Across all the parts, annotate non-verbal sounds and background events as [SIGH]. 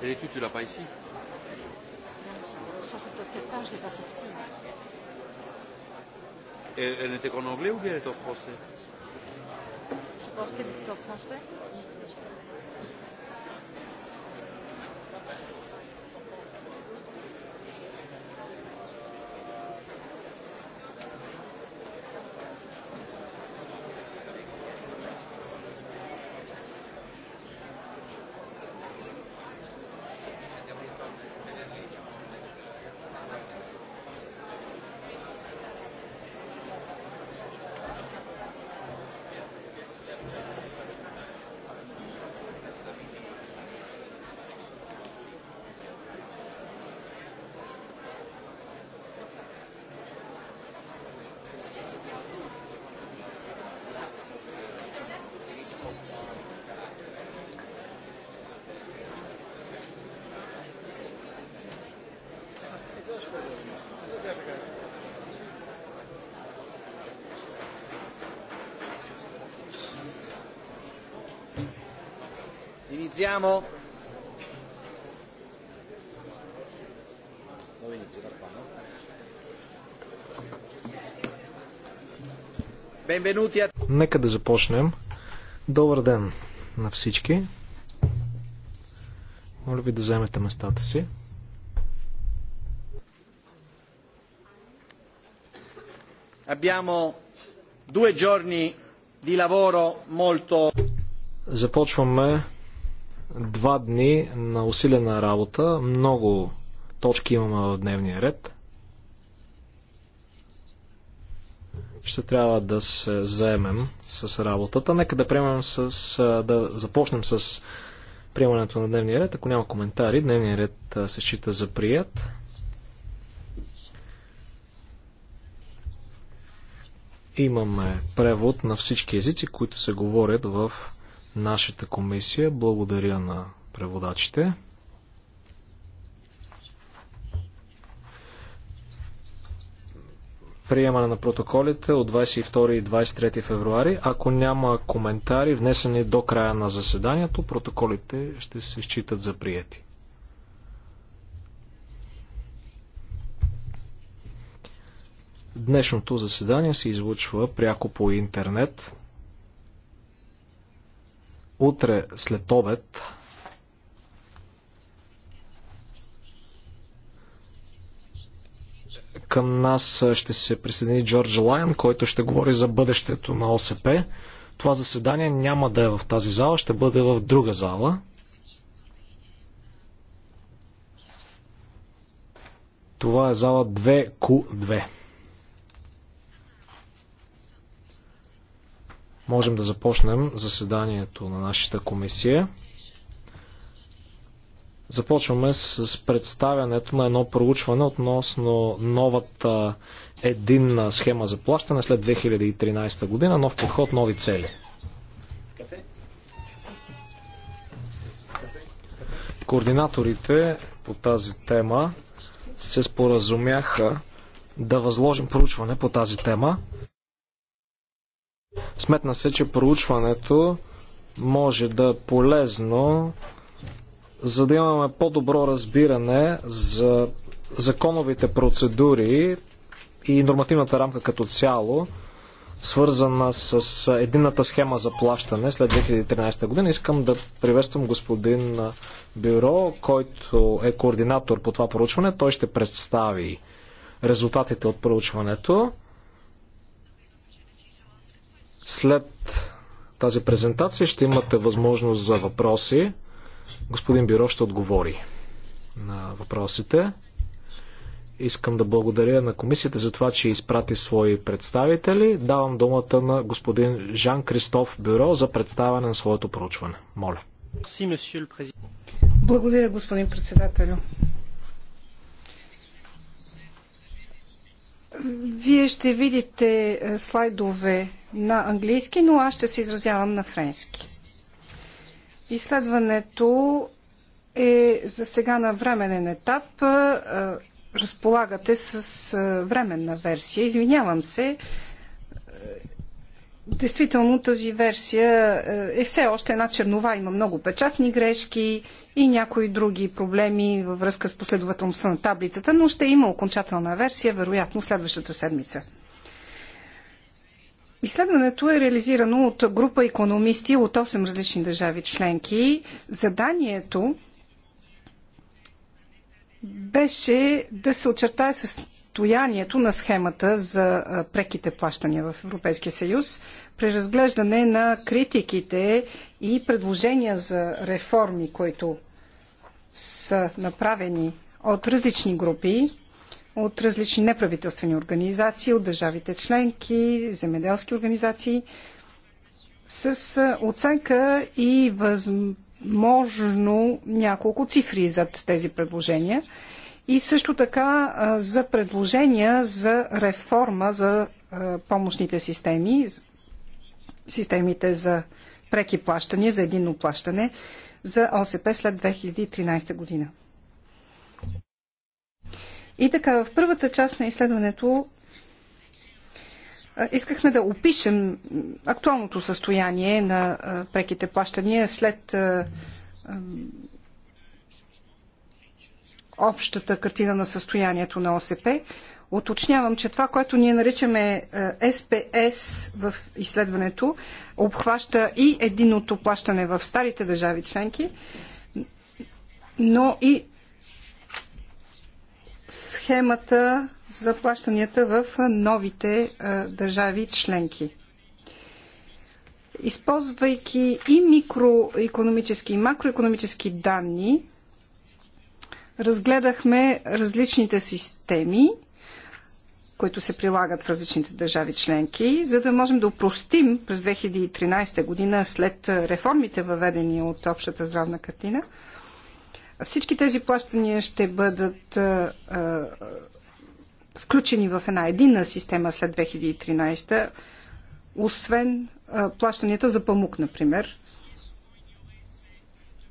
Et l'étude, tu l'as pas ici Ça, c'est peut-être je ne l'ai pas sorti. Et elle n'était qu'en anglais ou bien elle était en français Je pense qu'elle était en français. Iniziamo. Dove inizio da qua, Benvenuti a... Нека да започнем. Добър ден на всички. Моля ви да вземете местата си. Abbiamo due giorni di lavoro molto Започваме два дни на усилена работа. Много точки имаме в дневния ред. Ще трябва да се заемем с работата. Нека да, приемем с, да започнем с приемането на дневния ред. Ако няма коментари, дневния ред се счита за прият. Имаме превод на всички езици, които се говорят в нашата комисия. Благодаря на преводачите. приемане на протоколите от 22 и 23 февруари. Ако няма коментари, внесени до края на заседанието, протоколите ще се считат за прияти. Днешното заседание се излучва пряко по интернет. Утре след обед към нас ще се присъедини Джордж Лайон, който ще говори за бъдещето на ОСП. Това заседание няма да е в тази зала, ще бъде в друга зала. Това е зала 2Q2. Можем да започнем заседанието на нашата комисия. Започваме с представянето на едно проучване относно новата единна схема за плащане след 2013 година. Нов подход, нови цели. Координаторите по тази тема се споразумяха да възложим проучване по тази тема. Сметна се, че проучването може да е полезно, за да имаме по-добро разбиране за законовите процедури и нормативната рамка като цяло, свързана с единната схема за плащане след 2013 година. Искам да приветствам господин Бюро, който е координатор по това проучване. Той ще представи резултатите от проучването. След тази презентация ще имате възможност за въпроси. Господин Биро ще отговори на въпросите. Искам да благодаря на комисията за това, че изпрати свои представители. Давам думата на господин Жан Кристоф Бюро за представяне на своето проучване. Моля. Благодаря, господин председателю. Вие ще видите е, слайдове на английски, но аз ще се изразявам на френски. Изследването е за сега на временен етап. Е, разполагате с е, временна версия. Извинявам се, Действително тази версия е, е все още една чернова. Има много печатни грешки и някои други проблеми във връзка с последователността на таблицата, но ще има окончателна версия, вероятно, следващата седмица. Изследването е реализирано от група економисти от 8 различни държави членки. Заданието беше да се очертае с състоянието на схемата за преките плащания в Европейския съюз, преразглеждане на критиките и предложения за реформи, които са направени от различни групи, от различни неправителствени организации, от държавите членки, земеделски организации, с оценка и възможно няколко цифри зад тези предложения – и също така за предложения за реформа за помощните системи, системите за преки плащания, за единно плащане за ОСП след 2013 година. И така, в първата част на изследването искахме да опишем актуалното състояние на преките плащания след общата картина на състоянието на ОСП. Оточнявам, че това, което ние наричаме СПС е, в изследването, обхваща и единното плащане в старите държави членки, но и схемата за плащанията в новите е, държави членки. Използвайки и микроекономически и макроекономически данни, разгледахме различните системи, които се прилагат в различните държави членки, за да можем да упростим през 2013 година след реформите въведени от общата здравна картина. Всички тези плащания ще бъдат а, включени в една единна система след 2013, освен а, плащанията за памук, например.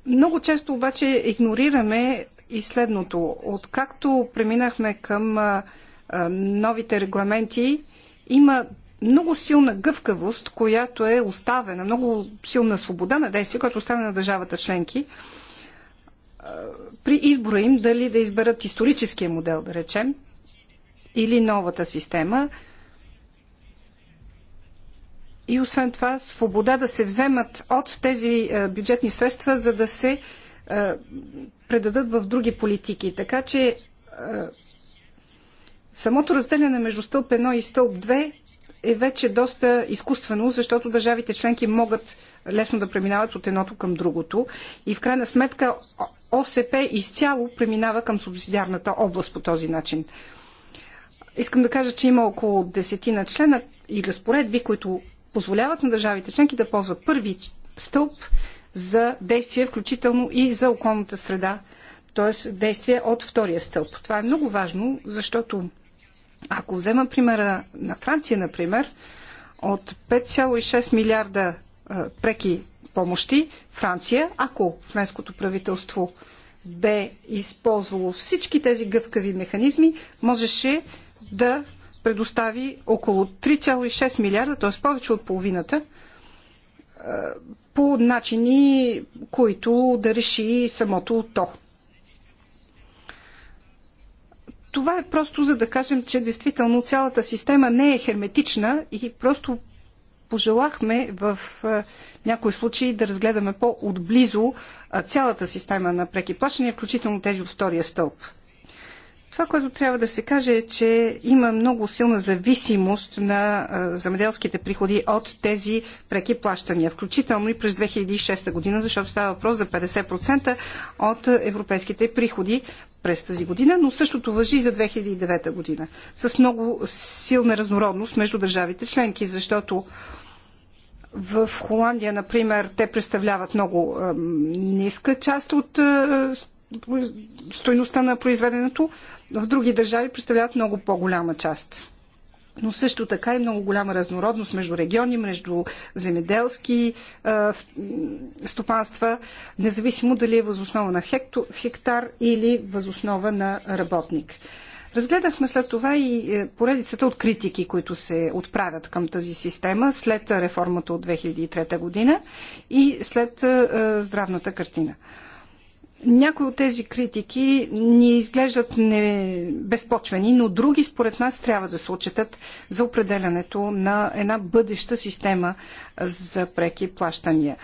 Много често обаче игнорираме и следното. Откакто преминахме към новите регламенти, има много силна гъвкавост, която е оставена, много силна свобода на действие, която е оставена на държавата членки при избора им дали да изберат историческия модел, да речем, или новата система. И освен това, свобода да се вземат от тези бюджетни средства, за да се предадат в други политики. Така че самото разделяне между стълб 1 и стълб 2 е вече доста изкуствено, защото държавите членки могат лесно да преминават от едното към другото. И в крайна сметка ОСП изцяло преминава към субсидиарната област по този начин. Искам да кажа, че има около десетина члена и разпоредби, които позволяват на държавите членки да ползват първи стълб за действие, включително и за околната среда, т.е. действие от втория стълб. Това е много важно, защото ако взема примера на Франция, например, от 5,6 милиарда а, преки помощи, Франция, ако френското правителство бе използвало всички тези гъвкави механизми, можеше да предостави около 3,6 милиарда, т.е. повече от половината, по начини, които да реши самото то. Това е просто за да кажем, че действително цялата система не е херметична и просто пожелахме в някои случаи да разгледаме по-отблизо цялата система на преки плащания, включително тези от втория стълб. Това, което трябва да се каже е, че има много силна зависимост на замеделските приходи от тези преки плащания, включително и през 2006 година, защото става въпрос за 50% от европейските приходи през тази година, но същото въжи и за 2009 година, с много силна разнородност между държавите членки, защото в Холандия, например, те представляват много ниска част от стойността на произведеното в други държави представляват много по-голяма част. Но също така и много голяма разнородност между региони, между земеделски е, стопанства, независимо дали е възоснова на хекто, хектар или възоснова на работник. Разгледахме след това и е, поредицата от критики, които се отправят към тази система след реформата от 2003 година и след е, е, здравната картина. Някои от тези критики ни изглеждат не безпочвени, но други според нас трябва да се отчетат за определянето на една бъдеща система за преки плащания.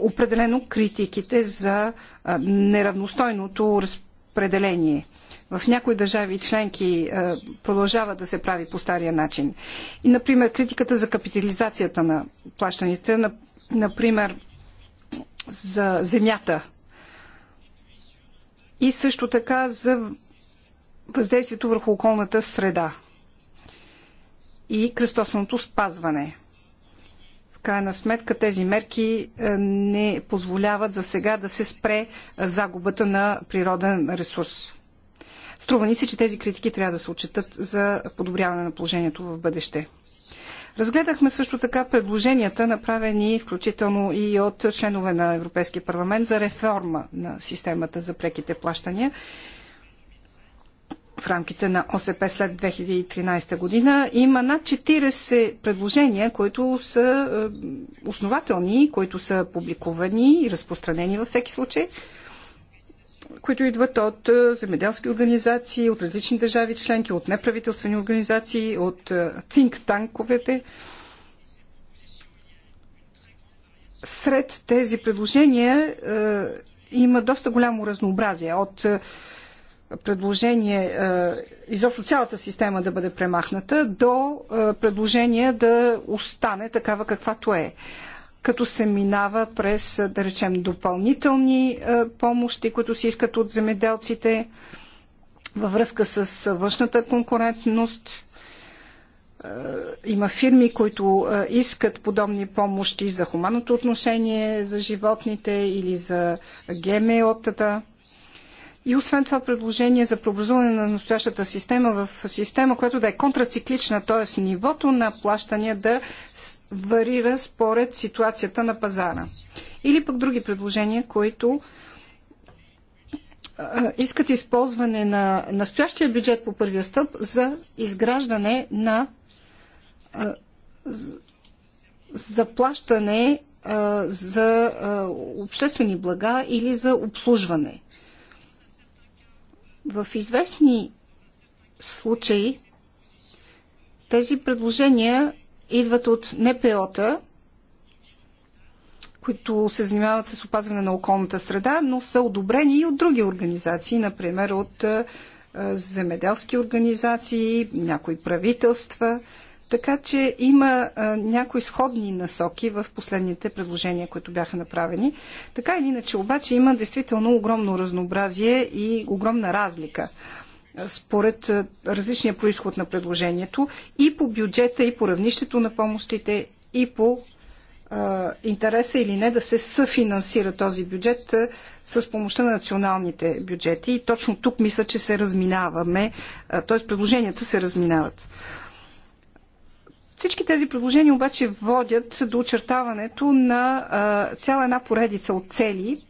Определено критиките за неравностойното разпределение. В някои държави членки продължава да се прави по стария начин. И, например, критиката за капитализацията на плащаните, например, за земята и също така за въздействието върху околната среда и кръстосаното спазване. В крайна сметка тези мерки е, не позволяват за сега да се спре загубата на природен ресурс. Струва ни се, че тези критики трябва да се отчитат за подобряване на положението в бъдеще. Разгледахме също така предложенията, направени включително и от членове на Европейския парламент за реформа на системата за преките плащания в рамките на ОСП след 2013 година. Има над 40 предложения, които са е, основателни, които са публикувани и разпространени във всеки случай – които идват от е, земеделски организации, от различни държави членки, от неправителствени организации, от е, think танковете. Сред тези предложения е, има доста голямо разнообразие от е, предложение изобщо цялата система да бъде премахната до предложение да остане такава каквато Е, като се минава през, да речем, допълнителни е, помощи, които се искат от земеделците във връзка с външната конкурентност. Е, има фирми, които е, искат подобни помощи за хуманното отношение за животните или за ГМО-тата. И освен това предложение за преобразуване на настоящата система в система, която да е контрациклична, т.е. нивото на плащания да варира според ситуацията на пазара. Или пък други предложения, които искат използване на настоящия бюджет по първия стъп за изграждане на заплащане за обществени блага или за обслужване. В известни случаи тези предложения идват от НПО-та, които се занимават с опазване на околната среда, но са одобрени и от други организации, например от земеделски организации, някои правителства. Така че има а, някои сходни насоки в последните предложения, които бяха направени. Така или иначе, обаче има действително огромно разнообразие и огромна разлика според различния происход на предложението и по бюджета, и по равнището на помощите, и по а, интереса или не да се съфинансира този бюджет а, с помощта на националните бюджети. И точно тук мисля, че се разминаваме, т.е. предложенията се разминават. А, всички тези предложения обаче водят до очертаването на а, цяла една поредица от цели,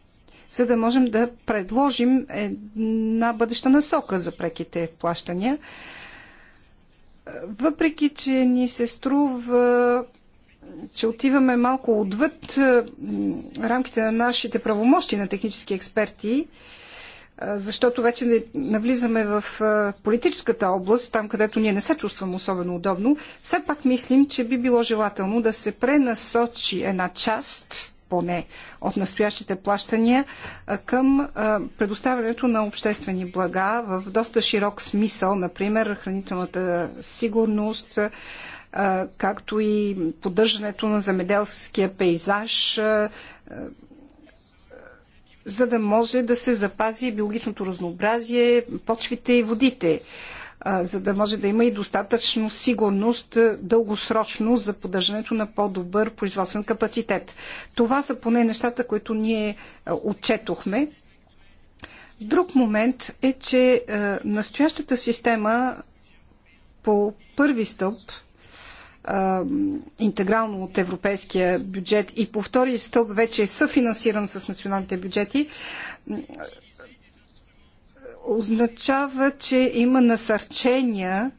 за да можем да предложим една бъдеща насока за преките плащания. Въпреки, че ни се струва, че отиваме малко отвъд рамките на нашите правомощи на технически експерти, защото вече не навлизаме в политическата област, там където ние не се чувстваме особено удобно, все пак мислим, че би било желателно да се пренасочи една част поне от настоящите плащания към предоставянето на обществени блага в доста широк смисъл, например хранителната сигурност, както и поддържането на земеделския пейзаж, за да може да се запази биологичното разнообразие, почвите и водите, за да може да има и достатъчно сигурност дългосрочно за поддържането на по-добър производствен капацитет. Това са поне нещата, които ние отчетохме. Друг момент е, че настоящата система по първи стълб – интегрално от европейския бюджет и по втори стълб вече е съфинансиран с националните бюджети, означава, че има насърчения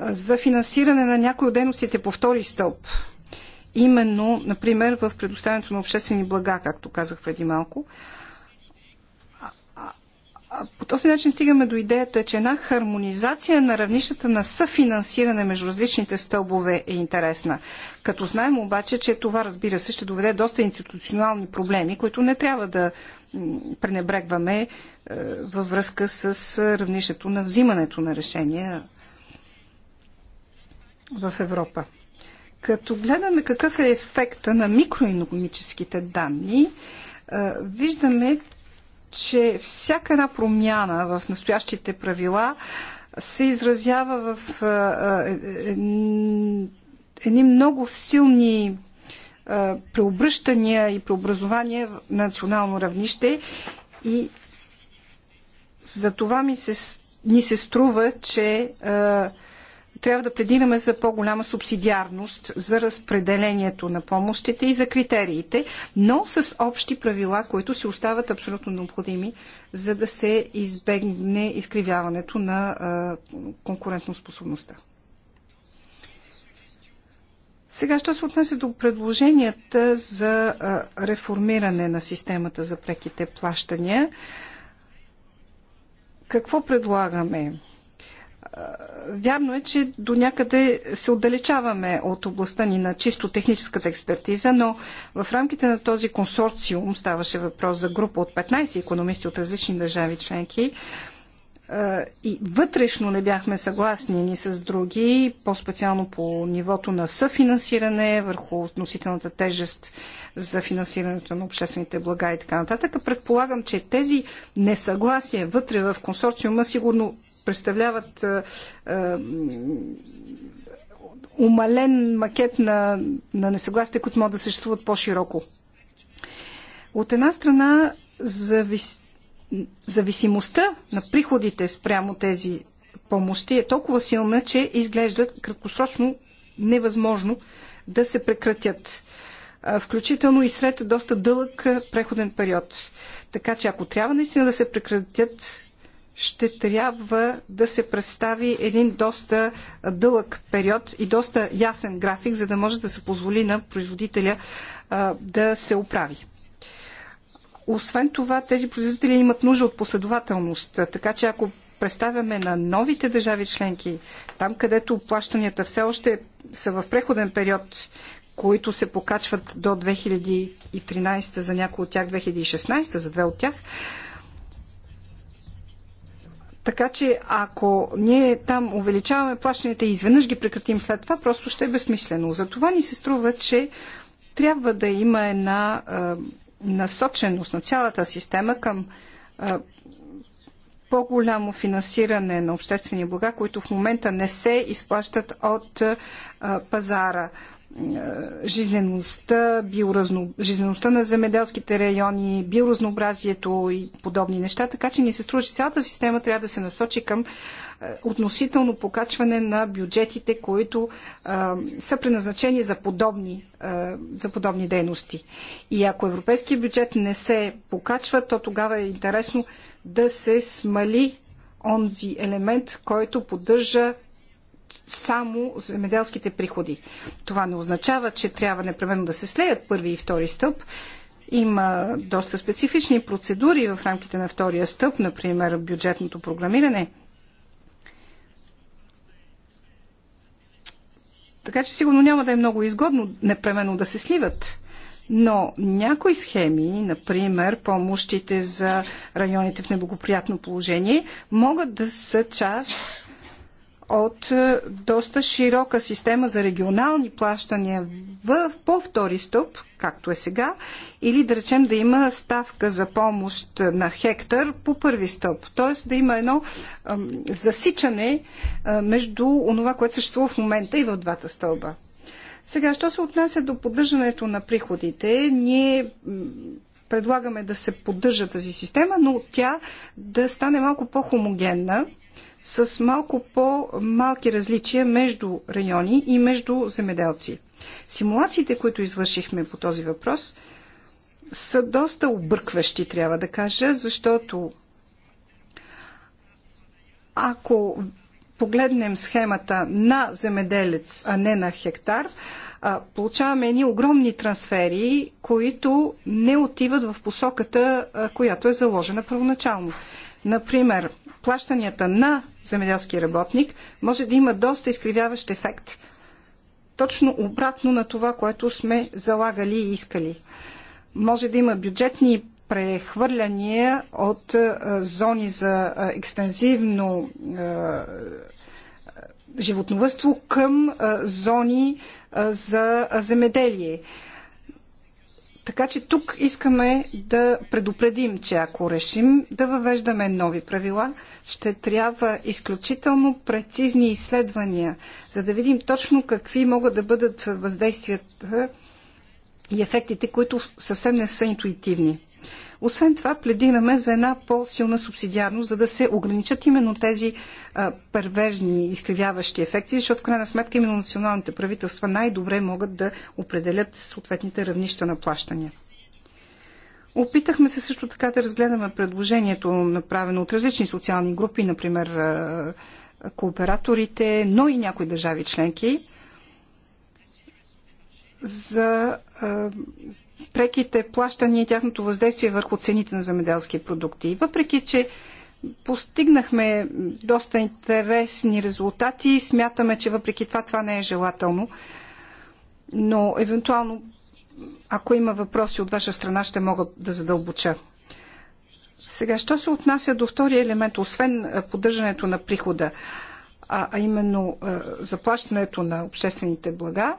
за финансиране на някои от дейностите по втори стълб. Именно, например, в предоставянето на обществени блага, както казах преди малко. А, по този начин стигаме до идеята, че една хармонизация на равнищата на съфинансиране между различните стълбове е интересна. Като знаем обаче, че това разбира се ще доведе доста институционални проблеми, които не трябва да пренебрегваме е, във връзка с е, равнището на взимането на решения в Европа. Като гледаме какъв е ефекта на микроекономическите данни, е, виждаме, че всяка една промяна в настоящите правила се изразява в е, е, едни много силни преобръщания и преобразования на национално равнище и за това ми се, ни се струва, че е, трябва да пледираме за по-голяма субсидиарност за разпределението на помощите и за критериите, но с общи правила, които се остават абсолютно необходими, за да се избегне изкривяването на конкурентоспособността. Сега, що се отнесе до предложенията за реформиране на системата за преките плащания, какво предлагаме? Вярно е, че до някъде се отдалечаваме от областта ни на чисто техническата експертиза, но в рамките на този консорциум ставаше въпрос за група от 15 економисти от различни държави членки. И вътрешно не бяхме съгласни ни с други, по-специално по нивото на съфинансиране, върху относителната тежест за финансирането на обществените блага и така нататък. Предполагам, че тези несъгласия вътре в консорциума сигурно представляват умален макет на, на несъгласите, които могат да съществуват по-широко. От една страна, завис... зависимостта на приходите спрямо тези помощи е толкова силна, че изглежда краткосрочно невъзможно да се прекратят. Включително и сред доста дълъг преходен период. Така че ако трябва наистина да се прекратят ще трябва да се представи един доста дълъг период и доста ясен график, за да може да се позволи на производителя а, да се оправи. Освен това, тези производители имат нужда от последователност, така че ако представяме на новите държави членки, там където плащанията все още са в преходен период, които се покачват до 2013 за някои от тях, 2016 за две от тях, така че ако ние там увеличаваме плащанията и изведнъж ги прекратим след това, просто ще е безсмислено. Затова ни се струва, че трябва да има една а, насоченост на цялата система към а, по-голямо финансиране на обществени блага, които в момента не се изплащат от а, пазара. Е, жизнеността, биоразно, жизнеността на земеделските райони, биоразнообразието и подобни неща. Така че ни се струва, че цялата система трябва да се насочи към е, относително покачване на бюджетите, които а, е, са предназначени за подобни, а, за подобни дейности. И ако европейския бюджет не се покачва, то тогава е интересно да се смали онзи елемент, който поддържа само земеделските приходи. Това не означава, че трябва непременно да се слеят първи и втори стъп. Има доста специфични процедури в рамките на втория стъп, например бюджетното програмиране. Така че сигурно няма да е много изгодно непременно да се сливат. Но някои схеми, например помощите за районите в неблагоприятно положение, могат да са част от е, доста широка система за регионални плащания в, по втори стоп, както е сега, или да речем да има ставка за помощ на хектар по първи стълб. Т.е. да има едно ам, засичане е, между онова, което съществува в момента и в двата стълба. Сега, що се отнася до поддържането на приходите, ние предлагаме да се поддържа тази система, но тя да стане малко по-хомогенна с малко по-малки различия между райони и между земеделци. Симулациите, които извършихме по този въпрос, са доста объркващи, трябва да кажа, защото ако погледнем схемата на земеделец, а не на хектар, получаваме едни огромни трансфери, които не отиват в посоката, която е заложена първоначално. Например, плащанията на земеделски работник може да има доста изкривяващ ефект. Точно обратно на това, което сме залагали и искали. Може да има бюджетни прехвърляния от е, зони за е, екстензивно е, животновътство към зони за земеделие. Така че тук искаме да предупредим, че ако решим да въвеждаме нови правила, ще трябва изключително прецизни изследвания, за да видим точно какви могат да бъдат въздействията и ефектите, които съвсем не са интуитивни. Освен това, пледираме за една по-силна субсидиарност, за да се ограничат именно тези первержни, изкривяващи ефекти, защото в крайна сметка именно националните правителства най-добре могат да определят съответните равнища на плащания. Опитахме се също така да разгледаме предложението, направено от различни социални групи, например кооператорите, но и някои държави членки за преките плащания и тяхното въздействие върху цените на земеделски продукти. Въпреки, че Постигнахме доста интересни резултати и смятаме, че въпреки това това не е желателно. Но евентуално, ако има въпроси от ваша страна, ще мога да задълбоча. Сега, що се отнася до втория елемент, освен поддържането на прихода, а, именно заплащането на обществените блага,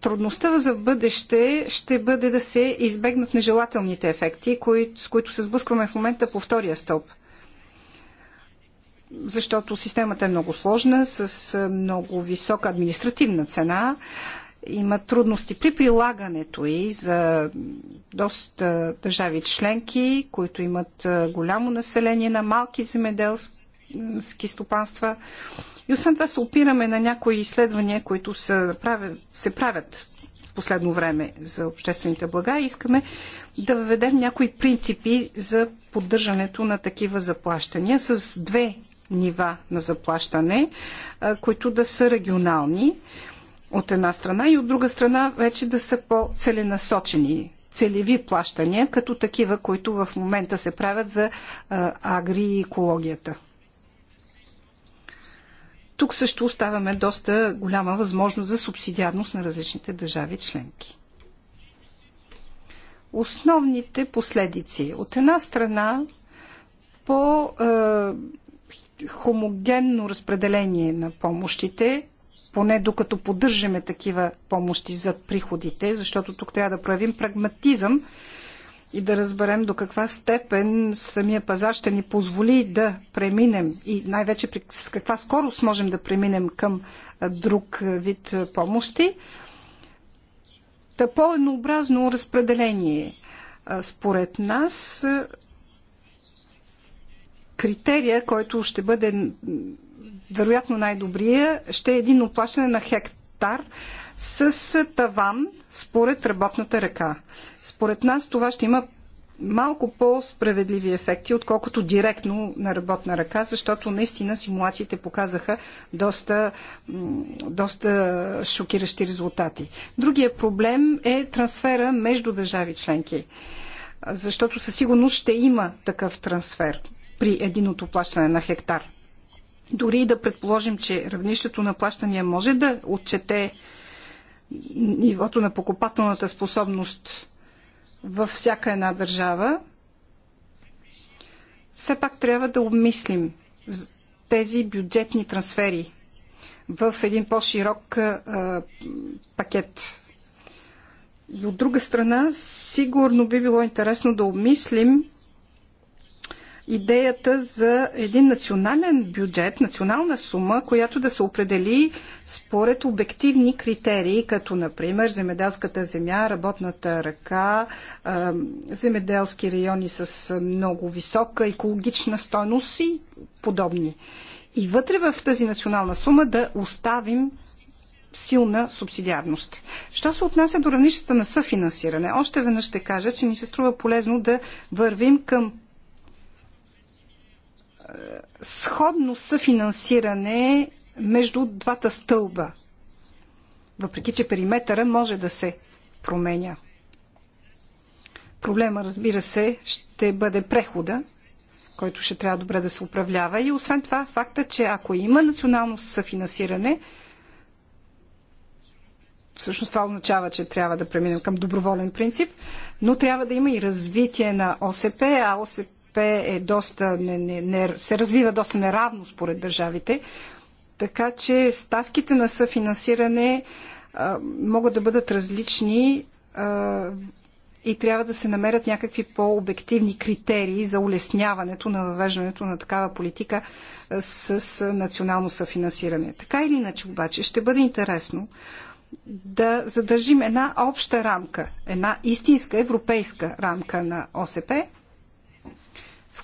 Трудността за бъдеще ще бъде да се избегнат нежелателните ефекти, с които се сблъскваме в момента по втория стълб. Защото системата е много сложна, с много висока административна цена. Има трудности при прилагането и за доста държави членки, които имат голямо население на малки земеделски селски стопанства. И освен това се опираме на някои изследвания, които се правят, се правят в последно време за обществените блага и искаме да въведем някои принципи за поддържането на такива заплащания с две нива на заплащане, които да са регионални от една страна и от друга страна вече да са по-целенасочени целеви плащания, като такива, които в момента се правят за агри и екологията. Тук също оставяме доста голяма възможност за субсидиарност на различните държави членки. Основните последици. От една страна, по е, хомогенно разпределение на помощите, поне докато поддържаме такива помощи за приходите, защото тук трябва да проявим прагматизъм, и да разберем до каква степен самия пазар ще ни позволи да преминем и най-вече с каква скорост можем да преминем към друг вид помощи. Та по-еднообразно разпределение. Според нас критерия, който ще бъде вероятно най-добрия, ще е един оплащане на хектар с таван според работната ръка. Според нас това ще има малко по-справедливи ефекти, отколкото директно на работна ръка, защото наистина симулациите показаха доста, доста шокиращи резултати. Другия проблем е трансфера между държави членки, защото със сигурност ще има такъв трансфер при единото плащане на хектар. Дори и да предположим, че равнището на плащания може да отчете нивото на покупателната способност във всяка една държава, все пак трябва да обмислим тези бюджетни трансфери в един по-широк пакет. И от друга страна, сигурно би било интересно да обмислим идеята за един национален бюджет, национална сума, която да се определи според обективни критерии, като например земеделската земя, работната ръка, земеделски райони с много висока екологична стойност и подобни. И вътре в тази национална сума да оставим силна субсидиарност. Що се отнася до равнищата на съфинансиране, още веднъж ще кажа, че ни се струва полезно да вървим към сходно съфинансиране между двата стълба, въпреки че периметъра може да се променя. Проблема, разбира се, ще бъде прехода, който ще трябва добре да се управлява. И освен това, факта, че ако има национално съфинансиране, всъщност това означава, че трябва да преминем към доброволен принцип, но трябва да има и развитие на ОСП, а ОСП е доста, не, не, не, се развива доста неравно според държавите, така че ставките на съфинансиране а, могат да бъдат различни а, и трябва да се намерят някакви по-обективни критерии за улесняването на въвеждането на такава политика с национално съфинансиране. Така или иначе обаче ще бъде интересно да задържим една обща рамка, една истинска европейска рамка на ОСП –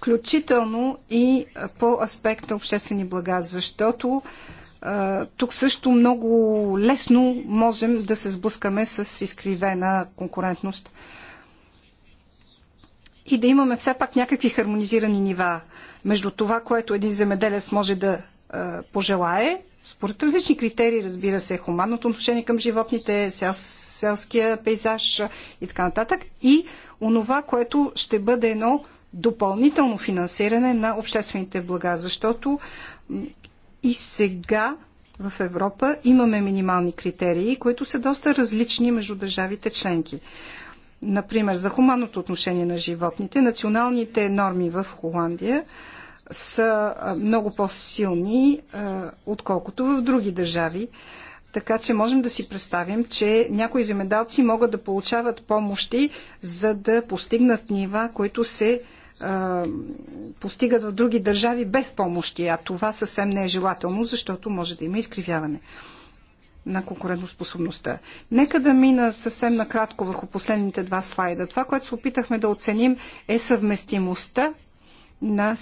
включително и по аспект на обществени блага, защото тук също много лесно можем да се сблъскаме с изкривена конкурентност и да имаме все пак някакви хармонизирани нива между това, което един земеделец може да пожелае, според различни критерии, разбира се, хуманното отношение към животните, селския пейзаж и така нататък, и онова, което ще бъде едно допълнително финансиране на обществените блага, защото и сега в Европа имаме минимални критерии, които са доста различни между държавите членки. Например, за хуманното отношение на животните, националните норми в Холандия са много по-силни, отколкото в други държави. Така че можем да си представим, че някои земедалци могат да получават помощи, за да постигнат нива, които се постигат в други държави без помощи, а това съвсем не е желателно, защото може да има изкривяване на конкурентоспособността. Нека да мина съвсем накратко върху последните два слайда. Това, което се опитахме да оценим е съвместимостта на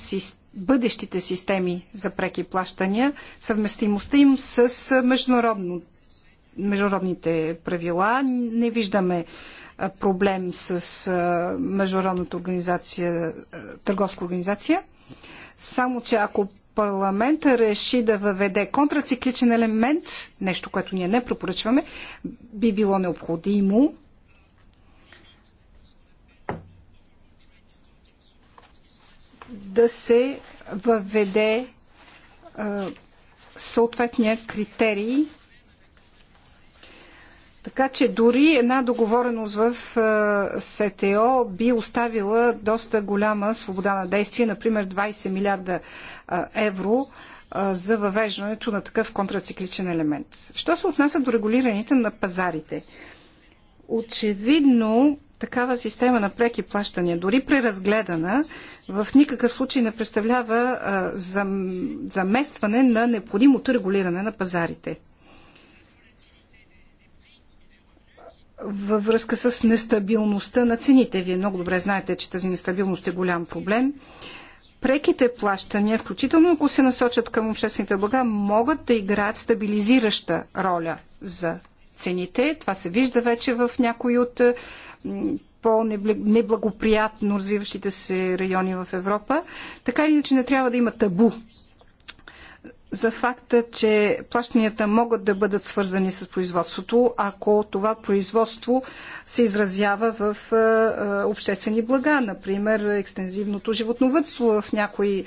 бъдещите системи за преки плащания, съвместимостта им с международно, международните правила. Не виждаме проблем с Международната организация, търговска организация. Само, че ако парламента реши да въведе контрацикличен елемент, нещо, което ние не препоръчваме, би било необходимо да се въведе съответния критерий така че дори една договореност в е, СТО би оставила доста голяма свобода на действие, например 20 милиарда е, евро е, за въвеждането на такъв контрацикличен елемент. Що се отнася до регулираните на пазарите? Очевидно, такава система на преки плащания, дори преразгледана, в никакъв случай не представлява заместване на необходимото регулиране на пазарите – във връзка с нестабилността на цените. Вие много добре знаете, че тази нестабилност е голям проблем. Преките плащания, включително ако се насочат към обществените блага, могат да играят стабилизираща роля за цените. Това се вижда вече в някои от по-неблагоприятно развиващите се райони в Европа. Така или иначе не трябва да има табу за факта, че плащанията могат да бъдат свързани с производството, ако това производство се изразява в е, е, обществени блага, например екстензивното животновътство в някои е,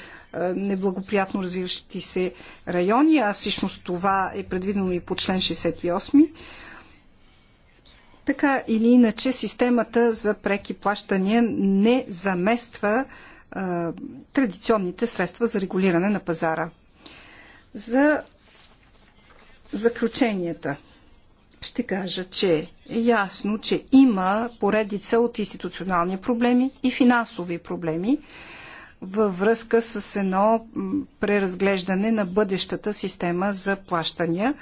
неблагоприятно развиващи се райони, а всъщност това е предвидено и по член 68. Така или иначе, системата за преки плащания не замества традиционните средства за регулиране на пазара. За заключенията ще кажа, че е ясно, че има поредица от институционални проблеми и финансови проблеми във връзка с едно преразглеждане на бъдещата система за плащания,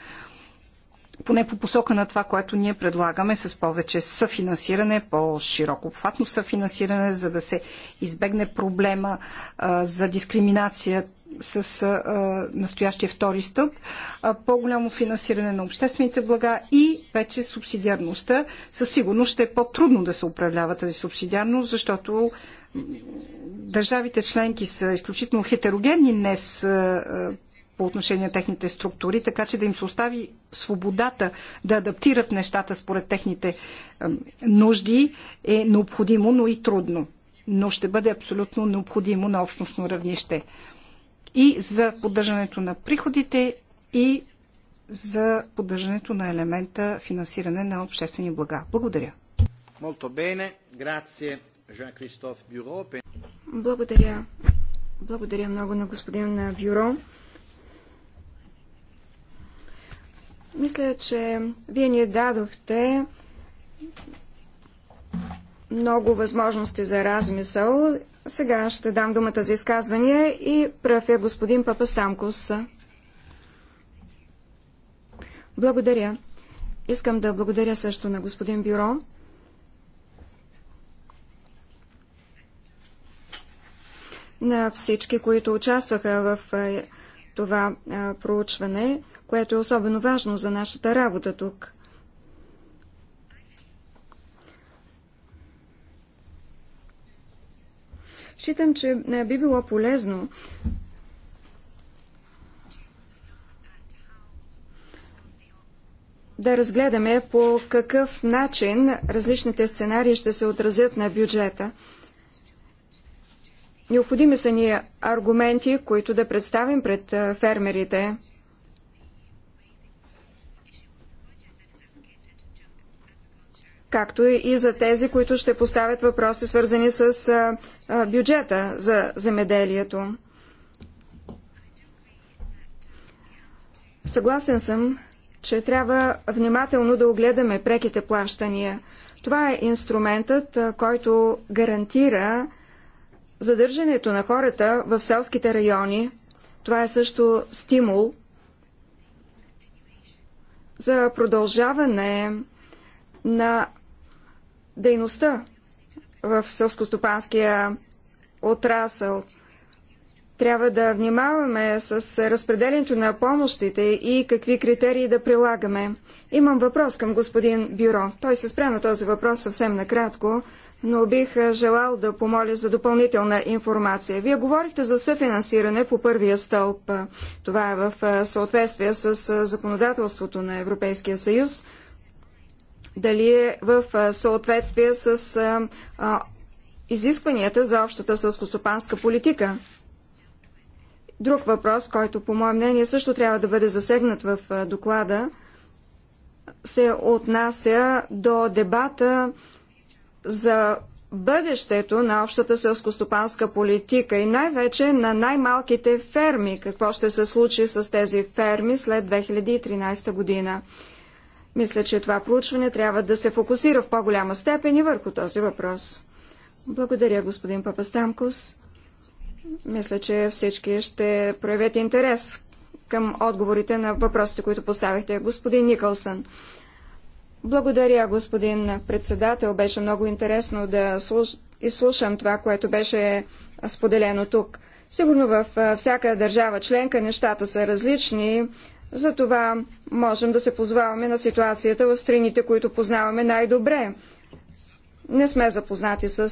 поне по посока на това, което ние предлагаме с повече съфинансиране, по-широко обхватно съфинансиране, за да се избегне проблема а, за дискриминация с а, настоящия втори стълб, по-голямо финансиране на обществените блага и вече субсидиарността. Със сигурност ще е по-трудно да се управлява тази субсидиарност, защото държавите членки са изключително хетерогенни днес а, по отношение на техните структури, така че да им се остави свободата да адаптират нещата според техните а, нужди е необходимо, но и трудно. Но ще бъде абсолютно необходимо на общностно равнище и за поддържането на приходите и за поддържането на елемента финансиране на обществени блага. Благодаря. Благодаря. Благодаря много на господин на Бюро. Мисля, че вие ни дадохте много възможности за размисъл сега ще дам думата за изказвания и пръв е господин Папа Папастамкос. Благодаря. Искам да благодаря също на господин Бюро. На всички, които участваха в е, това е, проучване, което е особено важно за нашата работа тук. Считам, че е, би било полезно да разгледаме по какъв начин различните сценарии ще се отразят на бюджета. Необходими са ни аргументи, които да представим пред е, фермерите – както и за тези, които ще поставят въпроси, свързани с бюджета за земеделието. Съгласен съм, че трябва внимателно да огледаме преките плащания. Това е инструментът, който гарантира задържането на хората в селските райони. Това е също стимул за продължаване на дейността в сълскостопанския отрасъл. Трябва да внимаваме с разпределението на помощите и какви критерии да прилагаме. Имам въпрос към господин Бюро. Той се спря на този въпрос съвсем накратко, но бих желал да помоля за допълнителна информация. Вие говорихте за съфинансиране по първия стълб. Това е в съответствие с законодателството на Европейския съюз – дали е в съответствие с изискванията за общата сълскостопанска политика. Друг въпрос, който по мое мнение също трябва да бъде засегнат в доклада, се отнася до дебата за бъдещето на общата сълскостопанска политика и най-вече на най-малките ферми, какво ще се случи с тези ферми след 2013 година. Мисля, че това проучване трябва да се фокусира в по-голяма степен и върху този въпрос. Благодаря, господин Папастамкус. Мисля, че всички ще проявят интерес към отговорите на въпросите, които поставихте. Господин Никълсън. Благодаря, господин председател. Беше много интересно да изслушам това, което беше споделено тук. Сигурно във всяка държава членка нещата са различни, затова можем да се позваваме на ситуацията в страните, които познаваме най-добре. Не сме запознати с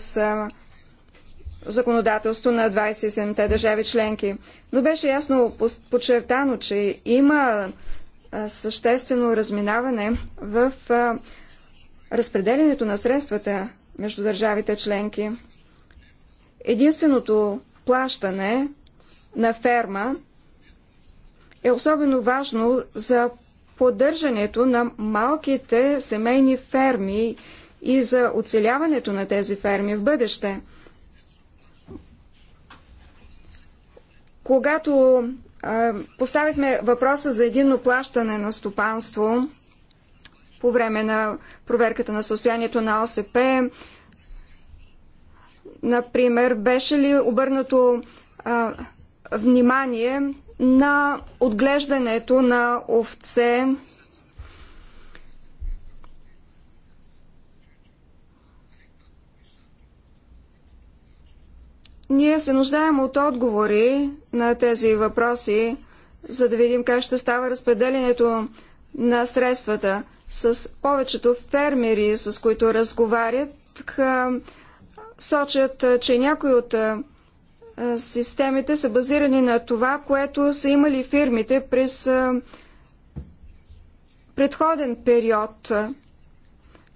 законодателство на 27-те държави членки. Но беше ясно подчертано, че има съществено разминаване в разпределението на средствата между държавите членки. Единственото плащане на ферма е особено важно за поддържането на малките семейни ферми и за оцеляването на тези ферми в бъдеще. Когато а, поставихме въпроса за единно плащане на стопанство по време на проверката на състоянието на ОСП, например, беше ли обърнато а, внимание на отглеждането на овце. Ние се нуждаем от отговори на тези въпроси, за да видим как ще става разпределението на средствата. С повечето фермери, с които разговарят, сочат, че някои от е, системите са базирани на това, което са имали фирмите през е, предходен период.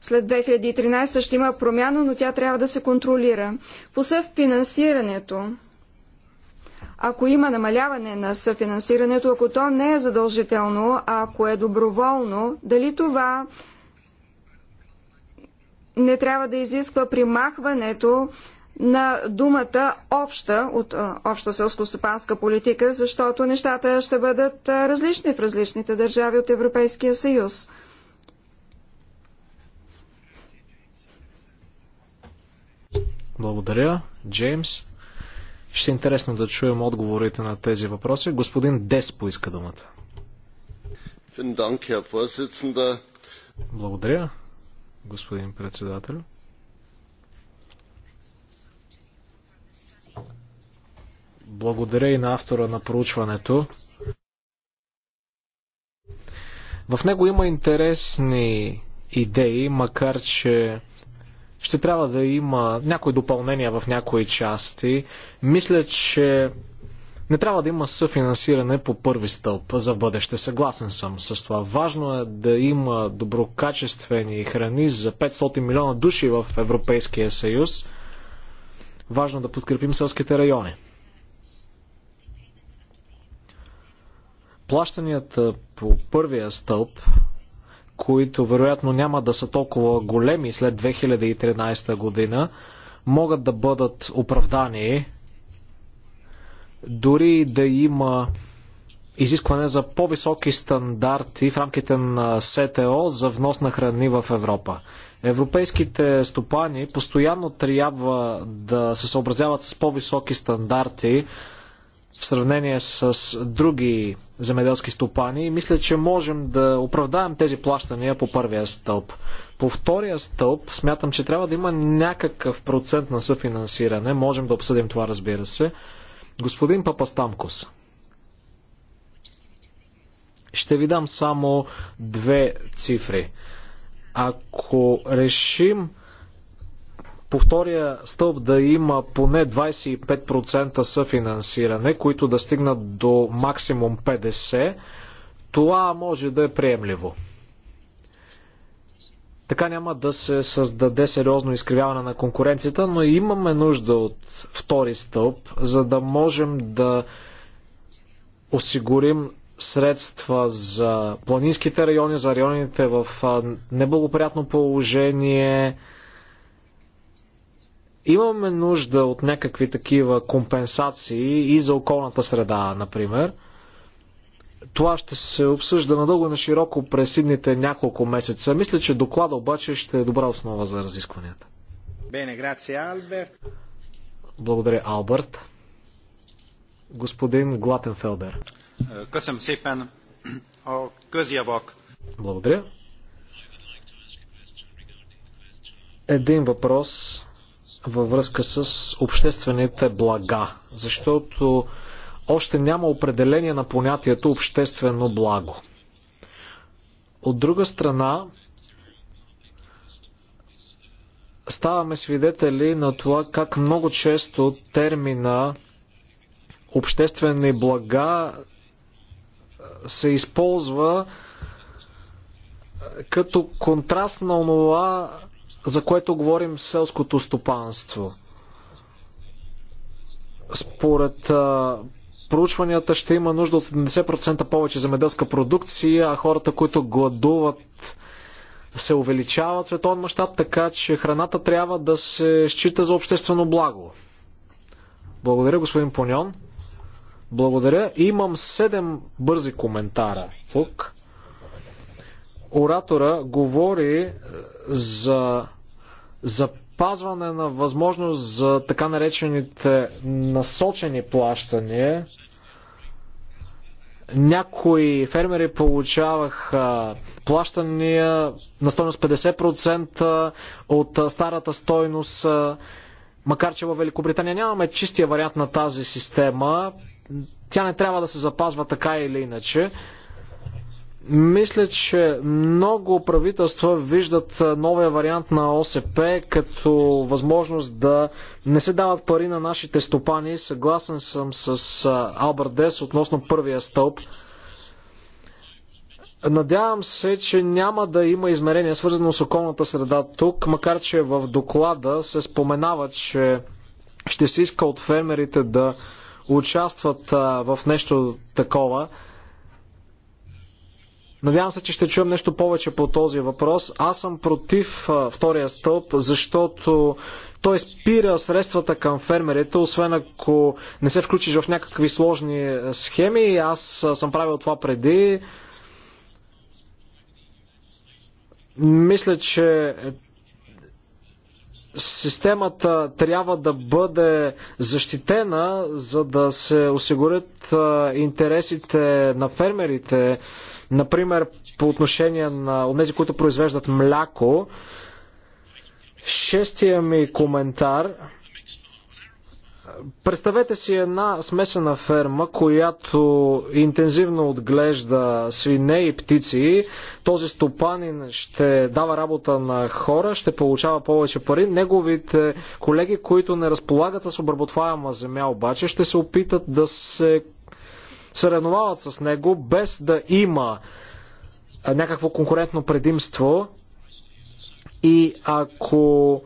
След 2013 ще има промяна, но тя трябва да се контролира. По съфинансирането, ако има намаляване на съфинансирането, ако то не е задължително, а ако е доброволно, дали това не трябва да изисква примахването на думата обща от обща селско-стопанска политика, защото нещата ще бъдат различни в различните държави от Европейския съюз. Благодаря, Джеймс. Ще е интересно да чуем отговорите на тези въпроси. Господин Дес поиска думата. Благодаря, господин председател. Благодаря и на автора на проучването. В него има интересни идеи, макар че ще трябва да има някои допълнения в някои части. Мисля, че не трябва да има съфинансиране по първи стълб за бъдеще. Съгласен съм с това. Важно е да има доброкачествени храни за 500 милиона души в Европейския съюз. Важно да подкрепим селските райони. плащанията по първия стълб, които вероятно няма да са толкова големи след 2013 година, могат да бъдат оправдани, дори да има изискване за по-високи стандарти в рамките на СТО за внос на храни в Европа. Европейските стопани постоянно трябва да се съобразяват с по-високи стандарти в сравнение с други земеделски стопани и мисля, че можем да оправдаем тези плащания по първия стълб. По втория стълб смятам, че трябва да има някакъв процент на съфинансиране. Можем да обсъдим това, разбира се. Господин Папастамкос, ще ви дам само две цифри. Ако решим по втория стълб да има поне 25% съфинансиране, които да стигнат до максимум 50%, това може да е приемливо. Така няма да се създаде сериозно изкривяване на конкуренцията, но имаме нужда от втори стълб, за да можем да осигурим средства за планинските райони, за районите в неблагоприятно положение, Имаме нужда от някакви такива компенсации и за околната среда, например. Това ще се обсъжда надълго и на широко през идните няколко месеца. Мисля, че доклада обаче ще е добра основа за разискванията. Бене, грация, Алберт. Благодаря, Алберт. Господин Глатенфелдер. Късам сепен. Къзявок. Благодаря. Един въпрос във връзка с обществените блага, защото още няма определение на понятието обществено благо. От друга страна, ставаме свидетели на това как много често термина обществени блага се използва като контраст на това, за което говорим селското стопанство. Според а, проучванията ще има нужда от 70% повече земеделска продукция, а хората, които гладуват, се увеличават световен мащаб, така че храната трябва да се счита за обществено благо. Благодаря, господин Понион. Благодаря. Имам 7 бързи коментара тук оратора говори е, за запазване на възможност за така наречените насочени плащания. Някои фермери получаваха плащания на стойност 50% от старата стойност, е, макар че във Великобритания нямаме чистия вариант на тази система. Тя не трябва да се запазва така или иначе. Мисля, че много правителства виждат новия вариант на ОСП като възможност да не се дават пари на нашите стопани. Съгласен съм с Алберт Дес относно първия стълб. Надявам се, че няма да има измерения, свързано с околната среда тук, макар че в доклада се споменава, че ще се иска от фермерите да участват в нещо такова – Надявам се, че ще чуем нещо повече по този въпрос. Аз съм против втория стълб, защото той спира средствата към фермерите, освен ако не се включиш в някакви сложни е, схеми. Аз съм правил това преди. Мисля, че системата трябва да бъде защитена, за да се осигурят интересите на фермерите Например, по отношение на тези, които произвеждат мляко, шестия ми коментар. Представете си една смесена ферма, която интензивно отглежда свине и птици. Този стопанин ще дава работа на хора, ще получава повече пари. Неговите колеги, които не разполагат с обработваема земя, обаче ще се опитат да се съревновават с него, без да има някакво конкурентно предимство. И ако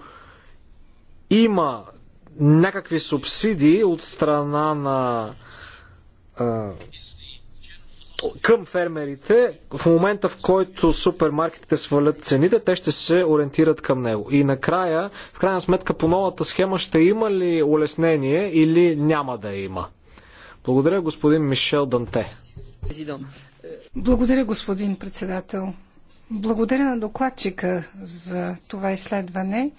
има някакви субсидии от страна на към фермерите, в момента в който супермаркетите свалят цените, те ще се ориентират към него. И накрая, в крайна сметка, по новата схема ще има ли улеснение или няма да има? Благодаря, господин Мишел Данте. Благодаря, господин председател. Благодаря на докладчика за това изследване.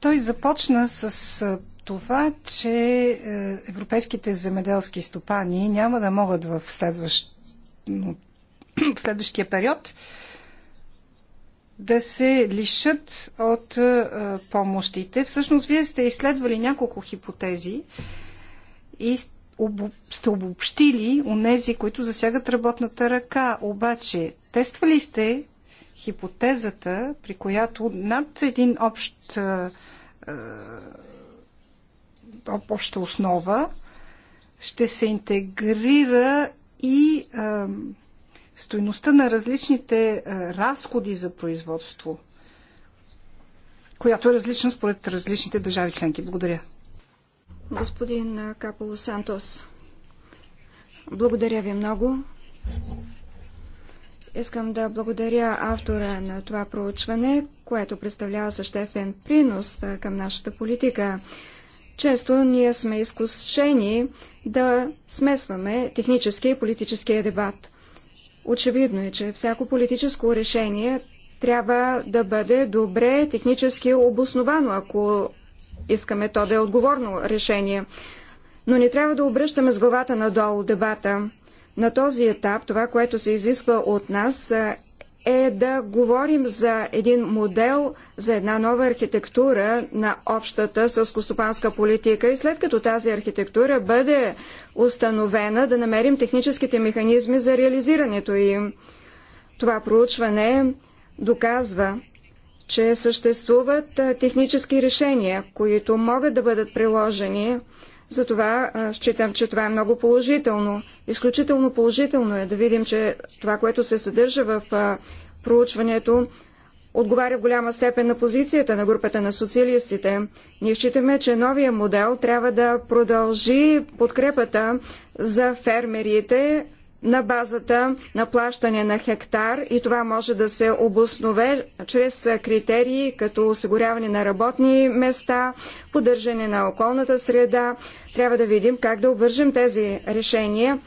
Той започна с това, че е, европейските земеделски стопани няма да могат в, следващ... в следващия период да се лишат от помощите. Всъщност, вие сте изследвали няколко хипотези и сте обобщили онези, които засягат работната ръка. Обаче, тествали сте хипотезата, при която над един общ, обща основа ще се интегрира и е, стойността на различните е, разходи за производство, която е различна според различните държави членки. Благодаря господин Каполо Сантос. Благодаря ви много. Искам да благодаря автора на това проучване, което представлява съществен принос към нашата политика. Често ние сме изкушени да смесваме технически и политическия дебат. Очевидно е, че всяко политическо решение трябва да бъде добре технически обосновано, ако Искаме то да е отговорно решение. Но не трябва да обръщаме с главата надолу дебата. На този етап това, което се изисква от нас е да говорим за един модел, за една нова архитектура на общата сълскостопанска политика и след като тази архитектура бъде установена, да намерим техническите механизми за реализирането им. Това проучване доказва, че съществуват технически решения, които могат да бъдат приложени. Затова считам, че това е много положително. Изключително положително е да видим, че това, което се съдържа в проучването, отговаря в голяма степен на позицията на групата на социалистите. Ние считаме, че новия модел трябва да продължи подкрепата за фермерите на базата на плащане на хектар и това може да се обоснове чрез критерии като осигуряване на работни места, поддържане на околната среда. Трябва да видим как да обвържим тези решения.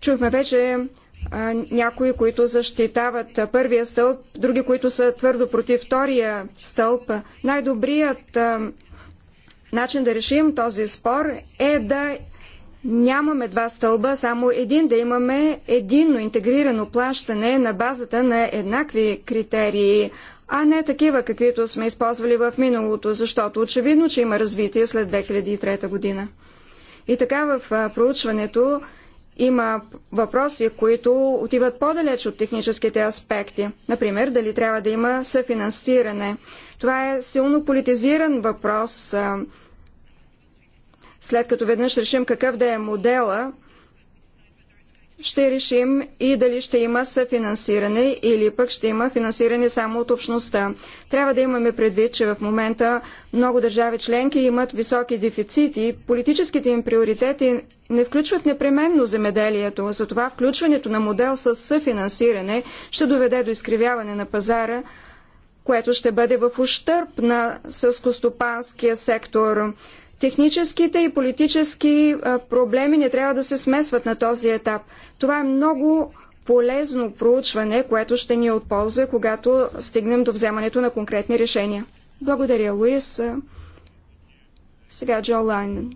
Чухме вече някои, които защитават първия стълб, други, които са твърдо против втория стълб. Най-добрият начин да решим този спор е да нямаме два стълба, само един, да имаме единно интегрирано плащане на базата на еднакви критерии, а не такива, каквито сме използвали в миналото, защото очевидно, че има развитие след 2003 година. И така в проучването има въпроси, които отиват по-далеч от техническите аспекти. Например, дали трябва да има съфинансиране. Това е силно политизиран въпрос. След като веднъж решим какъв да е модела, ще решим и дали ще има съфинансиране или пък ще има финансиране само от общността. Трябва да имаме предвид, че в момента много държави членки имат високи дефицити. Политическите им приоритети не включват непременно земеделието. Затова включването на модел с съфинансиране ще доведе до изкривяване на пазара, което ще бъде в ущърп на сълскостопанския сектор. Техническите и политически проблеми не трябва да се смесват на този етап. Това е много полезно проучване, което ще ни е от полза, когато стигнем до вземането на конкретни решения. Благодаря, Луис. Сега Джо Лайн.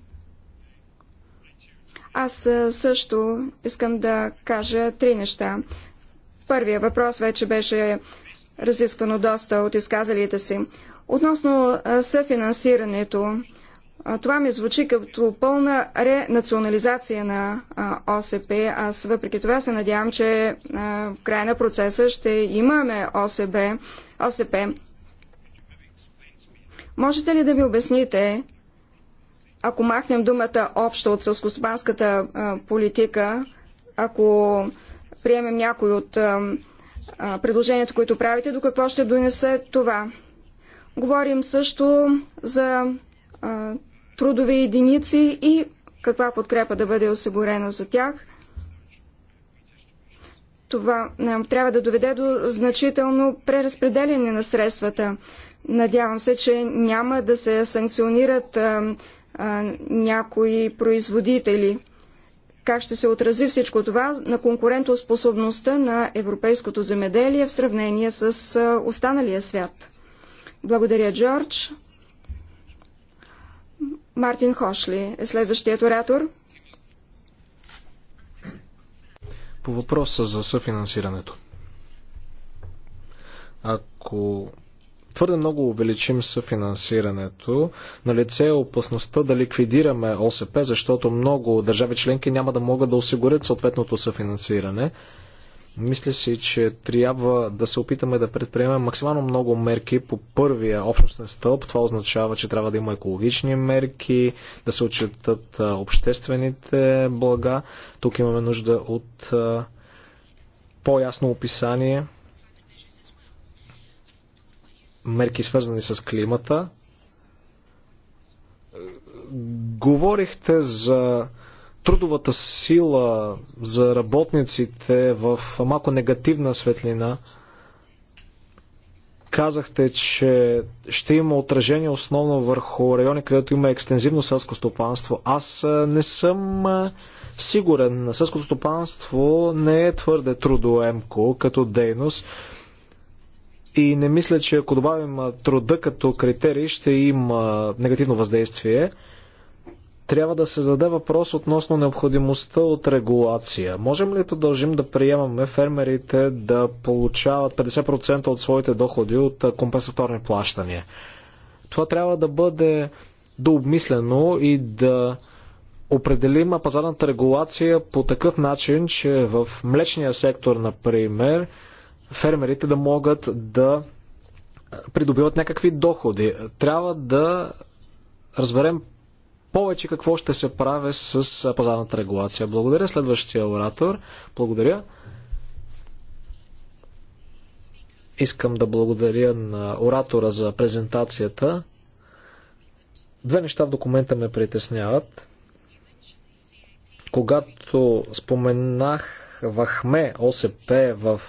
Аз също искам да кажа три неща. Първия въпрос вече беше разисквано доста от изказалите си. Относно съфинансирането, това ми звучи като пълна ренационализация на ОСП. Аз въпреки това се надявам, че в края на процеса ще имаме ОСБ, ОСП. Можете ли да ми обясните, ако махнем думата обща от сълскостопанската политика, ако приемем някой от предложението, които правите, до какво ще донесе това? Говорим също за трудови единици и каква подкрепа да бъде осигурена за тях. Това трябва да доведе до значително преразпределение на средствата. Надявам се, че няма да се санкционират а, а, някои производители. Как ще се отрази всичко това на конкурентоспособността на европейското земеделие в сравнение с останалия свят? Благодаря, Джордж. Мартин Хошли е следващият оратор. По въпроса за съфинансирането. Ако твърде много увеличим съфинансирането, на лице е опасността да ликвидираме ОСП, защото много държави членки няма да могат да осигурят съответното съфинансиране. Мисля си, че трябва да се опитаме да предприемем максимално много мерки по първия общностен стълб. Това означава, че трябва да има екологични мерки, да се отчитат обществените блага. Тук имаме нужда от по-ясно описание. Мерки свързани с климата. Говорихте за трудовата сила за работниците в малко негативна светлина. Казахте, че ще има отражение основно върху райони, където има екстензивно селско стопанство. Аз не съм сигурен. Селското стопанство не е твърде трудоемко като дейност. И не мисля, че ако добавим труда като критерий, ще има негативно въздействие трябва да се зададе въпрос относно необходимостта от регулация. Можем ли продължим да приемаме фермерите да получават 50% от своите доходи от компенсаторни плащания? Това трябва да бъде дообмислено и да определим пазарната регулация по такъв начин, че в млечния сектор, например, фермерите да могат да придобиват някакви доходи. Трябва да разберем повече какво ще се прави с пазарната регулация. Благодаря следващия оратор. Благодаря. Искам да благодаря на оратора за презентацията. Две неща в документа ме притесняват. Когато споменах Вахме ОСП в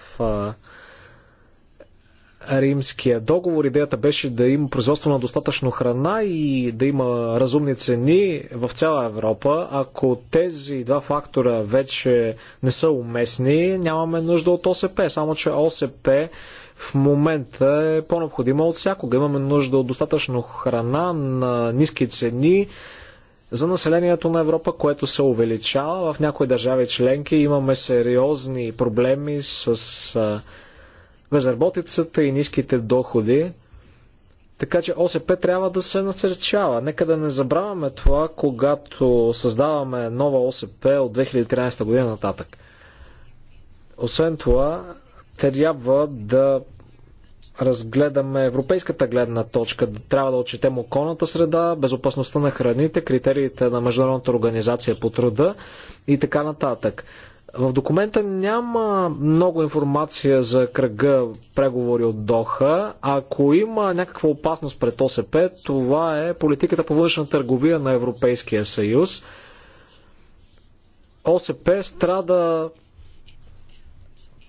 римския договор. Идеята беше да има производство на достатъчно храна и да има разумни цени в цяла Европа. Ако тези два фактора вече не са уместни, нямаме нужда от ОСП. Само, че ОСП в момента е по-необходима от всякога. Имаме нужда от достатъчно храна на ниски цени за населението на Европа, което се увеличава. В някои държави членки имаме сериозни проблеми с безработицата и ниските доходи. Така че ОСП трябва да се насърчава. Нека да не забравяме това, когато създаваме нова ОСП от 2013 година нататък. Освен това, трябва да разгледаме европейската гледна точка. Трябва да отчетем околната среда, безопасността на храните, критериите на Международната организация по труда и така нататък. В документа няма много информация за кръга преговори от Доха. Ако има някаква опасност пред ОСП, това е политиката по външна търговия на Европейския съюз. ОСП страда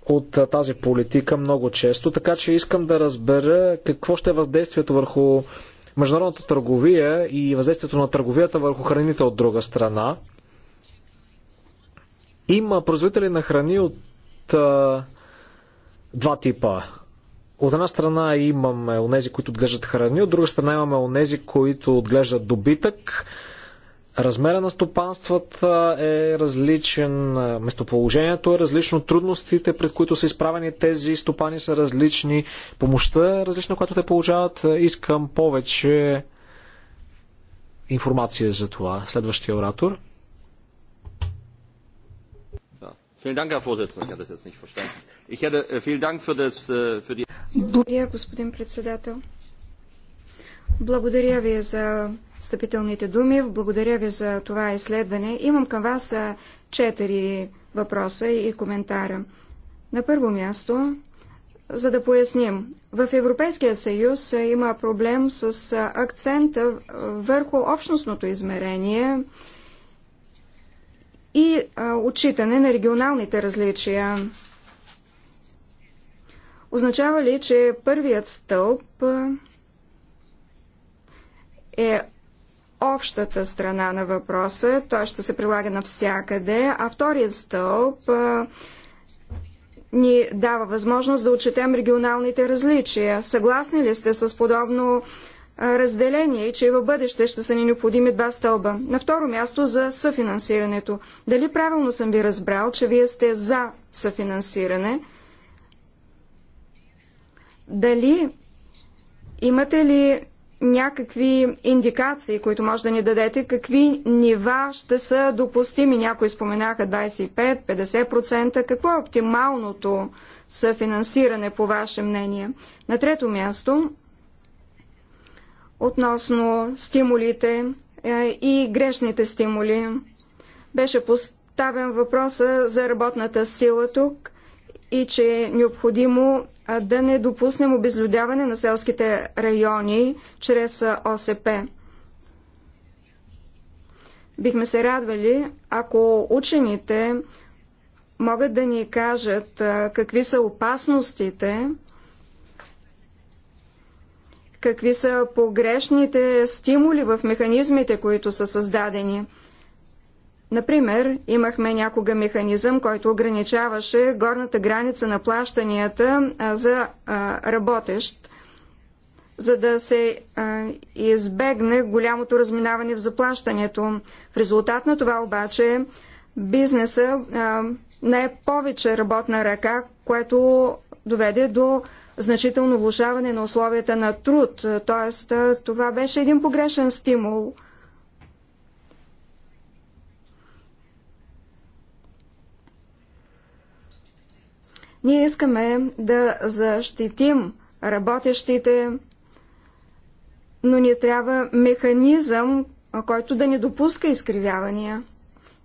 от тази политика много често, така че искам да разбера какво ще е въздействието върху международната търговия и въздействието на търговията върху храните от друга страна. Има производители на храни от а, два типа. От една страна имаме онези, които отглеждат храни, от друга страна имаме онези, които отглеждат добитък. Размера на стопанствата е различен, местоположението е различно, трудностите, пред които са изправени тези стопани са различни, помощта е различна, която те получават. Искам повече информация за това. Следващия оратор. Äh, äh, Благодаря, господин председател. Благодаря ви за встъпителните думи. Благодаря ви за това изследване. Имам към вас четири въпроса и коментара. На първо място, за да поясним, в Европейския съюз има проблем с акцента върху общностното измерение – и отчитане на регионалните различия. Означава ли, че първият стълб е общата страна на въпроса, той ще се прилага навсякъде, а вторият стълб ни дава възможност да отчетем регионалните различия. Съгласни ли сте с подобно разделение и че и в бъдеще ще са ни необходими два стълба. На второ място за съфинансирането. Дали правилно съм ви разбрал, че вие сте за съфинансиране? Дали имате ли някакви индикации, които може да ни дадете, какви нива ще са допустими? Някои споменаха 25-50%. Какво е оптималното съфинансиране по ваше мнение? На трето място относно стимулите е, и грешните стимули. Беше поставен въпроса за работната сила тук и че е необходимо да не допуснем обезлюдяване на селските райони чрез ОСП. Бихме се радвали, ако учените могат да ни кажат какви са опасностите какви са погрешните стимули в механизмите, които са създадени. Например, имахме някога механизъм, който ограничаваше горната граница на плащанията за работещ, за да се избегне голямото разминаване в заплащането. В резултат на това обаче бизнеса не е повече работна ръка, което доведе до значително влушаване на условията на труд. Тоест, това беше един погрешен стимул. Ние искаме да защитим работещите, но ни трябва механизъм, който да не допуска изкривявания.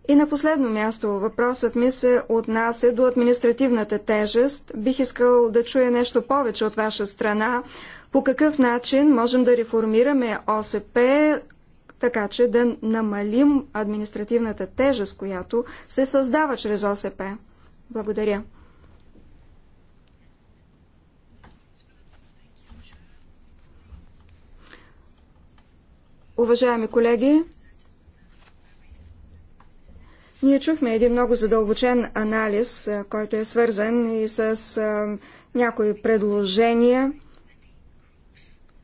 И на последно място въпросът ми се отнася до административната тежест. Бих искал да чуя нещо повече от ваша страна. По какъв начин можем да реформираме ОСП, така че да намалим административната тежест, която се създава чрез ОСП? Благодаря. Уважаеми колеги, ние чухме един много задълбочен анализ, който е свързан и с някои предложения,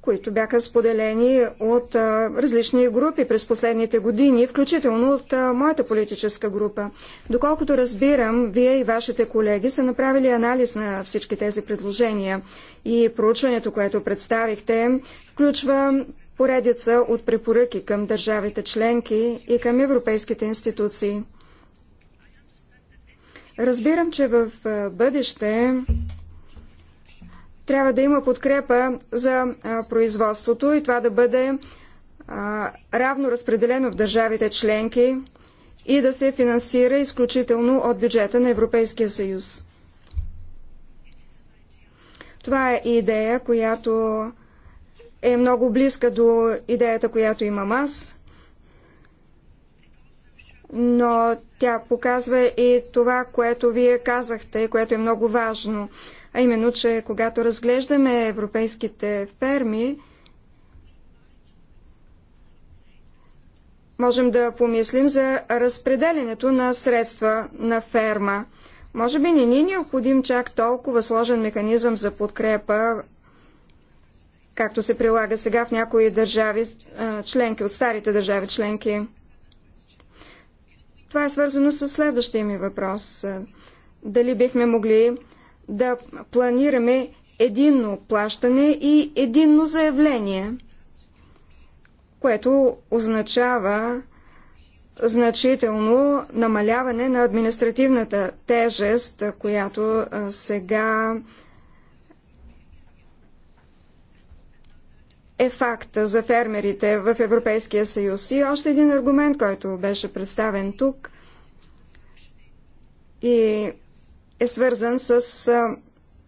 които бяха споделени от различни групи през последните години, включително от моята политическа група. Доколкото разбирам, вие и вашите колеги са направили анализ на всички тези предложения и проучването, което представихте, включва поредица от препоръки към държавите членки и към европейските институции. Разбирам, че в бъдеще трябва да има подкрепа за производството и това да бъде равно разпределено в държавите членки и да се финансира изключително от бюджета на Европейския съюз. Това е идея, която е много близка до идеята, която имам аз но тя показва и това, което вие казахте, което е много важно, а именно, че когато разглеждаме европейските ферми, можем да помислим за разпределенето на средства на ферма. Може би не ни е необходим чак толкова сложен механизъм за подкрепа, както се прилага сега в някои държави членки, от старите държави членки. Това е свързано с следващия ми въпрос. Е, дали бихме могли да планираме единно плащане и единно заявление, което означава значително намаляване на административната тежест, която е, сега е факт за фермерите в Европейския съюз. И още един аргумент, който беше представен тук, и е свързан с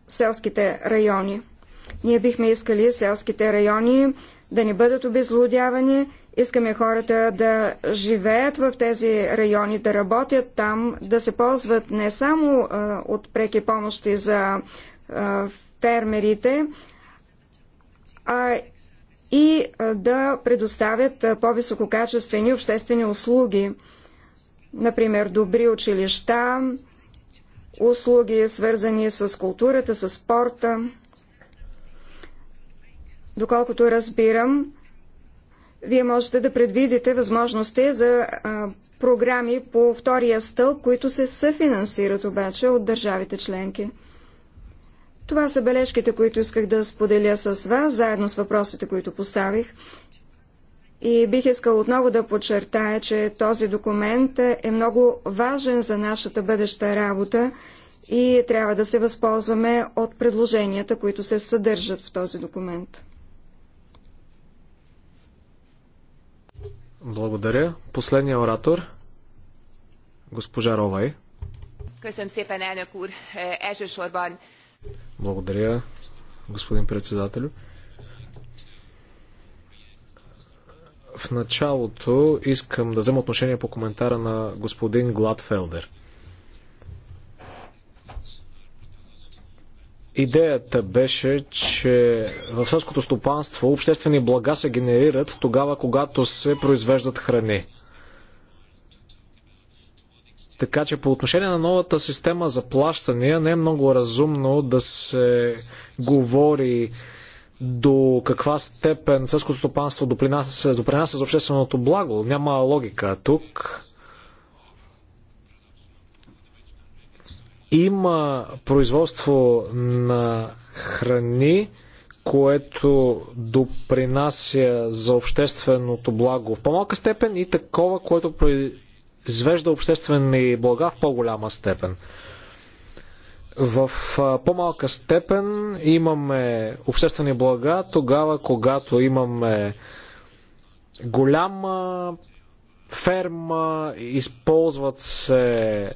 селските райони. Ние бихме искали селските райони да не бъдат обезлудявани, искаме хората да живеят в тези райони, да работят там, да се ползват не само а, от преки помощи за а, фермерите, а и а, да предоставят по-висококачествени обществени услуги, например добри училища, услуги, свързани с културата, с спорта. Доколкото разбирам, вие можете да предвидите възможности за а, програми по втория стълб, които се съфинансират обаче от държавите членки. Това са бележките, които исках да споделя с вас, заедно с въпросите, които поставих. И бих искал отново да подчертая, че този документ е много важен за нашата бъдеща работа и трябва да се възползваме от предложенията, които се съдържат в този документ. Благодаря. Последния оратор, госпожа Ровай. Благодаря, господин председателю. В началото искам да взема отношение по коментара на господин Гладфелдер. Идеята беше, че в селското стопанство обществени блага се генерират тогава, когато се произвеждат храни. Така че по отношение на новата система за плащания не е много разумно да се говори до каква степен сърското стопанство допринася, допринася за общественото благо. Няма логика тук. Има производство на храни, което допринася за общественото благо в по-малка степен и такова, което произвежда обществени блага в по-голяма степен. В по-малка степен имаме обществени блага тогава, когато имаме голяма ферма, използват се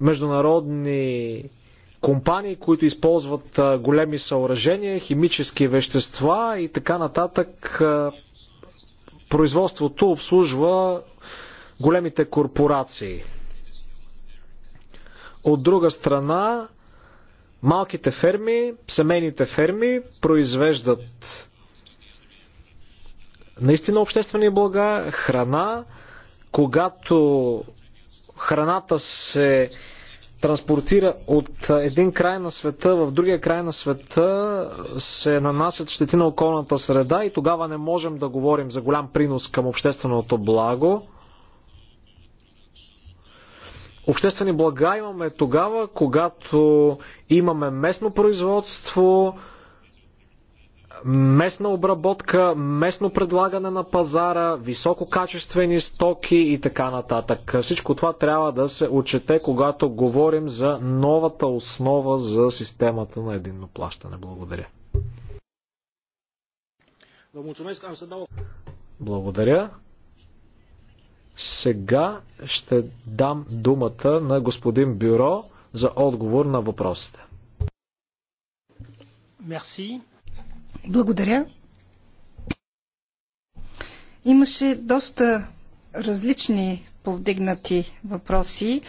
международни компании, които използват големи съоръжения, химически вещества и така нататък. Производството обслужва големите корпорации. От друга страна, Малките ферми, семейните ферми произвеждат наистина обществени блага, храна, когато храната се транспортира от един край на света в другия край на света, се нанасят щети на околната среда и тогава не можем да говорим за голям принос към общественото благо обществени блага имаме тогава, когато имаме местно производство, местна обработка, местно предлагане на пазара, висококачествени стоки и така нататък. Всичко това трябва да се отчете, когато говорим за новата основа за системата на единно плащане. Благодаря. Благодаря. Сега ще дам думата на господин Бюро за отговор на въпросите. Мерси. Благодаря. Имаше доста различни повдигнати въпроси. Е,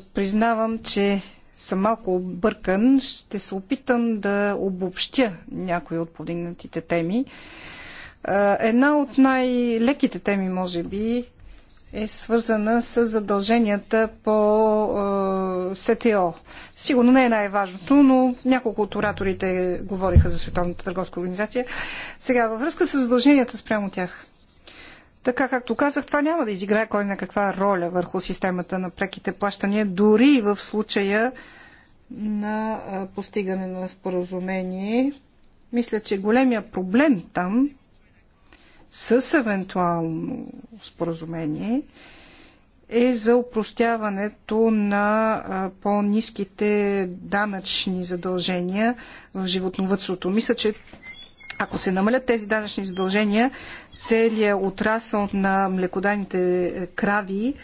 признавам, че съм малко объркан. Ще се опитам да обобщя някои от повдигнатите теми. Е, една от най-леките теми, може би, е свързана с задълженията по е, СТО. Сигурно не е най-важното, но няколко от ораторите говориха за Световната търговска организация. Сега, във връзка с задълженията спрямо тях. Така, както казах, това няма да изиграе кой на каква роля върху системата на преките плащания, дори и в случая на е, постигане на споразумение. Мисля, че големия проблем там с евентуално споразумение е за упростяването на по-низките данъчни задължения в животновътството. Мисля, че ако се намалят тези данъчни задължения, целият отрасъл на млекоданите крави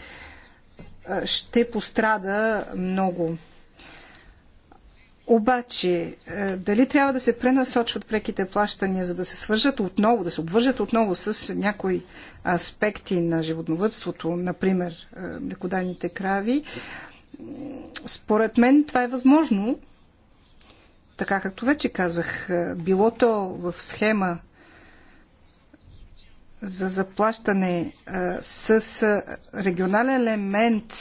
ще пострада много. Обаче, е, дали трябва да се пренасочват преките плащания, за да се свържат отново, да се обвържат отново с някои аспекти на животновътството, например млекоданите е, крави, според мен това е възможно. Така както вече казах, е, било то в схема за заплащане с регионален елемент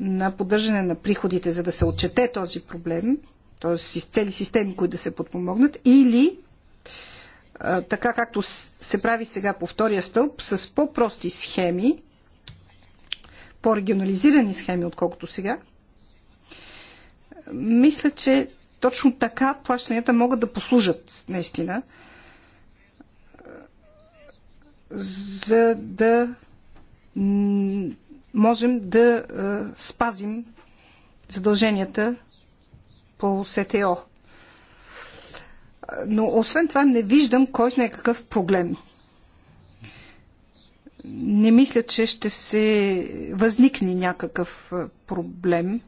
на поддържане на приходите, за да се отчете този проблем – т.е. цели системи, които да се подпомогнат, или така както се прави сега по втория стълб, с по-прости схеми, по-регионализирани схеми, отколкото сега, мисля, че точно така плащанията могат да послужат наистина, за да можем да спазим задълженията по СТО. Но освен това не виждам кой знае какъв проблем. Не мисля, че ще се възникне някакъв проблем.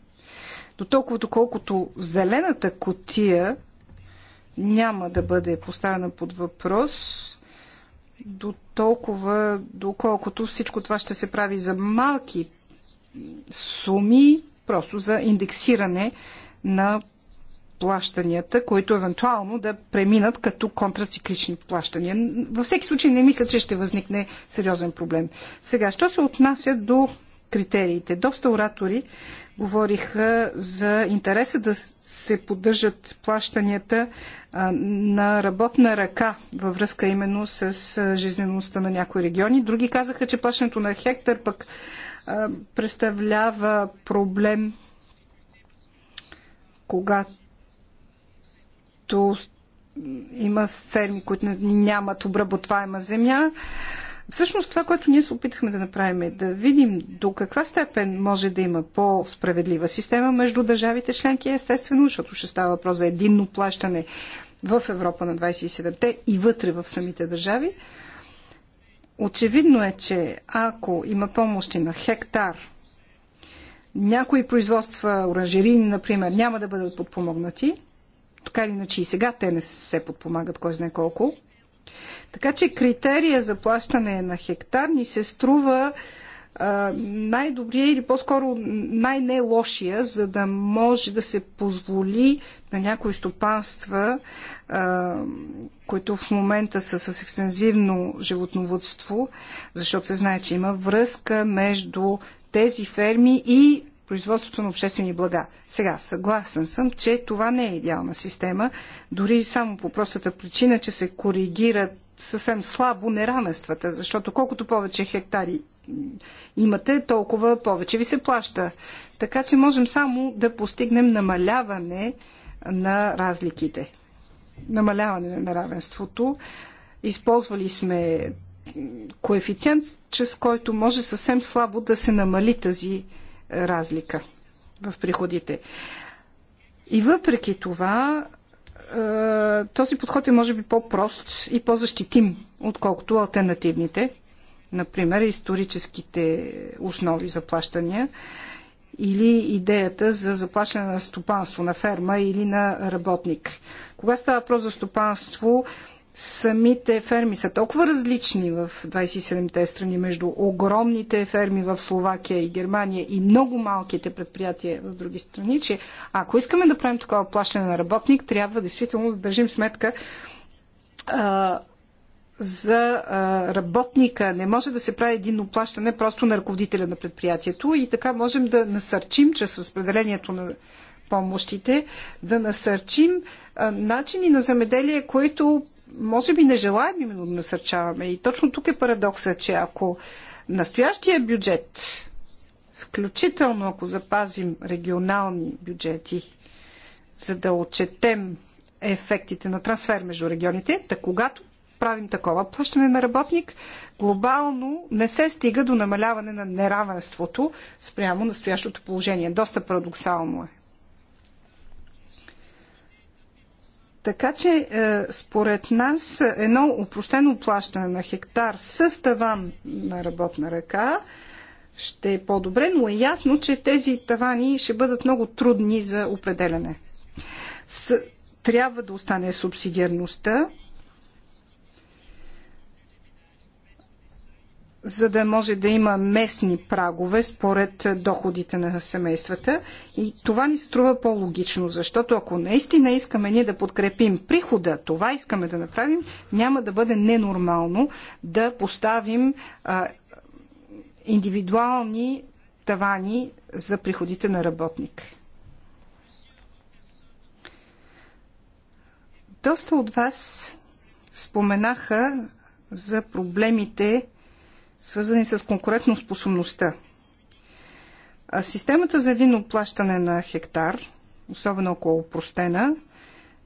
До толкова, доколкото зелената котия няма да бъде поставена под въпрос, до толкова, доколкото всичко това ще се прави за малки суми, просто за индексиране на плащанията, които евентуално да преминат като контрациклични плащания. Във всеки случай не мисля, че ще възникне сериозен проблем. Сега, що се отнася до критериите? Доста оратори говориха за интереса да се поддържат плащанията на работна ръка във връзка именно с жизнеността на някои региони. Други казаха, че плащането на хектар пък представлява проблем когато които има ферми, които нямат обработваема земя. Всъщност това, което ние се опитахме да направим е да видим до каква степен може да има по-справедлива система между държавите членки, естествено, защото ще става въпрос за единно плащане в Европа на 27-те и вътре в самите държави. Очевидно е, че ако има помощи на хектар, някои производства, оранжерини, например, няма да бъдат подпомогнати, така или иначе и сега те не се подпомагат кой знае колко. Така че критерия за плащане на хектар ни се струва най-добрия или по-скоро най-не-лошия, за да може да се позволи на някои стопанства, които в момента са с екстензивно животноводство, защото се знае, че има връзка между тези ферми и производството на обществени блага. Сега, съгласен съм, че това не е идеална система, дори само по простата причина, че се коригират съвсем слабо неравенствата, защото колкото повече хектари имате, толкова повече ви се плаща. Така че можем само да постигнем намаляване на разликите, намаляване на неравенството. Използвали сме коефициент, чрез който може съвсем слабо да се намали тази разлика в приходите. И въпреки това, е, този подход е може би по-прост и по-защитим, отколкото альтернативните, например историческите основи за плащания или идеята за заплащане на стопанство на ферма или на работник. Кога става въпрос за стопанство, самите ферми са толкова различни в 27-те страни между огромните ферми в Словакия и Германия и много малките предприятия в други страни, че ако искаме да правим такова плащане на работник, трябва действително да държим сметка а, за а, работника. Не може да се прави единно плащане просто на ръководителя на предприятието и така можем да насърчим чрез разпределението на помощите, да насърчим а, начини на замеделие, които може би не желаем именно да насърчаваме. И точно тук е парадокса, че ако настоящия бюджет, включително ако запазим регионални бюджети, за да отчетем ефектите на трансфер между регионите, да когато правим такова плащане на работник, глобално не се стига до намаляване на неравенството спрямо настоящото положение. Доста парадоксално е. Така че, е, според нас, едно упростено плащане на хектар с таван на работна ръка ще е по-добре, но е ясно, че тези тавани ще бъдат много трудни за определене. С... Трябва да остане субсидиарността, за да може да има местни прагове според е, доходите на семействата. И това ни струва по-логично, защото ако наистина искаме ние да подкрепим прихода, това искаме да направим, няма да бъде ненормално да поставим а, е, индивидуални тавани за приходите на работник. Доста от вас споменаха за проблемите, свързани с конкурентноспособността. Системата за един оплащане на хектар, особено около е упростена,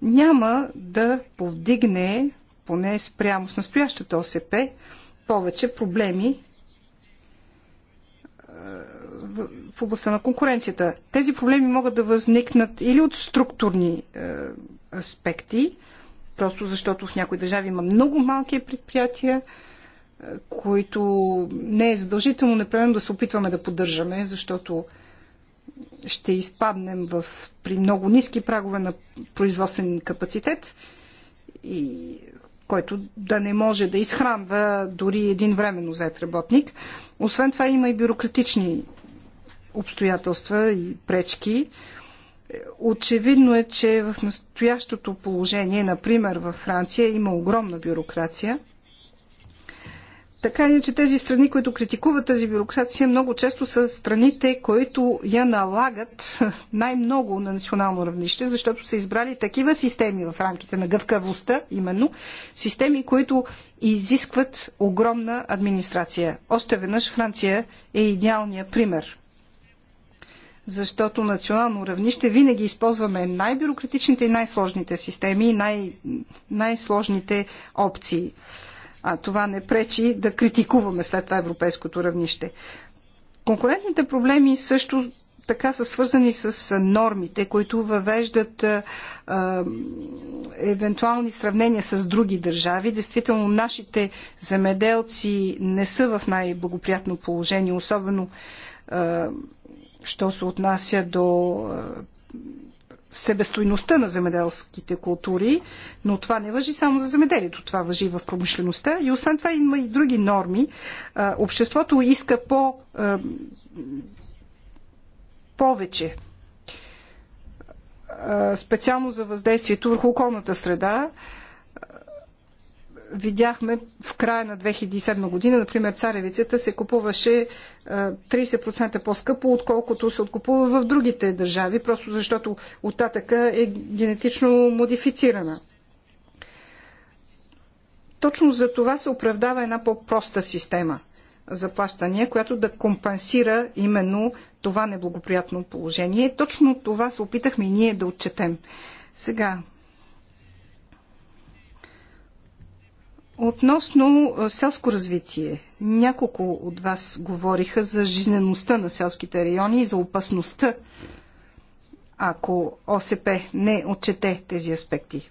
няма да повдигне, поне спрямо с настоящата ОСП, повече проблеми в областта на конкуренцията. Тези проблеми могат да възникнат или от структурни е, аспекти, просто защото в някои държави има много малки предприятия, които не е задължително непременно да се опитваме да поддържаме, защото ще изпаднем в, при много ниски прагове на производствен капацитет, и, който да не може да изхранва дори един временно зает работник. Освен това има и бюрократични обстоятелства и пречки. Очевидно е, че в настоящото положение, например във Франция, има огромна бюрокрация – така е, че тези страни, които критикуват тази бюрокрация, много често са страните, които я налагат [LAUGHS] най-много на национално равнище, защото са избрали такива системи в рамките на гъвкавостта, именно системи, които изискват огромна администрация. Още веднъж Франция е идеалният пример защото национално равнище винаги използваме най-бюрократичните и най-сложните системи и най- най-сложните опции а това не пречи да критикуваме след това европейското равнище. Конкурентните проблеми също така са свързани с нормите, които въвеждат а, евентуални сравнения с други държави. Действително, нашите земеделци не са в най-благоприятно положение, особено а, що се отнася до себестойността на земеделските култури, но това не въжи само за земеделието, това въжи в промишлеността и освен това има и други норми. Обществото иска по повече специално за въздействието върху околната среда видяхме в края на 2007 година, например, царевицата се купуваше 30% е, по-скъпо, отколкото се откупува в другите държави, просто защото оттатъка е генетично модифицирана. Точно за това се оправдава една по-проста система за плащания, която да компенсира именно това неблагоприятно положение. Точно това се опитахме и ние да отчетем. Сега, Относно селско развитие, няколко от вас говориха за жизнеността на селските райони и за опасността, ако ОСП не отчете тези аспекти.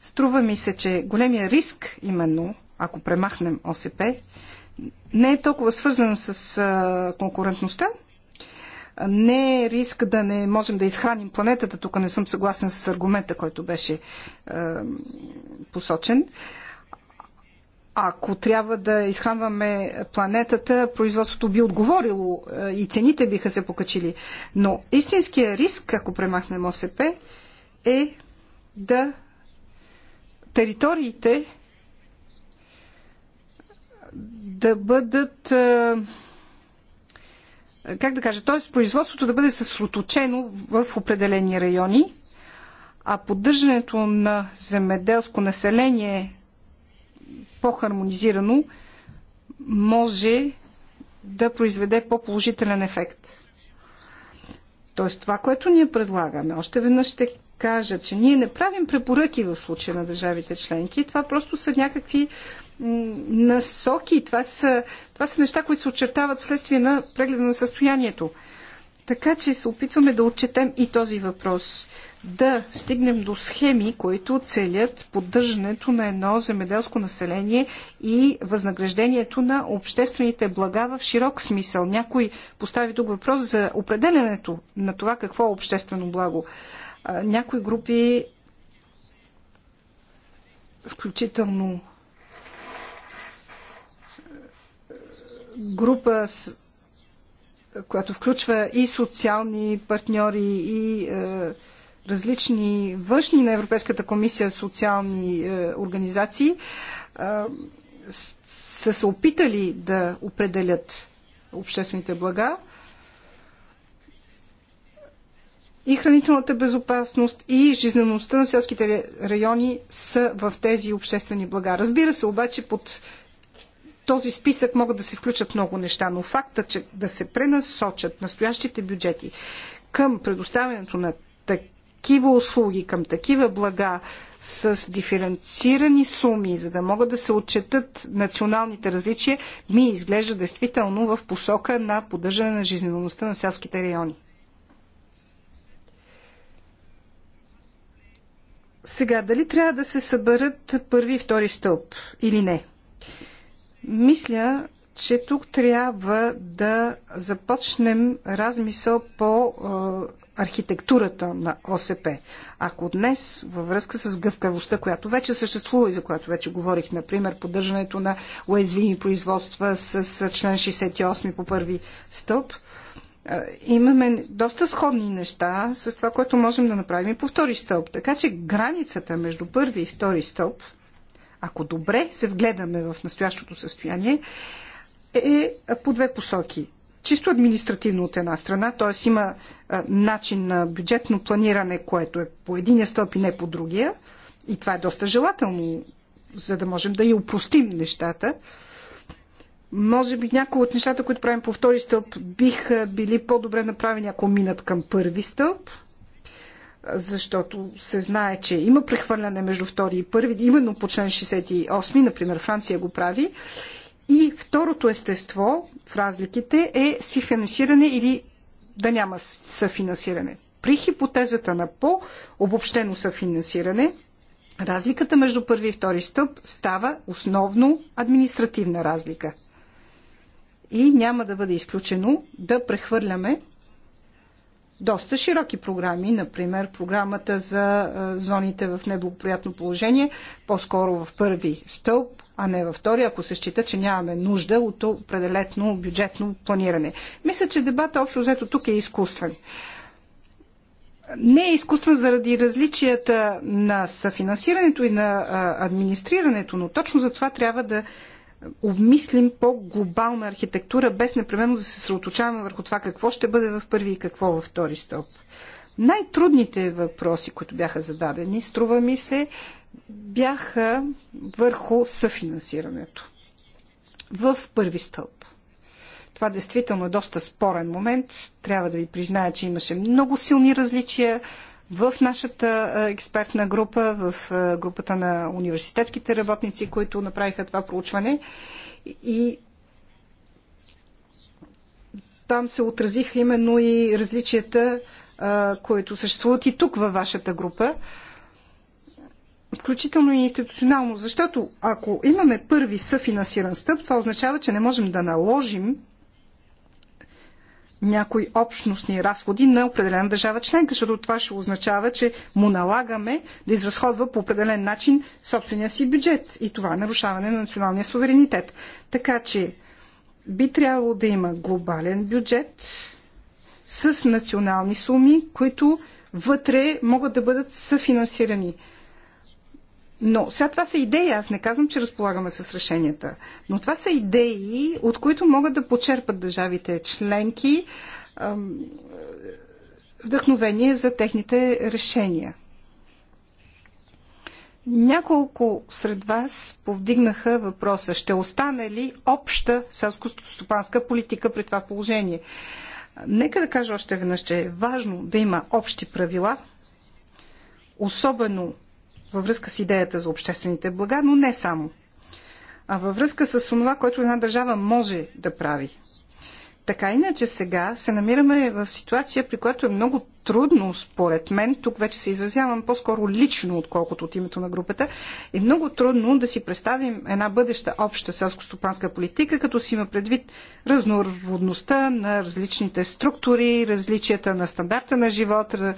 Струва ми се, че големия риск, именно ако премахнем ОСП, не е толкова свързан с конкурентността, не е риск да не можем да изхраним планетата. Тук не съм съгласен с аргумента, който беше е, посочен ако трябва да изхранваме планетата, производството би отговорило е, и цените биха се покачили. Но истинския риск, ако премахнем ОСП, е да териториите да бъдат е, как да кажа, т.е. производството да бъде съсроточено в определени райони, а поддържането на земеделско население по-хармонизирано, може да произведе по-положителен ефект. Тоест това, което ние предлагаме, още веднъж ще кажа, че ние не правим препоръки в случая на държавите членки. Това просто са някакви насоки. Това са, това са неща, които се очертават следствие на прегледа на състоянието. Така че се опитваме да отчетем и този въпрос да стигнем до схеми, които целят поддържането на едно земеделско население и възнаграждението на обществените блага в широк смисъл. Някой постави тук въпрос за определенето на това какво е обществено благо. Някои групи, включително група с която включва и социални партньори, и е, различни външни на Европейската комисия социални е, организации е, са се опитали да определят обществените блага. И хранителната безопасност, и жизнеността на селските райони са в тези обществени блага. Разбира се, обаче под този списък могат да се включат много неща, но факта, че да се пренасочат настоящите бюджети към предоставянето на такива такива услуги, към такива блага с диференцирани суми, за да могат да се отчетат националните различия, ми изглежда действително в посока на поддържане на жизнеността на селските райони. Сега, дали трябва да се съберат първи и втори стълб или не? Мисля, че тук трябва да започнем размисъл по архитектурата на ОСП. Ако днес, във връзка с гъвкавостта, която вече съществува и за която вече говорих, например, поддържането на уязвими производства с член 68 по първи стълб, имаме доста сходни неща с това, което можем да направим и по втори стълб. Така че границата между първи и втори стълб, ако добре се вгледаме в настоящото състояние, е по две посоки чисто административно от една страна, т.е. има начин на бюджетно планиране, което е по единия стълб и не по другия. И това е доста желателно, за да можем да и упростим нещата. Може би някои от нещата, които правим по втори стълб, биха били по-добре направени, ако минат към първи стълб, защото се знае, че има прехвърляне между втори и първи, именно по член 68, например Франция го прави. И второто естество в разликите е си финансиране или да няма съфинансиране. При хипотезата на по-обобщено съфинансиране, разликата между първи и втори стъп става основно административна разлика. И няма да бъде изключено да прехвърляме доста широки програми, например програмата за зоните в неблагоприятно положение, по-скоро в първи стълб, а не във втори, ако се счита, че нямаме нужда от определено бюджетно планиране. Мисля, че дебата общо взето тук е изкуствен. Не е изкуствен заради различията на съфинансирането и на администрирането, но точно за това трябва да обмислим по-глобална архитектура, без непременно да се съоточаваме върху това какво ще бъде в първи и какво във втори стоп. Най-трудните въпроси, които бяха зададени, струва ми се, бяха върху съфинансирането. В първи стълб. Това действително е доста спорен момент. Трябва да ви призная, че имаше много силни различия в нашата е, експертна група, в е, групата на университетските работници, които направиха това проучване. И там се отразиха именно и различията, е, които съществуват и тук във вашата група, включително и институционално. Защото ако имаме първи съфинансиран стъп, това означава, че не можем да наложим някои общностни разходи на определена държава членка, защото това ще означава, че му налагаме да изразходва по определен начин собствения си бюджет. И това е нарушаване на националния суверенитет. Така че би трябвало да има глобален бюджет с национални суми, които вътре могат да бъдат съфинансирани. Но сега това са идеи, аз не казвам, че разполагаме с решенията, но това са идеи, от които могат да почерпат държавите членки ам, вдъхновение за техните решения. Няколко сред вас повдигнаха въпроса, ще остане ли обща селско-стопанска политика при това положение. Нека да кажа още веднъж, че е важно да има общи правила, особено във връзка с идеята за обществените блага, но не само. А във връзка с това, което една държава може да прави. Така иначе сега се намираме в ситуация, при която е много трудно, според мен, тук вече се изразявам по-скоро лично, отколкото от името на групата, е много трудно да си представим една бъдеща обща селско-стопанска политика, като си има предвид разнородността на различните структури, различията на стандарта на живот, е,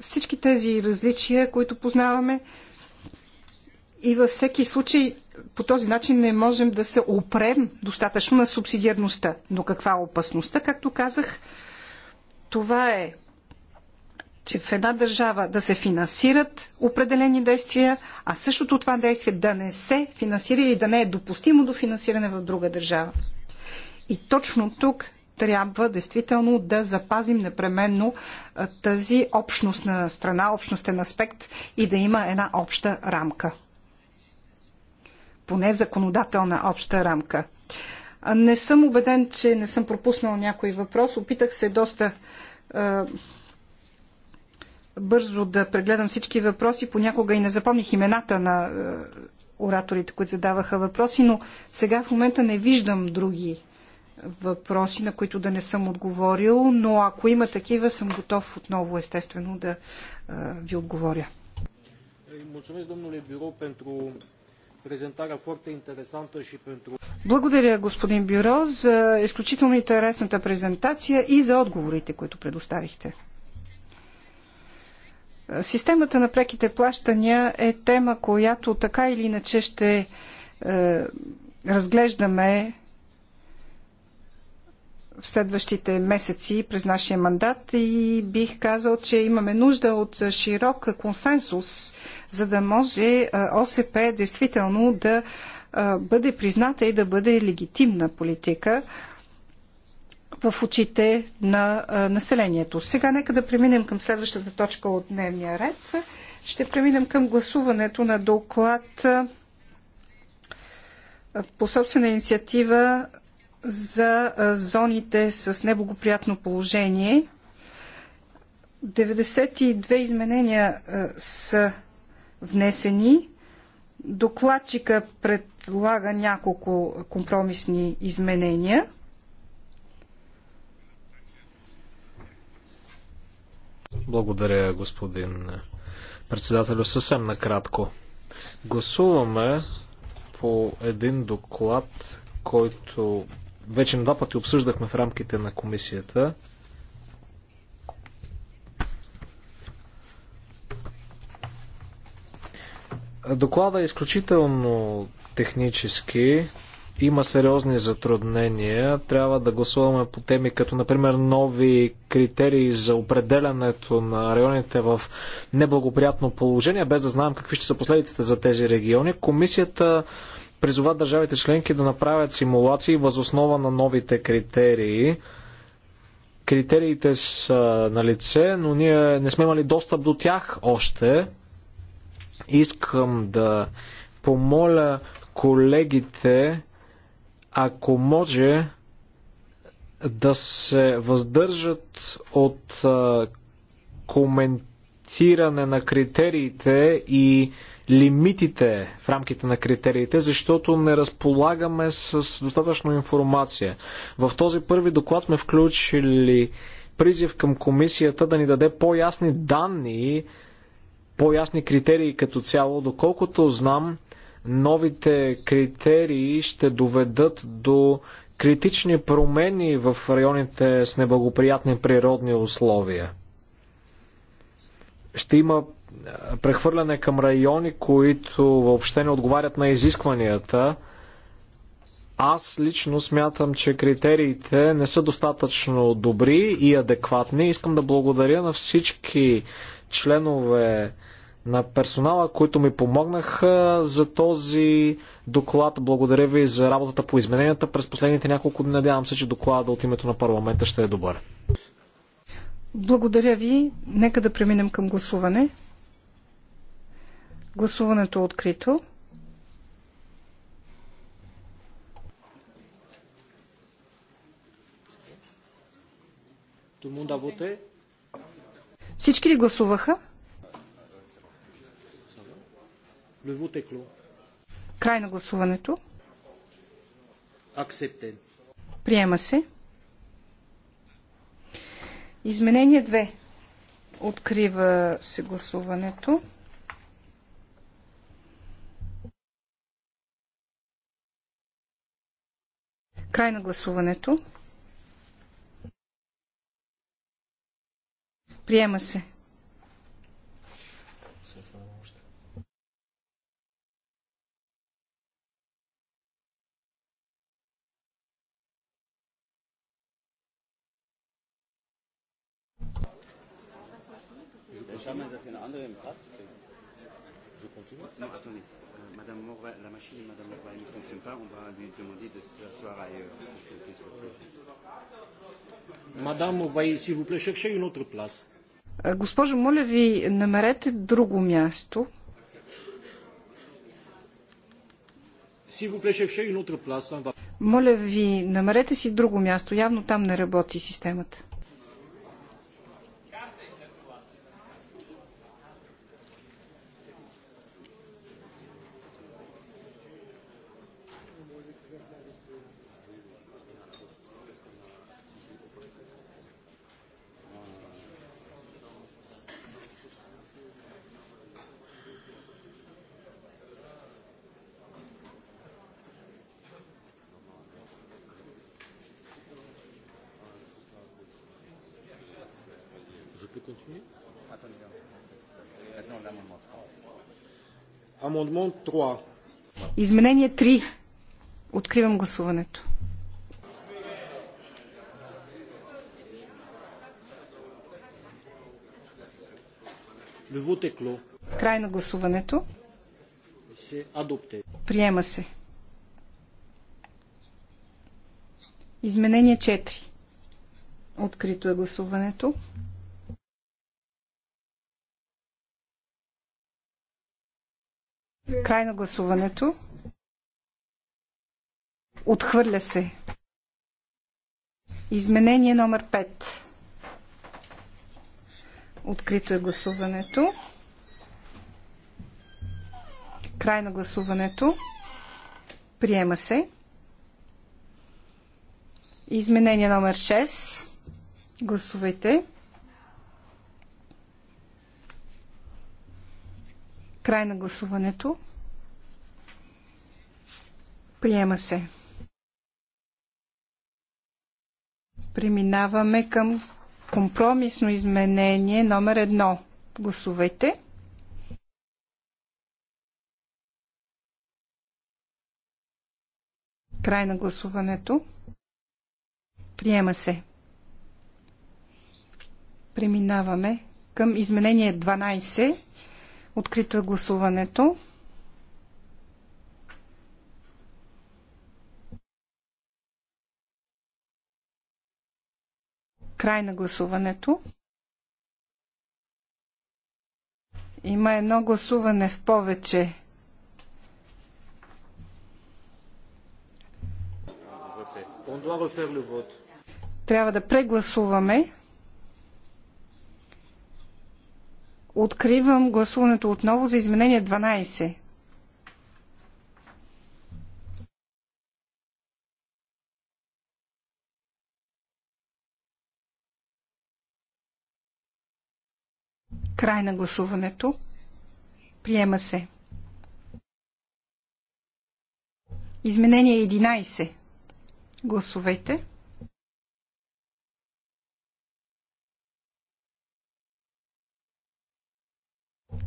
всички тези различия, които познаваме. И във всеки случай по този начин не можем да се опрем достатъчно на субсидиарността. Но каква е опасността? Както казах, това е, че в една държава да се финансират определени действия, а същото това действие да не се финансира или да не е допустимо до финансиране в друга държава. И точно тук трябва действително да запазим непременно тази общност на страна, общностен аспект и да има една обща рамка. Поне законодателна обща рамка. Не съм убеден, че не съм пропуснал някой въпрос. Опитах се доста бързо да прегледам всички въпроси. Понякога и не запомних имената на ораторите, които задаваха въпроси, но сега в момента не виждам други въпроси, на които да не съм отговорил, но ако има такива, съм готов отново, естествено, да ви отговоря. Е, Благодаря, господин Бюро, за изключително интересната презентация и за отговорите, които предоставихте. Системата на преките плащания е тема, която така или иначе ще е, разглеждаме в следващите месеци през нашия мандат и бих казал, че имаме нужда от широк консенсус, за да може ОСП действително да бъде призната и да бъде легитимна политика в очите на населението. Сега нека да преминем към следващата точка от дневния ред. Ще преминем към гласуването на доклад по собствена инициатива за зоните с неблагоприятно положение. 92 изменения са внесени. Докладчика предлага няколко компромисни изменения. Благодаря, господин председателю. Съвсем накратко. Гласуваме по един доклад, който вече на два пъти обсъждахме в рамките на комисията. Доклада е изключително технически. Има сериозни затруднения. Трябва да гласуваме по теми като, например, нови критерии за определянето на районите в неблагоприятно положение, без да знаем какви ще са последиците за тези региони. Комисията призова държавите членки да направят симулации възоснова на новите критерии. Критериите са на лице, но ние не сме имали достъп до тях още. Искам да помоля колегите, ако може, да се въздържат от коментиране на критериите и лимитите в рамките на критериите, защото не разполагаме с достатъчно информация. В този първи доклад сме включили призив към комисията да ни даде по-ясни данни, по-ясни критерии като цяло. Доколкото знам, новите критерии ще доведат до критични промени в районите с неблагоприятни природни условия. Ще има прехвърляне към райони, които въобще не отговарят на изискванията. Аз лично смятам, че критериите не са достатъчно добри и адекватни. Искам да благодаря на всички членове на персонала, които ми помогнаха за този доклад. Благодаря ви за работата по измененията през последните няколко дни. Надявам се, че доклада от името на парламента ще е добър. Благодаря ви. Нека да преминем към гласуване. Гласуването е открито. Всички ли гласуваха? Край на гласуването. Приема се. Изменение 2. Открива се гласуването. Край на гласуването. Приема се. Schauen wir, dass wir einen anderen Platz kriegen. Je continue? Non, attendez. Madame Morva, la machine de Madame Morva ne fonctionne pas, on va lui demander de s'asseoir ailleurs pour qu'elle puisse voter. Madame Morva, s'il vous plaît, cherchez une autre place. Госпожо, моля ви, намерете друго място. Моля ви, намерете си друго място. Явно там не работи системата. peut continuer Амендмент 3. Изменение 3. Откривам гласуването. Край на гласуването. Приема се. Изменение 4. Открито е гласуването. Край на гласуването. Отхвърля се. Изменение номер 5. Открито е гласуването. Край на гласуването. Приема се. Изменение номер 6. Гласувайте. Край на гласуването. Приема се. Преминаваме към компромисно изменение номер едно. Гласувайте. Край на гласуването. Приема се. Преминаваме към изменение 12. Открито е гласуването. Край на гласуването. Има едно гласуване в повече. Трябва да прегласуваме. Откривам гласуването отново за изменение 12. Край на гласуването. Приема се. Изменение 11. Гласовете.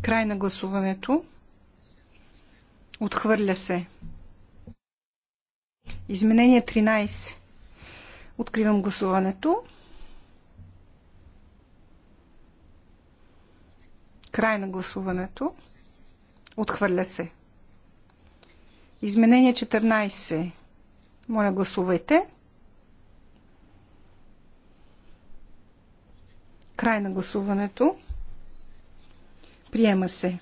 Край на гласуването. Отхвърля се. Изменение 13. Откривам гласуването. Край на гласуването. Отхвърля се. Изменение 14. Моля, гласувайте. Край на гласуването. Приема се.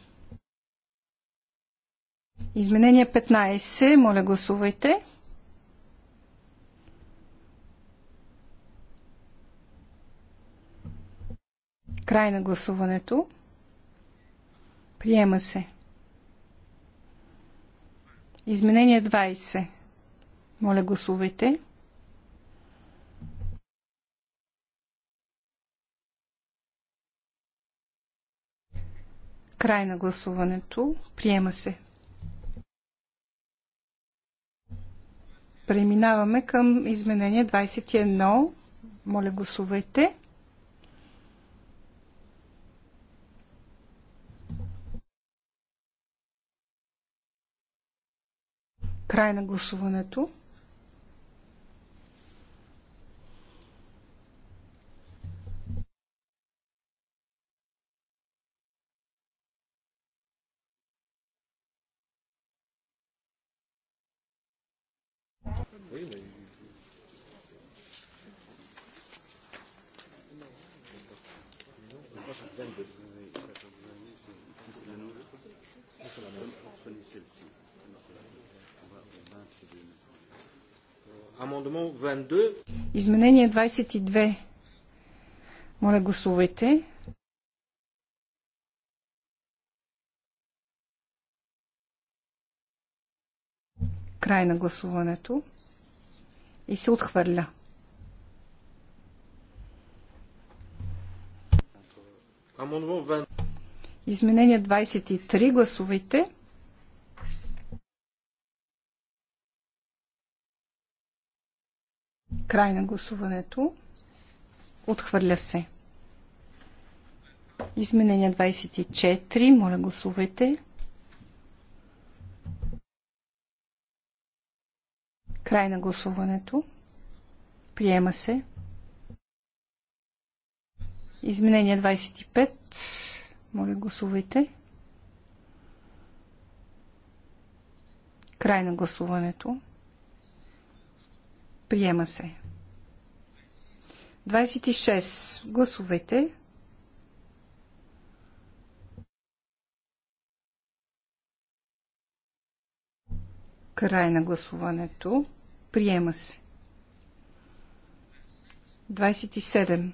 Изменение 15. Моля, гласувайте. Край на гласуването. Приема се. Изменение 20. Моля, гласувайте. Край на гласуването. Приема се. Преминаваме към изменение 21. Моля, гласувайте. Край на гласуването. Изменение 22. Моля, гласувайте. Край на гласуването. И се отхвърля. Изменение 23. Гласувайте. Край на гласуването. Отхвърля се. Изменение 24. Моля, гласувайте. Край на гласуването. Приема се. Изменение 25. Моля, гласувайте. Край на гласуването. Приема се. 26. Гласувайте. Край на гласуването. Приема се. 27.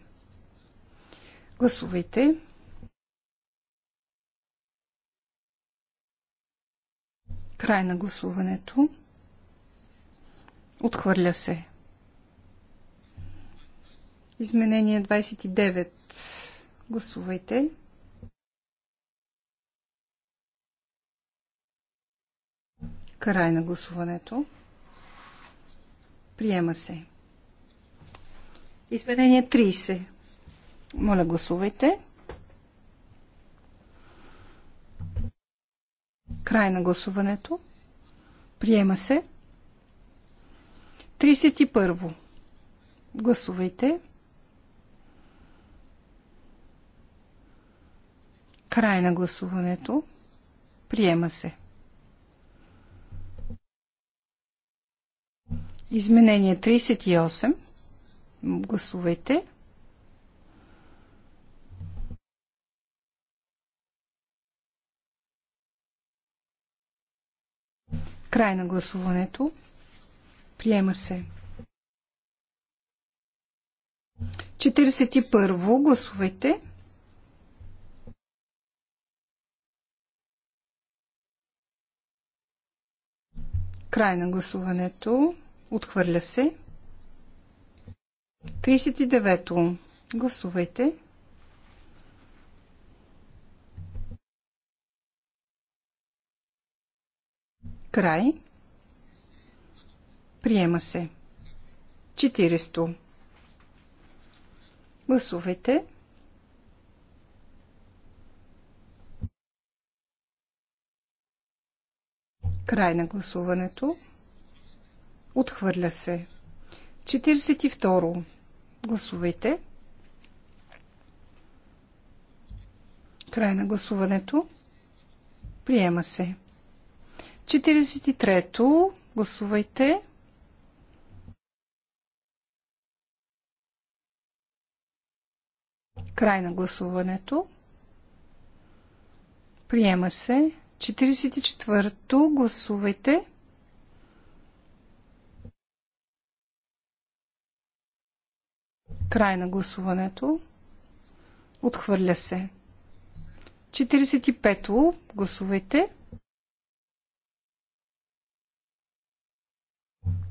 Гласувайте. Край на гласуването. Отхвърля се. Изменение 29. Гласувайте. Край на гласуването. Приема се. Изменение 30. Моля, гласувайте. Край на гласуването. Приема се. 31. Гласувайте. Край на гласуването. Приема се. Изменение 38. Гласувайте. Край на гласуването. Приема се. 41. Гласувайте. Край на гласуването. Отхвърля се. 39-то. Гласувайте. Край. Приема се. 40-то. Гласувайте. Край на гласуването. Отхвърля се. 42. Гласувайте. Край на гласуването. Приема се. 43-то. Гласувайте. Край на гласуването. Приема се. 44-то. Гласувайте. Край на гласуването. Отхвърля се. 45-то. Гласувайте.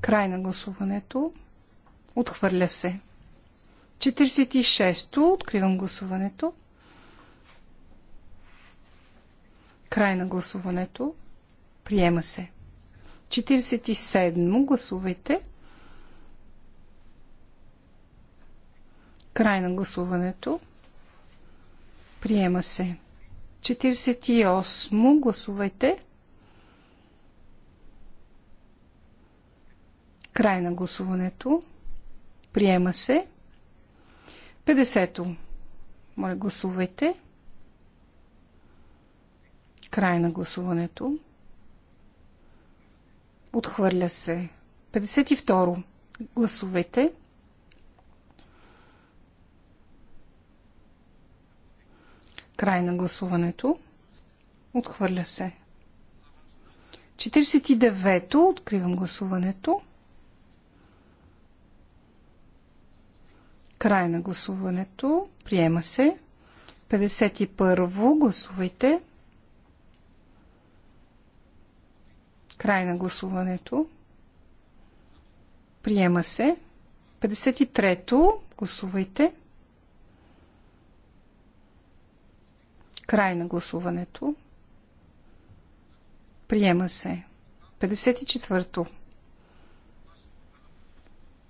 Край на гласуването. Отхвърля се. 46-то. Откривам гласуването. Край на гласуването. Приема се. 47. Гласувайте. Край на гласуването. Приема се. 48. Гласувайте. Край на гласуването. Приема се. 50. Моля, гласувайте. Край на гласуването. Отхвърля се. 52. Гласовете. Край на гласуването. Отхвърля се. 49-то. Откривам гласуването. Край на гласуването. Приема се. 51-во. Гласувайте. Гласувайте. Край на гласуването. Приема се. 53-то. Гласувайте. Край на гласуването. Приема се. 54-то.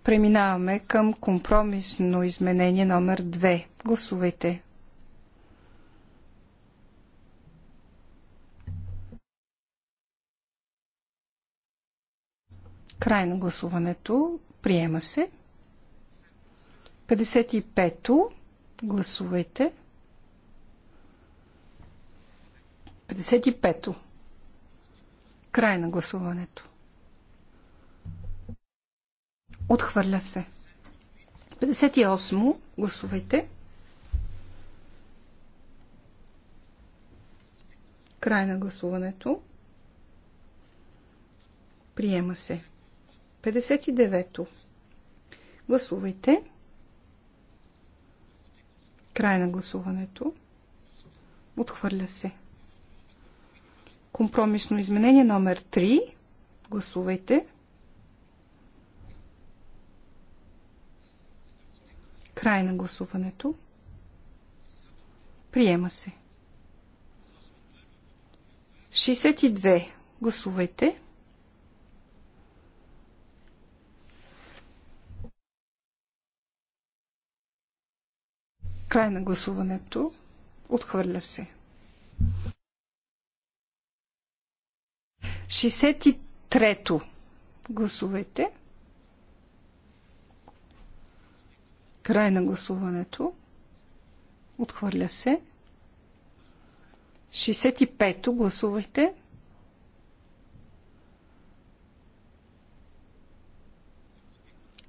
Преминаваме към компромисно изменение номер 2. Гласувайте. Край на гласуването. Приема се. 55-то. Гласувайте. 55-то. Край на гласуването. Отхвърля се. 58-мо. Гласувайте. Край на гласуването. Приема се. 59-то. Гласувайте. Край на гласуването. Отхвърля се. Компромисно изменение номер 3. Гласувайте. Край на гласуването. Приема се. 62. Гласувайте. Край на гласуването. Отхвърля се. 63-то. Гласувайте. Край на гласуването. Отхвърля се. 65-то. Гласувайте.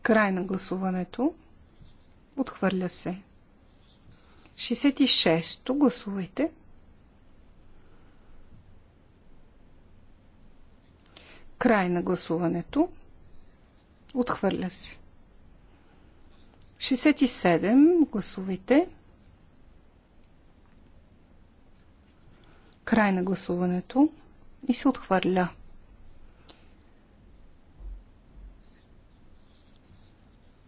Край на гласуването. Отхвърля се. 66-то гласувайте. Край на гласуването. Отхвърля се. 67 гласувайте. Край на гласуването и се отхвърля.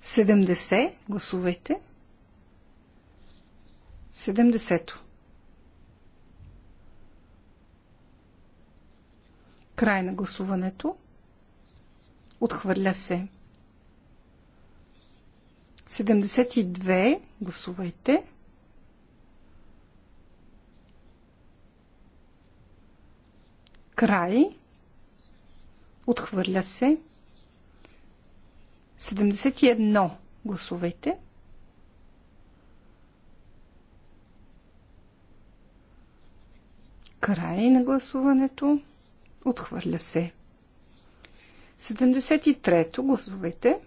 Седемдесет гласувайте. 70-то. Край на гласуването. Отхвърля се. 72. Гласувайте. Край. Отхвърля се. 71. Гласувайте. 71. Край на гласуването. Отхвърля се. 73-то. Гласувайте.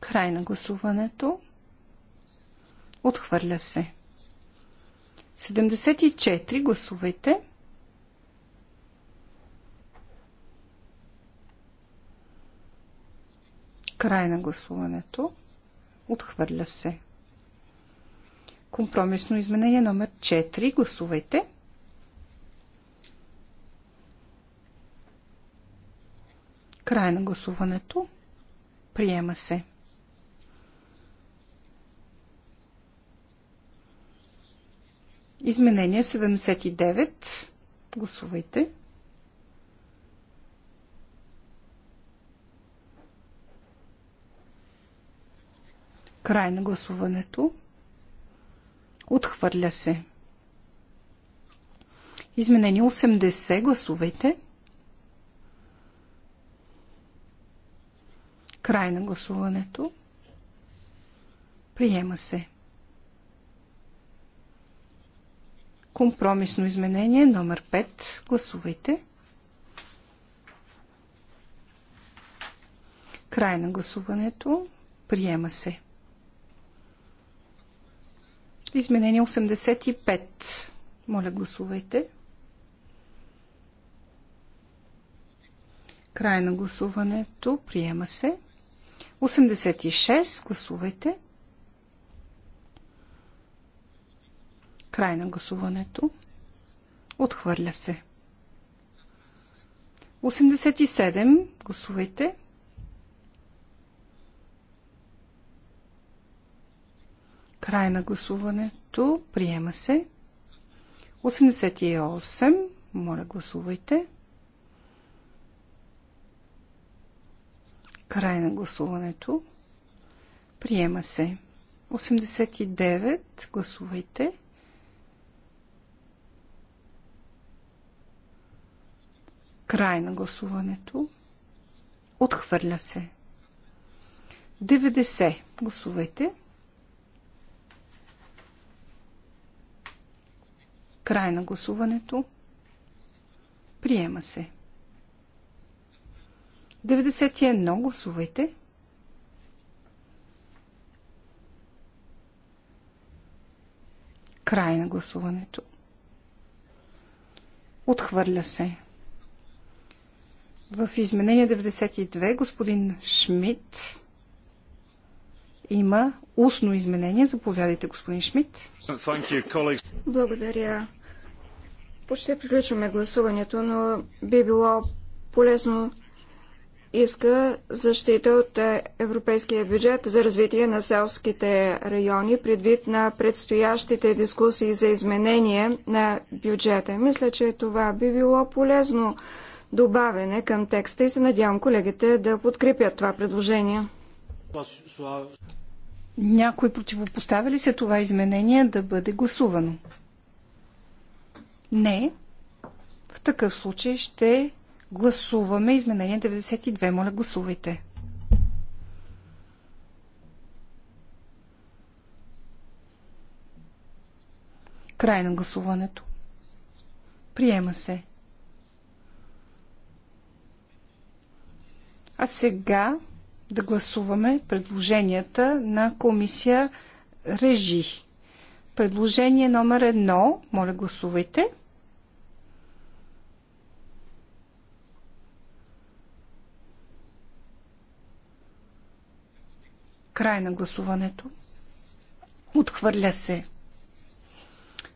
Край на гласуването. Отхвърля се. 74. Гласувайте. Край на гласуването. Отхвърля се. Компромисно изменение номер 4. Гласувайте. Край на гласуването. Приема се. Изменение 79. Гласувайте. Край на гласуването. Отхвърля се. Изменени 80. Гласувайте. Край на гласуването. Приема се. Компромисно изменение номер 5. Гласувайте. Край на гласуването. Приема се. Изменение 85. Моля, гласувайте. Край на гласуването. Приема се. 86. Гласувайте. Край на гласуването. Отхвърля се. 87. Гласувайте. Край на гласуването. Приема се. 88. Моля, гласувайте. Край на гласуването. Приема се. 89. Гласувайте. Край на гласуването. Отхвърля се. 90. Гласувайте. Край на гласуването. Приема се. 91. Гласувайте. Край на гласуването. Отхвърля се. В изменение 92 господин Шмидт има устно изменение. Заповядайте, господин Шмидт. Благодаря. Почти приключваме гласуването, но би било полезно иска защита от е, европейския бюджет за развитие на селските райони, предвид на предстоящите дискусии за изменение на бюджета. Мисля, че това би било полезно добавене към текста и се надявам колегите да подкрепят това предложение. Някой противопоставя ли се това изменение да бъде гласувано? Не. В такъв случай ще гласуваме изменение 92. Моля, гласувайте. Край на гласуването. Приема се. А сега да гласуваме предложенията на комисия Режи. Предложение номер едно. Моля, гласувайте. Край на гласуването. Отхвърля се.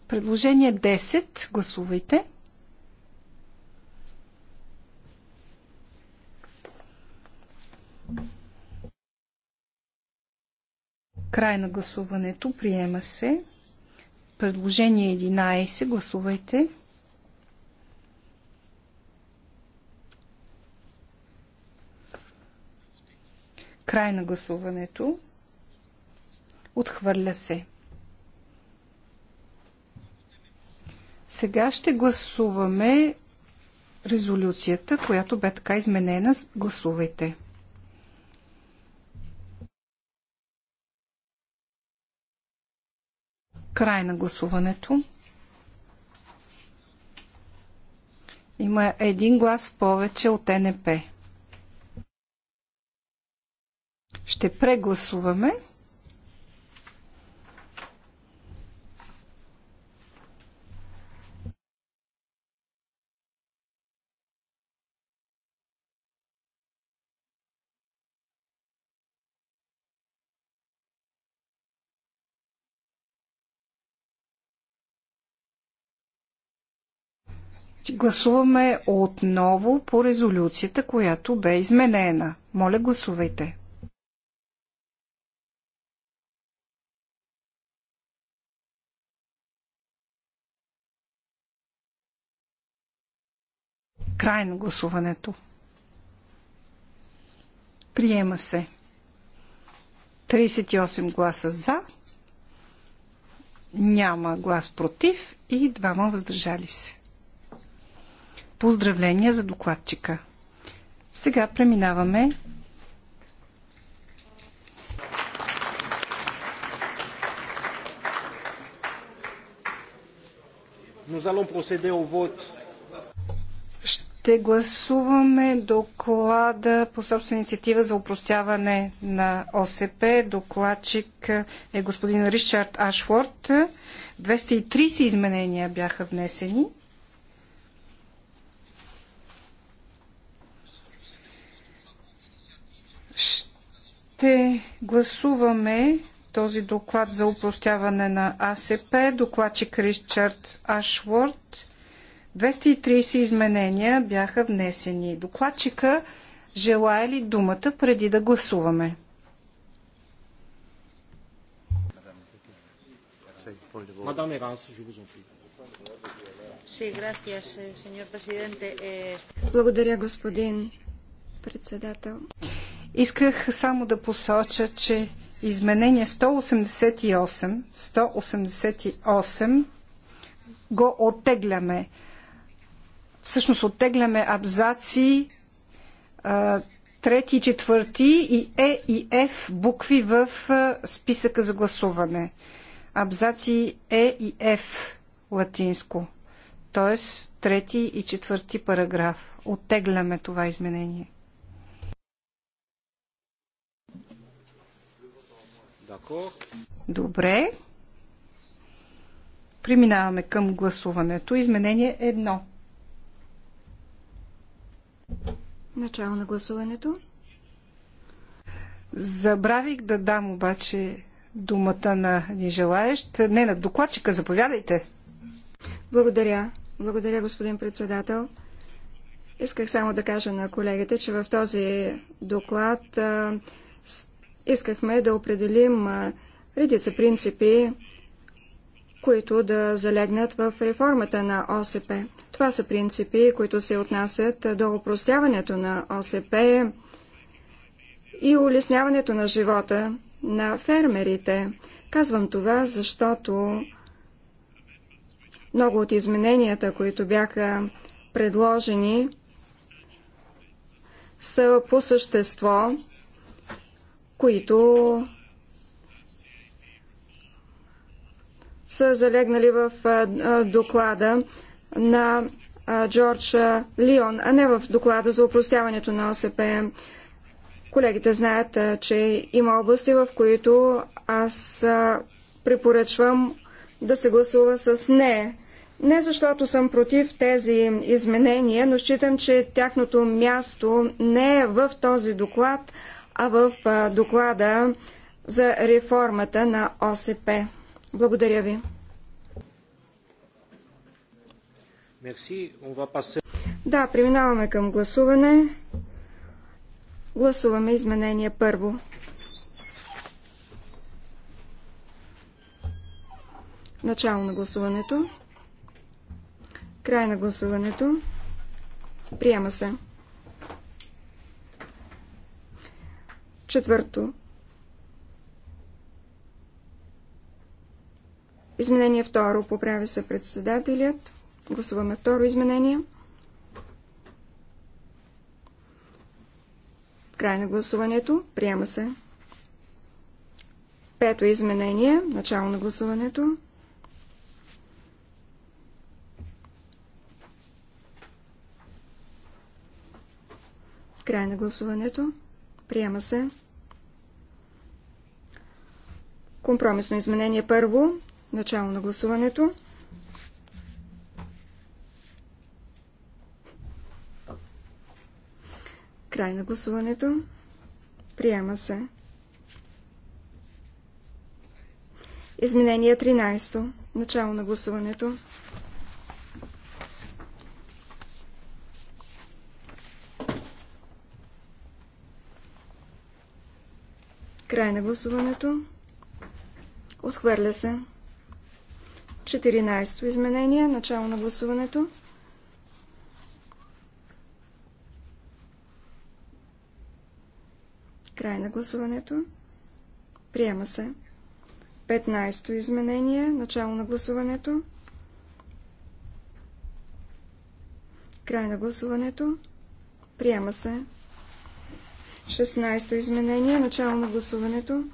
Предложение 10. Гласувайте. Край на гласуването. Приема се. Предложение 11. Гласувайте. Край на гласуването. Отхвърля се. Сега ще гласуваме резолюцията, която бе така изменена. Гласувайте. Край на гласуването. Има един глас в повече от НП. Ще прегласуваме. ще гласуваме отново по резолюцията, която бе изменена. Моля, гласувайте. Край на гласуването. Приема се. 38 гласа за, няма глас против и двама въздържали се. Поздравления за докладчика. Сега преминаваме Ще гласуваме доклада по собствена инициатива за упростяване на ОСП. Докладчик е господин Ричард Ашворд. 230 изменения бяха внесени. ще гласуваме този доклад за упростяване на АСП, докладчик Ричард Ашворд. 230 изменения бяха внесени. Докладчика желая ли думата преди да гласуваме? Мадам Еранс, eh, благодаря, господин председател. Исках само да посоча, че изменение 188, 188 го оттегляме. Всъщност оттегляме абзаци трети и четвърти и Е и Ф букви в списъка за гласуване. Абзаци Е и Ф латинско. Тоест трети и четвърти параграф. Оттегляме това изменение. Добре. Преминаваме към гласуването. Изменение едно. Начало на гласуването. Забравих да дам обаче думата на нежелаещ. Не, на докладчика. Заповядайте. Благодаря. Благодаря, господин председател. Исках само да кажа на колегите, че в този доклад искахме да определим редица принципи, които да залегнат в реформата на ОСП. Това са принципи, които се отнасят до упростяването на ОСП и улесняването на живота на фермерите. Казвам това, защото много от измененията, които бяха предложени, са по същество които са залегнали в доклада на Джордж Лион, а не в доклада за упростяването на ОСП. Колегите знаят, че има области, в които аз препоръчвам да се гласува с не. Не защото съм против тези изменения, но считам, че тяхното място не е в този доклад, а в доклада за реформата на ОСП. Благодаря ви. Да, преминаваме към гласуване. Гласуваме изменение първо. Начало на гласуването. Край на гласуването. Приема се. Четвърто. Изменение второ. Поправи се председателят. Гласуваме второ изменение. Край на гласуването. Приема се. Пето изменение. Начало на гласуването. Край на гласуването. Приема се. Компромисно изменение първо. Начало на гласуването. Край на гласуването. Приема се. Изменение 13. Начало на гласуването. Край на гласуването. Отхвърля се. 14-то изменение. Начало на гласуването. Край на гласуването. Приема се. 15-то изменение. Начало на гласуването. Край на гласуването. Приема се. 16-то изменение, начало на гласуването.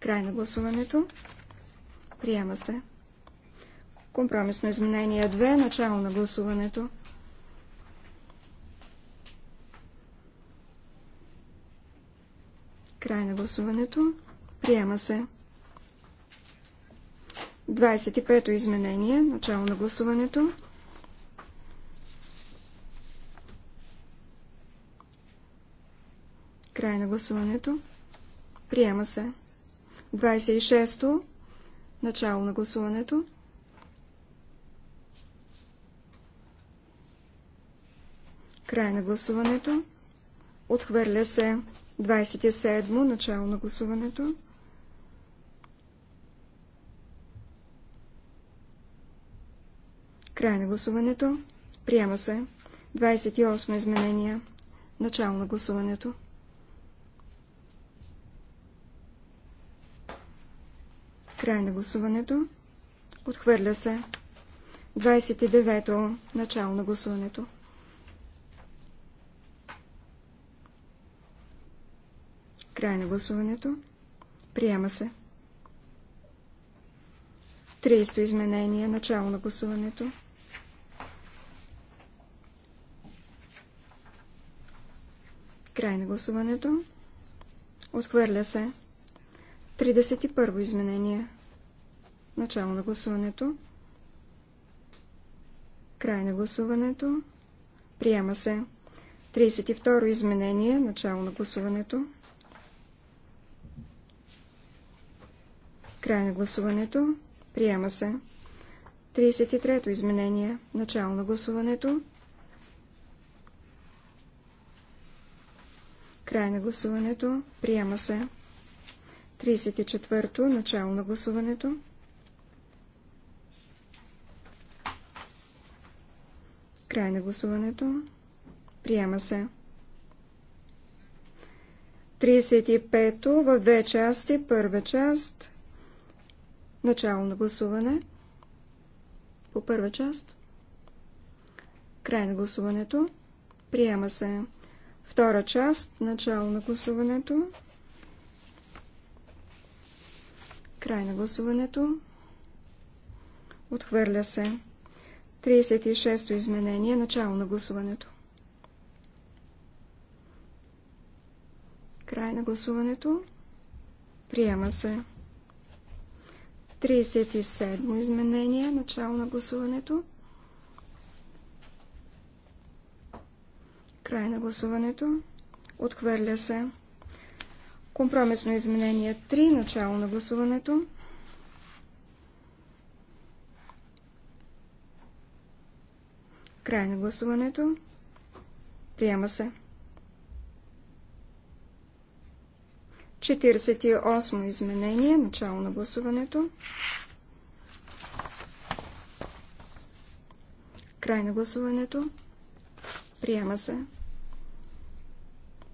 Край на гласуването. Приема се. Компромисно изменение 2, начало на гласуването. Край на гласуването. Приема се. 25-то изменение, начало на гласуването. Край на гласуването. Приема се. 26-то. Начало на гласуването. Край на гласуването. Отхвърля се 27 начало на гласуването. Край на гласуването. Приема се. 28 изменения. Начало на гласуването. Край на гласуването. Отхвърля се. 29-то. Начало на гласуването. Край на гласуването. Приема се. 30-то изменение. Начало на гласуването. Край на гласуването. Отхвърля се. 31 изменение. Начало на гласуването. Край на гласуването. Приема се. 32 изменение. Начало на гласуването. Край на гласуването. Приема се. 33 изменение. Начало на гласуването. Край на гласуването. Приема се. 34-то, начало на гласуването. Край на гласуването. Приема се. 35-то в две части. Първа част. Начало на гласуване. По първа част. Край на гласуването. Приема се. Втора част. Начало на гласуването. Край на гласуването. Отхвърля се. 36-то изменение. Начало на гласуването. Край на гласуването. Приема се. 37-мо изменение. Начало на гласуването. Край на гласуването. Отхвърля се. Компромисно изменение 3, начало на гласуването. Край на гласуването. Приема се. 48 изменение, начало на гласуването. Край на гласуването. Приема се.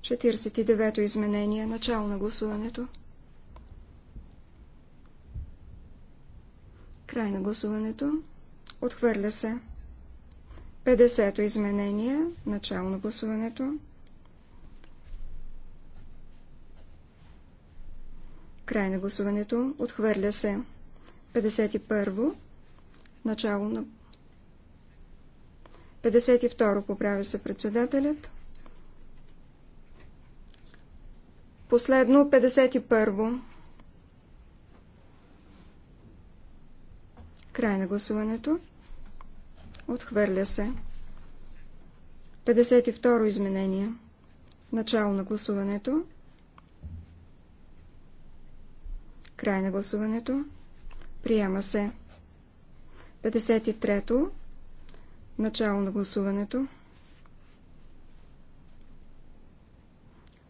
49-то изменение. Начало на гласуването. Край на гласуването. Отхвърля се. 50-то изменение. Начало на гласуването. Край на гласуването. Отхвърля се. 51-во. Начало на... 52-ро поправя се председателят. Последно, 51. Край на гласуването. Отхвърля се. 52 изменение. Начало на гласуването. Край на гласуването. Приема се. 53. Начало на гласуването.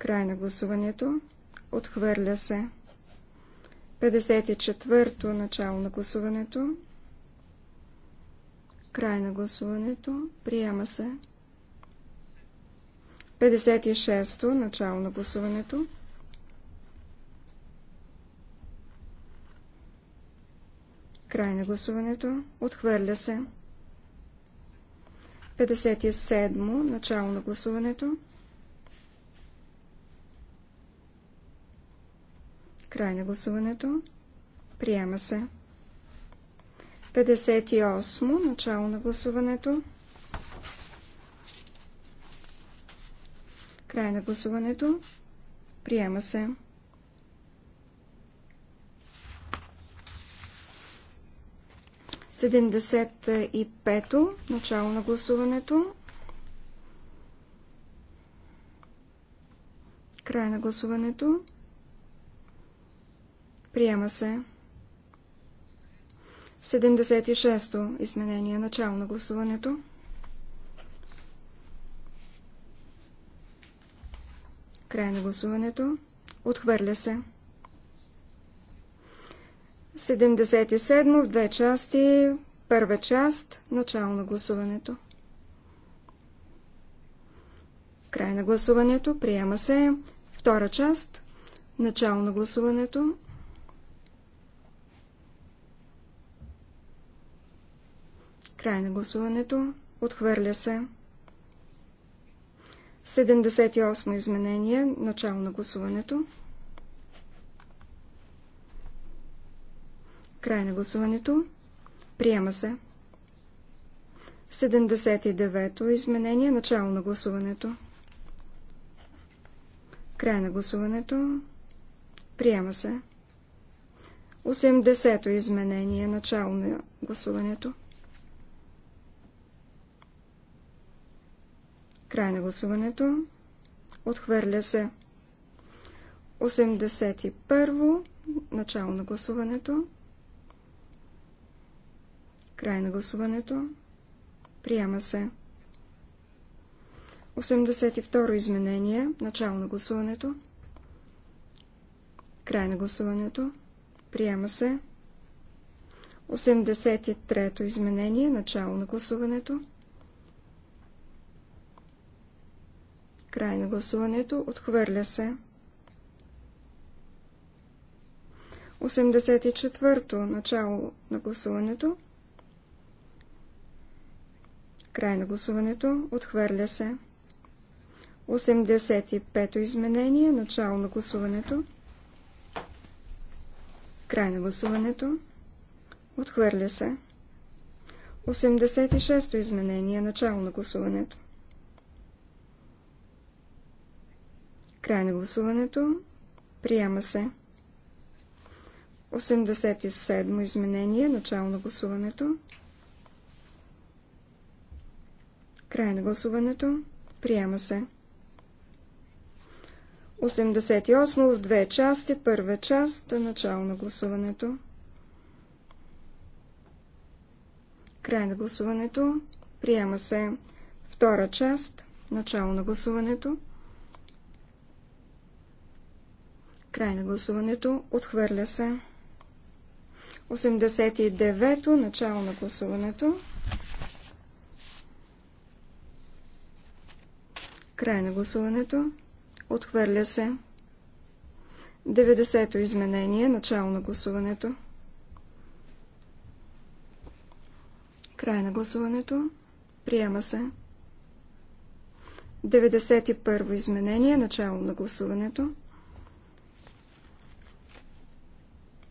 Край на гласуването. Отхвърля се. 54-то начало на гласуването. Край на гласуването. Приема се. 56-то начало на гласуването. Край на гласуването. Отхвърля се. 57-мо начало на гласуването. Край на гласуването. Приема се. 58. Начало на гласуването. Край на гласуването. Приема се. 75-то. Начало на гласуването. Край на гласуването. Приема се. 76-то изменение. Начало на гласуването. Край на гласуването. Отхвърля се. 77 в две части. Първа част. Начало на гласуването. Край на гласуването. Приема се. Втора част. Начало на гласуването. Край на гласуването. Отхвърля се. 78 изменение. Начало на гласуването. Край на гласуването. Приема се. 79-то изменение. Начало на гласуването. Край на гласуването. Приема се. 80-то изменение. Начало на гласуването. Край на гласуването. Отхвърля се. 81. Начало на гласуването. Край на гласуването. Приема се. 82 изменение. Начало на гласуването. Край на гласуването. Приема се. 83 изменение. Начало на гласуването. Край на гласуването. Отхвърля се. 84-то. Начало на гласуването. Край на гласуването. Отхвърля се. 85-то изменение. Начало на гласуването. Край на гласуването. Отхвърля се. 86-то изменение. Начало на гласуването. Край на гласуването. Приема се. 87 изменение. Начало на гласуването. Край на гласуването. Приема се. 88 в две части. Първа част. Начало на гласуването. Край на гласуването. Приема се. Втора част. Начало на гласуването. Край на гласуването. Отхвърля се. 89-то. Начало на гласуването. Край на гласуването. Отхвърля се. 90-то изменение. Начало на гласуването. Край на гласуването. Приема се. 91-во изменение. Начало на гласуването.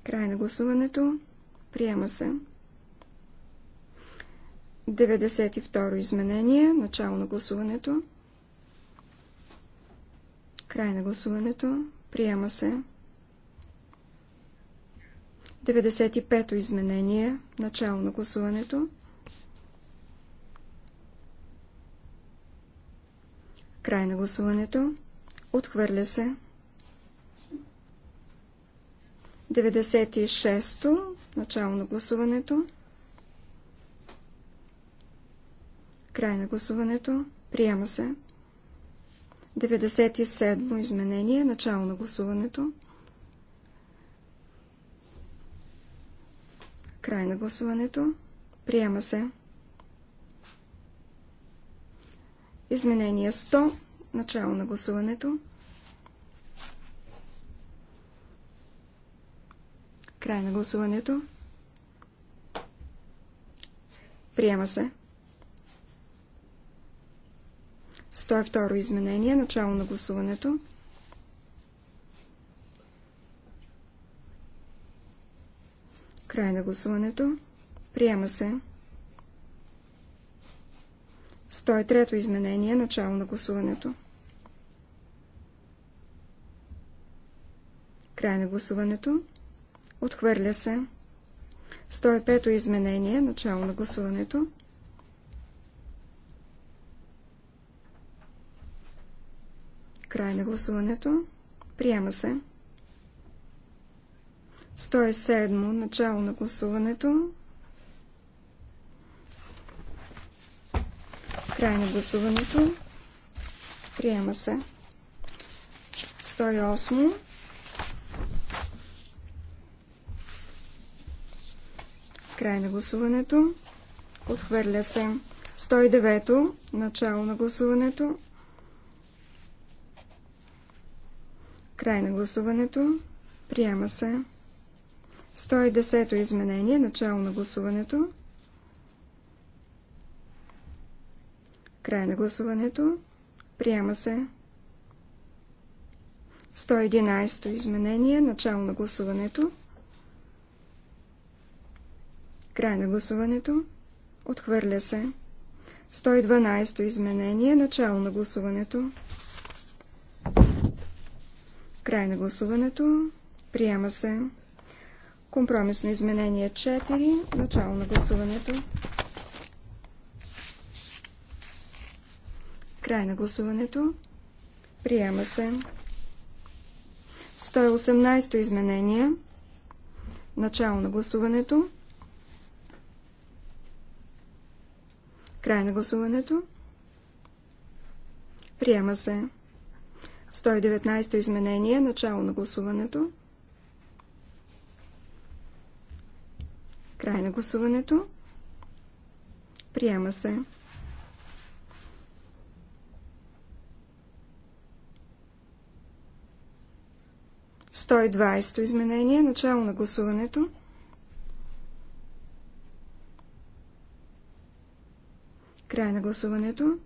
Край на гласуването. Приема се. 92 изменение. Начало на гласуването. Край на гласуването. Приема се. 95 изменение. Начало на гласуването. Край на гласуването. Отхвърля се. 96-то, начало на гласуването. Край на гласуването. Приема се. 97-мо изменение, начало на гласуването. Край на гласуването. Приема се. Изменение 100, начало на гласуването. Край на гласуването. Приема се. 102 изменение. Начало на гласуването. Край на гласуването. Приема се. 103 изменение. Начало на гласуването. Край на гласуването. Отхвърля се. 105-то изменение. Начало на гласуването. Край на гласуването. Приема се. 107. Начало на гласуването. Край на гласуването. Приема се. 108. Край на гласуването. Отхвърля се. 109-то. Начало на гласуването. Край на гласуването. Приема се. 110-то изменение. Начало на гласуването. Край на гласуването. Приема се. 111-то изменение. Начало на гласуването. Край на гласуването. Отхвърля се. 112 изменение. Начало на гласуването. Край на гласуването. Приема се. Компромисно изменение 4. Начало на гласуването. Край на гласуването. Приема се. 118 изменение. Начало на гласуването. Край на гласуването. Приема се. 119 то изменение. Начало на гласуването. Край на гласуването. Приема се. 120-то изменение. Начало на гласуването. Край на гласуването.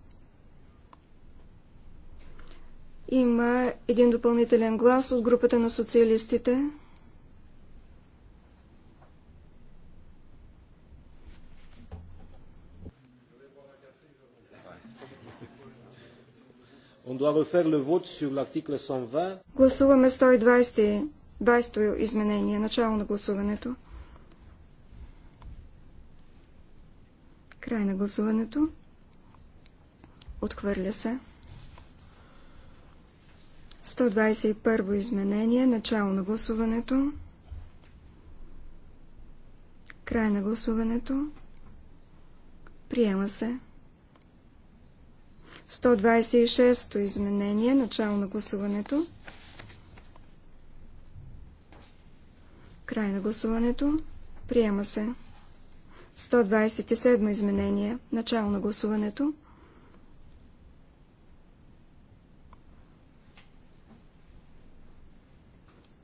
Има един допълнителен глас от групата на социалистите. Гласуваме 120 20 изменение, начало на гласуването. Край на гласуването. Отхвърля се. 121 изменение. Начало на гласуването. Край на гласуването. Приема се. 126-то изменение. Начало на гласуването. Край на гласуването. Приема се. 127 изменение. Начало на гласуването.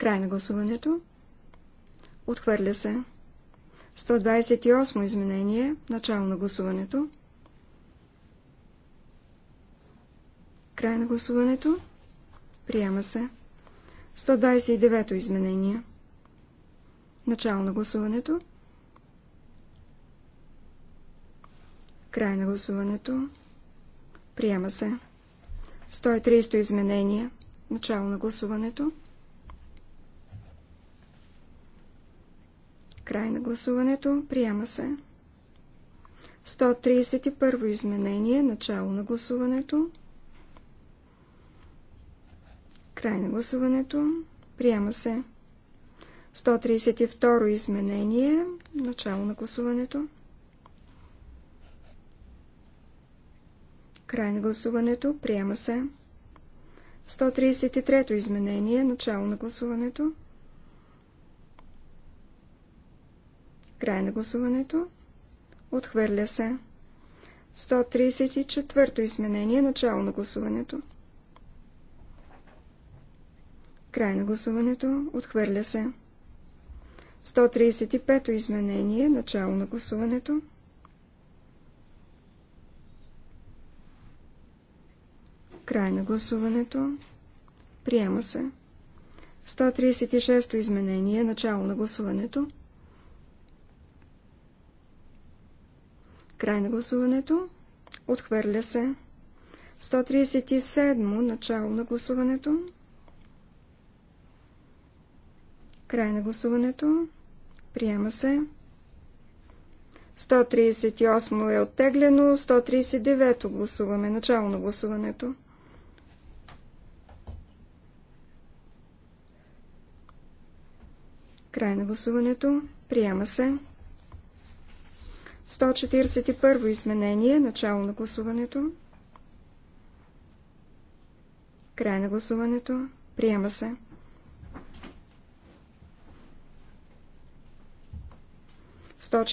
Край на гласуването. Отхвърля се. 128 изменение. Начало на гласуването. Край на гласуването. Приема се. 129 изменение. Начало на гласуването. Край на гласуването. Приема се. 130 изменение. Начало на гласуването. Край на гласуването. Приема се. 131 изменение. Начало на гласуването. Край на гласуването. Приема се. 132 изменение. Начало на гласуването. Край на гласуването. Приема се. 133 изменение. Начало на гласуването. Край на гласуването. Отхвърля се. 134-то изменение. Начало на гласуването. Край на гласуването. Отхвърля се. 135-то изменение. Начало на гласуването. Край на гласуването. Приема се. 136-то изменение. Начало на гласуването. Край на гласуването. Отхвърля се. 137. Начало на гласуването. Край на гласуването. Приема се. 138 е оттеглено. 139 гласуваме. Начало на гласуването. Край на гласуването. Приема се. 141 изменение, начало на гласуването. Край на гласуването. Приема се. Сто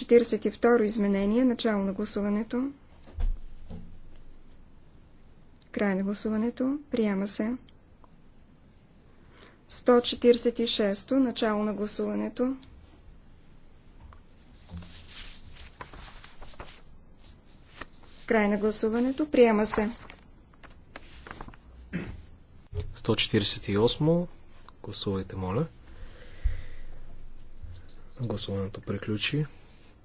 второ изменение, начало на гласуването. Край на гласуването. Приема се. 146. Начало на гласуването. Край на гласуването. Приема се. 148. Гласувайте, моля. Гласуването приключи.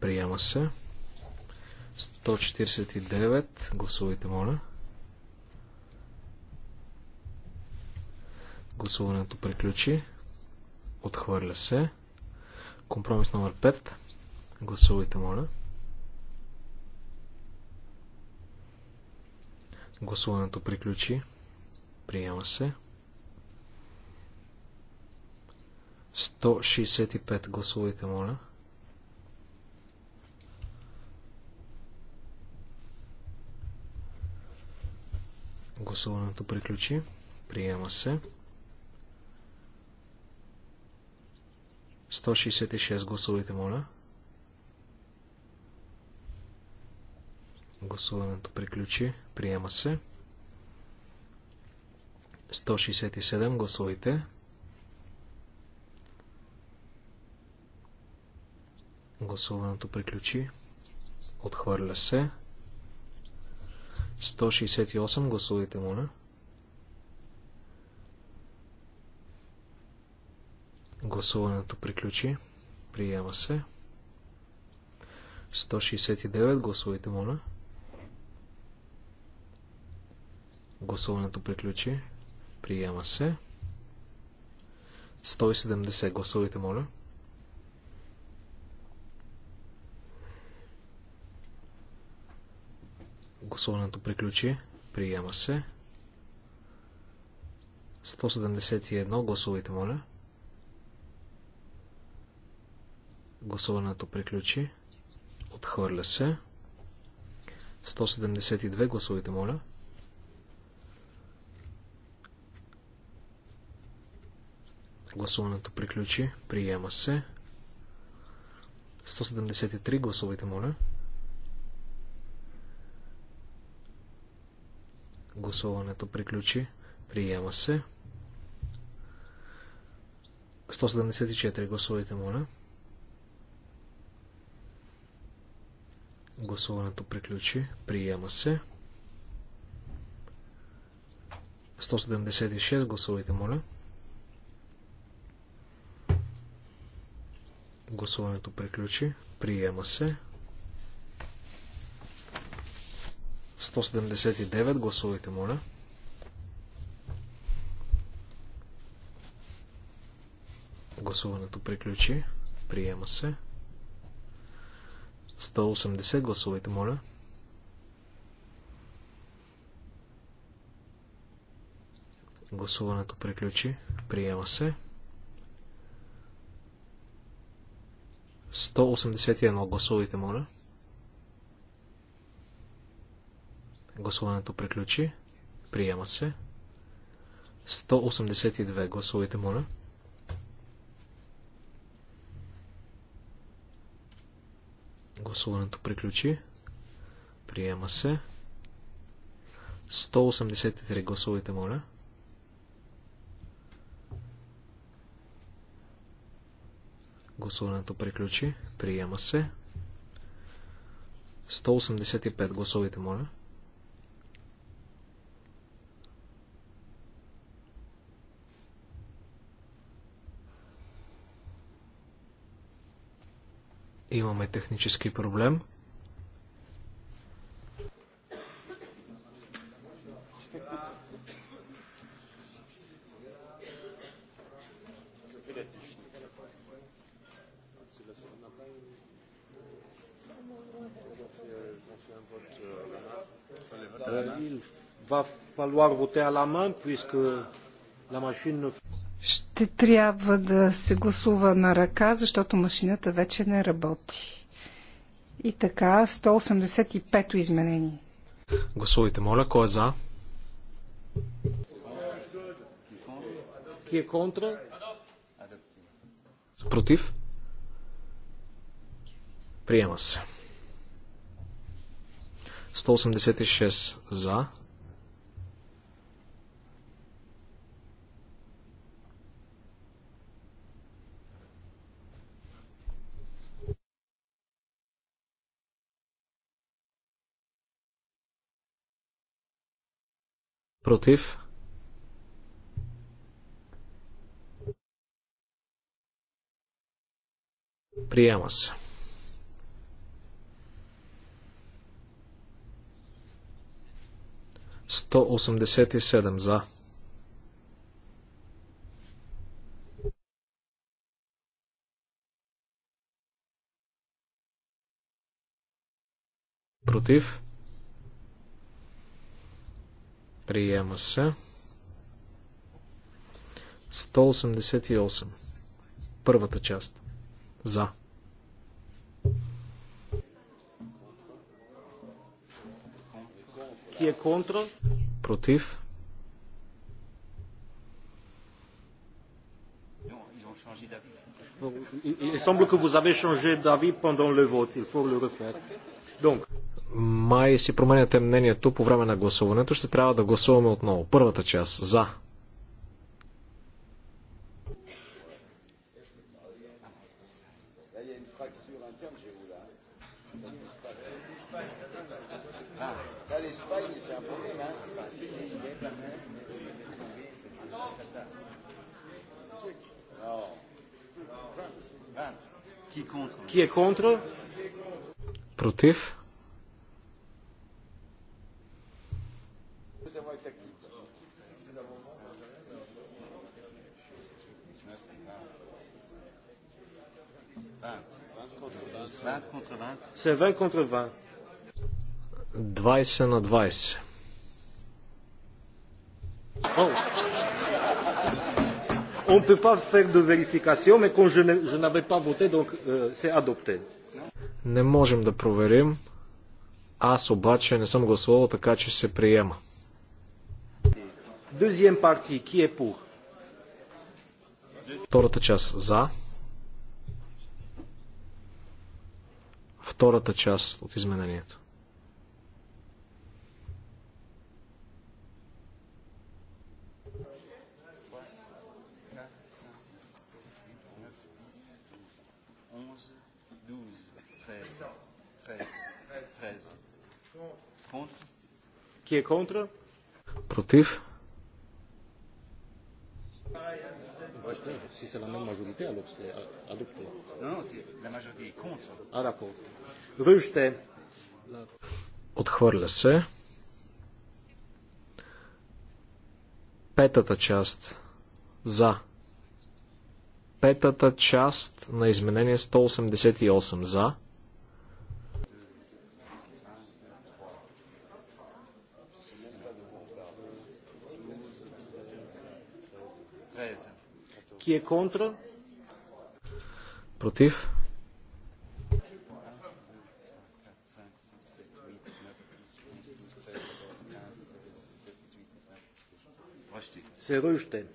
Приема се. 149. Гласувайте, моля. Гласуването приключи. Отхвърля се. Компромис номер 5. Гласувайте, моля. Гласуването приключи. Приема се. 165 гласувайте, моля. Гласуването приключи. Приема се. 166 гласувайте, моля. 165. Гласуването приключи. Приема се. 167. Гласувайте. Гласуването приключи. Отхвърля се. 168. Гласувайте, моля. Гласуването приключи. Приема се. 169. Гласувайте, моля. Гласуването приключи. Приема се. 170 гласувайте, моля. Гласуването приключи. Приема се. 171 гласувайте, моля. Гласуването приключи. Отхвърля се. 172 гласувайте, моля. Гласуването приключи. Приема се. 173. Гласувайте, моля. Гласуването приключи. Приема се. 174. Гласувайте, моля. Гласуването приключи. Приема се. 176. Гласувайте, моля. Гласуването приключи. Приема се. 179. Гласувайте, моля. Гласуването приключи. Приема се. 180. Гласувайте, моля. Гласуването приключи. Приема се. 181 гласувайте, моля. Гласуването приключи. Приема се. 182 гласувайте, моля. Гласуването приключи. Приема се. 183 гласувайте, моля. Гласуването приключи. Приема се. 185 гласовите, моля. Имаме технически проблем. va falloir voter à la main, puisque la machine ne... Ще трябва да се гласува на ръка, защото машината вече не работи. И така, 185-то изменение. Гласувайте, моля, кой е за? Кие е контра? Против? Приема се. 186 за, Против. Приема се. Сто осемдесет и седем за. Против. Приема се. 188. Първата част. За. Ки е контра? Против. Il semble que vous avez changé d'avis pendant le vote. Il faut le refaire май си променяте мнението по време на гласуването, ще трябва да гласуваме отново. Първата част за. Qui est contre Против? C'est 20 contre 20. 20 на 20. Oh. On ne peut pas faire de vérification, mais comme je, je n'avais pas voté, donc euh, c'est adopté. Не можем да проверим. Аз обаче не съм гласувал, така че се приема. Deuxième partie, qui est pour? Втората част за. втората част от изменението. Ки е контра? Против c'est la même majorité, alors c'est adopté. Non, non, c'est la majorité contre. Ah, d'accord. Rejeté. Отхвърля се. Петата част. За. Петата част на изменение 188 за Qui est contre? Против? C'est rejeté.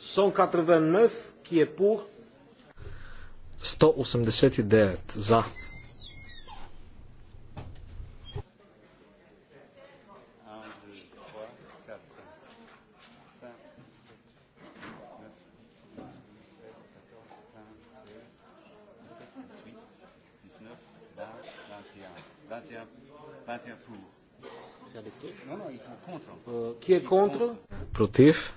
189 qui est pour. 189 за Qui est contre? Против.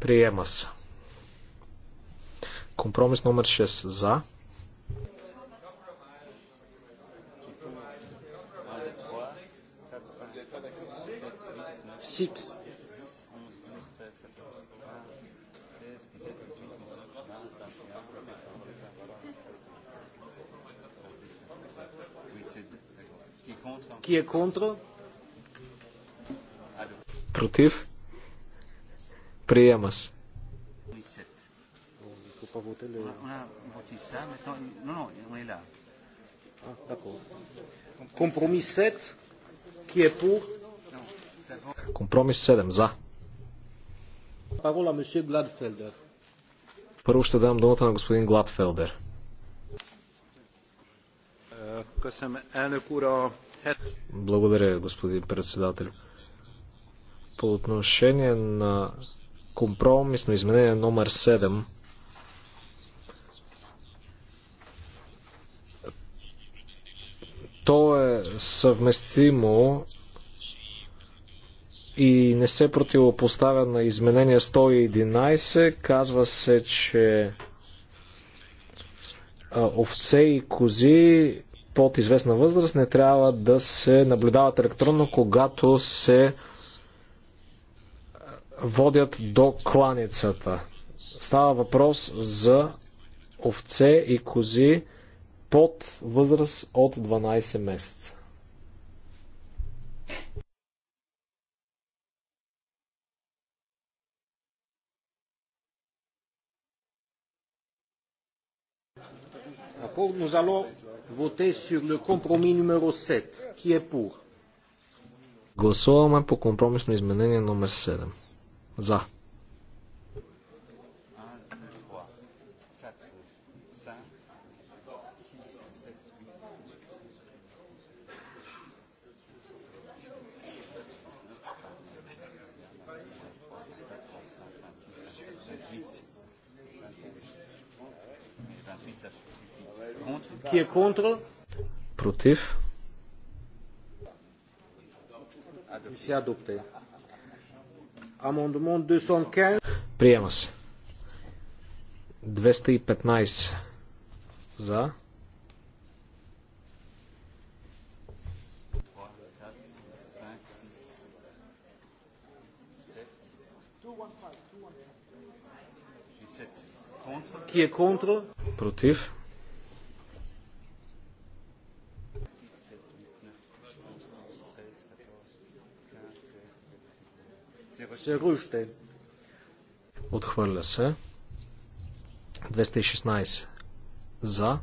Приема се. Компромис номер 6 за Приема Компромис 7. Ки е по? Компромис 7. За. Павола месье Гладфелдер. Първо ще дам думата на господин Гладфелдер. Благодаря, господин председател. По отношение на Компромисно изменение номер 7. То е съвместимо и не се противопоставя на изменение 111. Казва се, че овце и кози под известна възраст не трябва да се наблюдават електронно, когато се водят до кланицата. Става въпрос за овце и кози под възраст от 12 месеца. nous allons voter sur le compromis numéro 7. Qui est pour Гласуваме по компромисно изменение номер 7. За. Qui est contre Против. Се Приема се. 215 за. Против. се рущен. Отхвърля се. 216. За.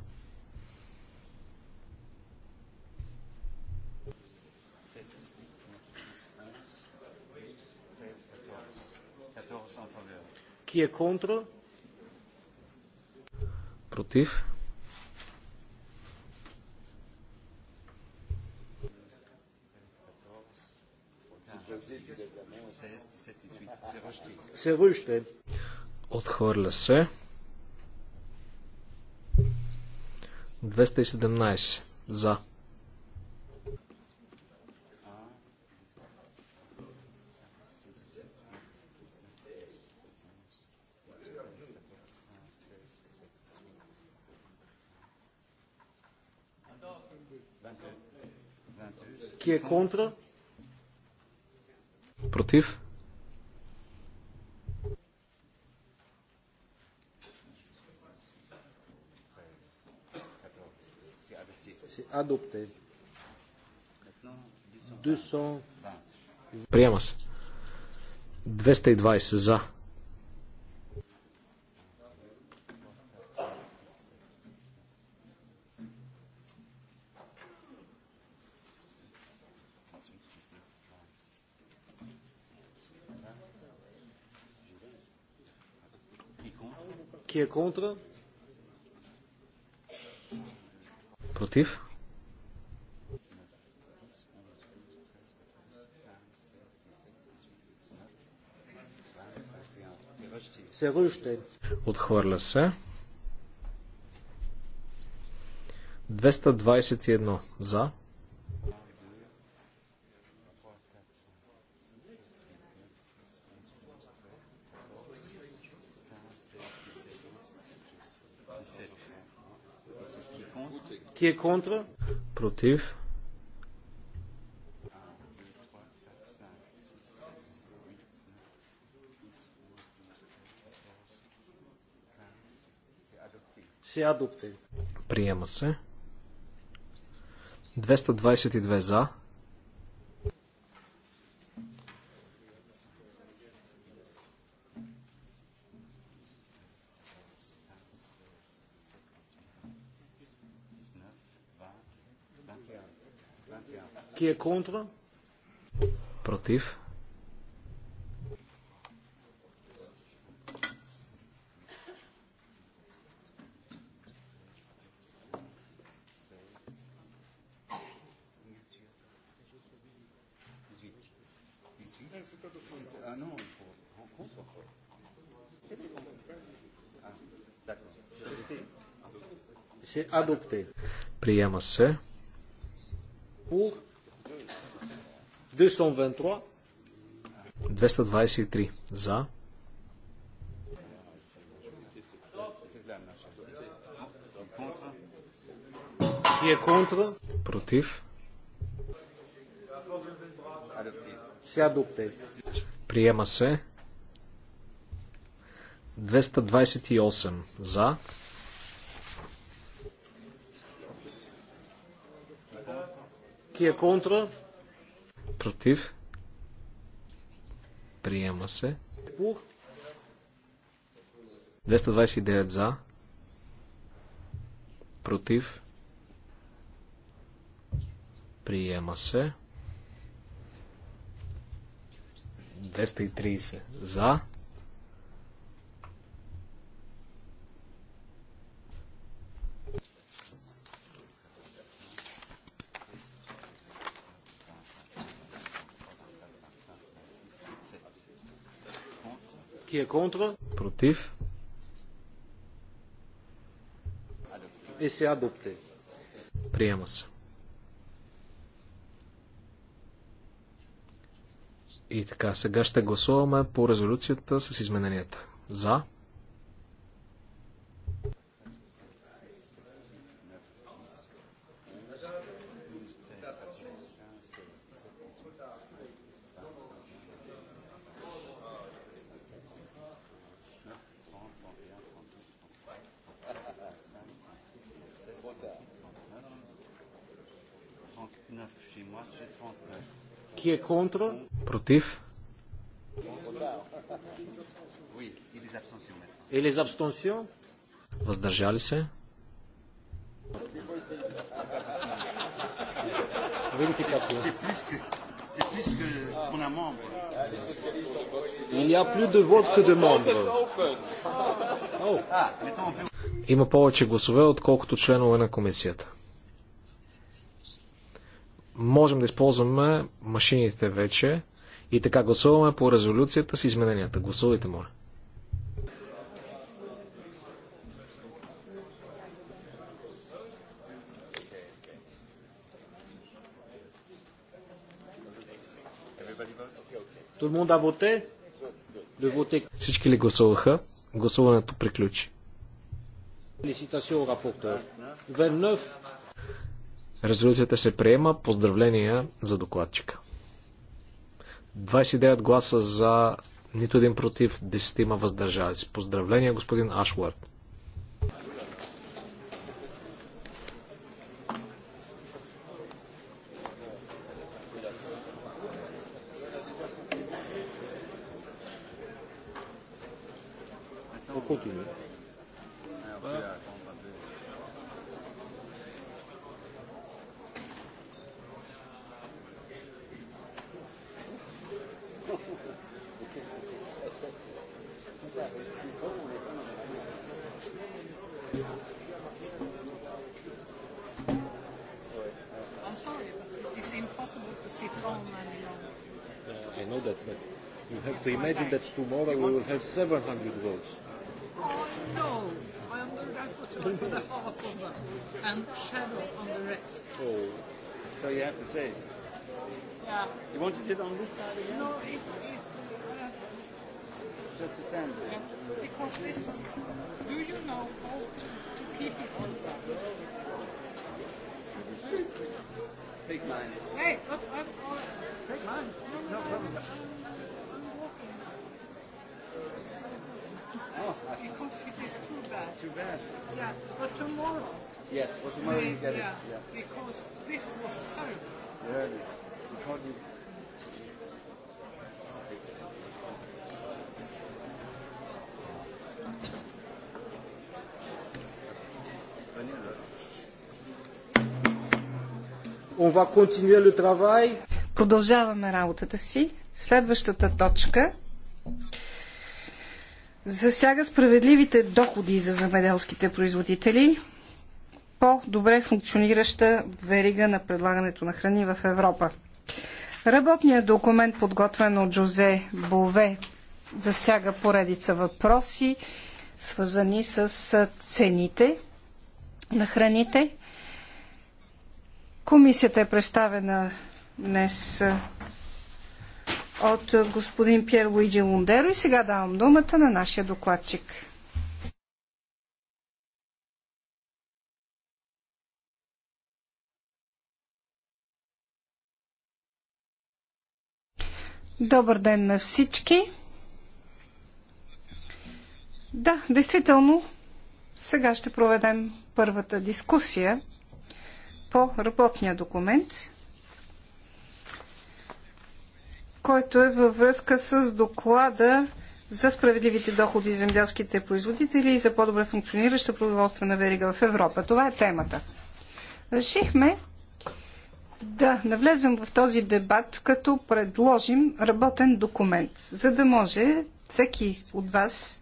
Ки е контра? Против. се ръще. Отхвърля се. 217 за. Qui est contre? Против? c'est adopté. Приема се. 220 за. Qui est contre Против? Отхвърля се. 221 за. Qui est contre? Против. Приема се. 222 за, Qui est contre? Против. Приема се. Pour 223. за. Qui е контра? Против. Приема се. 228 за. Qui е контра? Против. Приема се. 229 за. Против. Приема се. 230 за. Против. И се адопте. Приема се. И така, сега ще гласуваме по резолюцията с измененията. За. Против. Въздържали се. Има повече гласове, отколкото членове на комисията можем да използваме машините вече. И така гласуваме по резолюцията с измененията. Гласувайте, моля. Всички ли гласуваха? Гласуването приключи. Резолюцията се приема. Поздравления за докладчика. 29 гласа за, нито един против, 10 въздържали се. Поздравления, господин Ашвард. Seven hundred votes. Oh no! I am the rapporteur for the half of them and shadow on the rest. Oh, so you have to say. Yeah. You want to sit on this side again? No, it. it uh, Just to stand there. Because this. Do you know how to, to keep it on? Take mine. Hey, up, up, up. Take mine. No problem. Oh, because it is too bad. Too bad. Yeah, but tomorrow. Yes, for tomorrow we, you get yeah, it. Yeah. Because this was terrible. Really? We hardly Продължаваме работата си. Следващата точка засяга справедливите доходи за земеделските производители, по-добре функционираща верига на предлагането на храни в Европа. Работният документ, подготвен от Джозе Бове, засяга поредица въпроси, свързани с цените на храните. Комисията е представена днес от господин Пьер Луиджи Лундеро и сега давам думата на нашия докладчик. Добър ден на всички! Да, действително, сега ще проведем първата дискусия по работния документ – който е във връзка с доклада за справедливите доходи и земеделските производители и за по-добре функционираща на верига в Европа. Това е темата. Решихме да навлезем в този дебат, като предложим работен документ, за да може всеки от вас,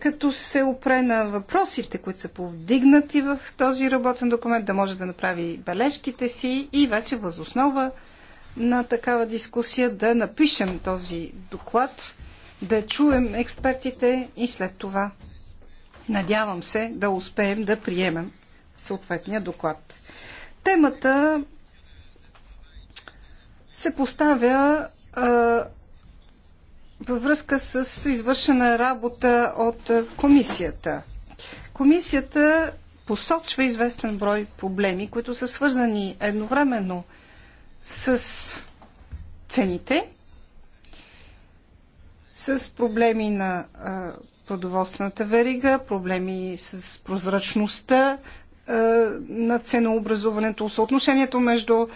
като се опре на въпросите, които са повдигнати в този работен документ, да може да направи бележките си и вече възоснова основа на такава дискусия, да напишем този доклад, да чуем експертите и след това надявам се да успеем да приемем съответния доклад. Темата се поставя а, във връзка с извършена работа от комисията. Комисията посочва известен брой проблеми, които са свързани едновременно с с цените, с проблеми на продоволствената верига, проблеми с прозрачността на ценообразуването, съотношението между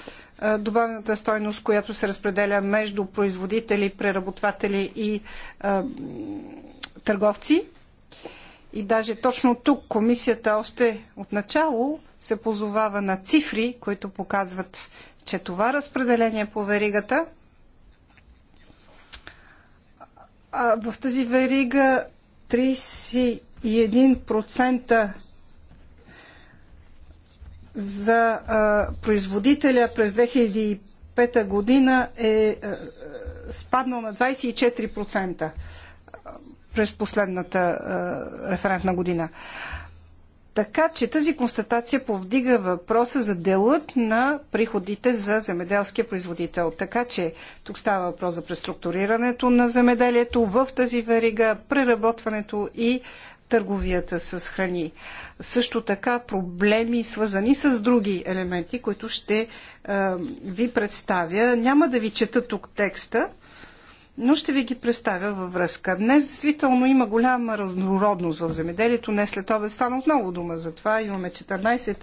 добавената стойност, която се разпределя между производители, преработватели и а, търговци. И даже точно тук комисията още от начало се позовава на цифри, които показват че това разпределение по веригата а в тази верига 31% за а, производителя през 2005 година е а, е, спаднал на 24% през последната а, референтна година. А, така че тази констатация повдига въпроса за делът на приходите за земеделския производител. Така че тук става въпрос за преструктурирането на земеделието в тази верига, преработването и търговията с храни. Също така проблеми, свързани с други елементи, които ще е, ви представя. Няма да ви чета тук текста, но ще ви ги представя във връзка. Днес действително има голяма разнородност в земеделието. Днес след обед стана отново дума за това. Имаме 14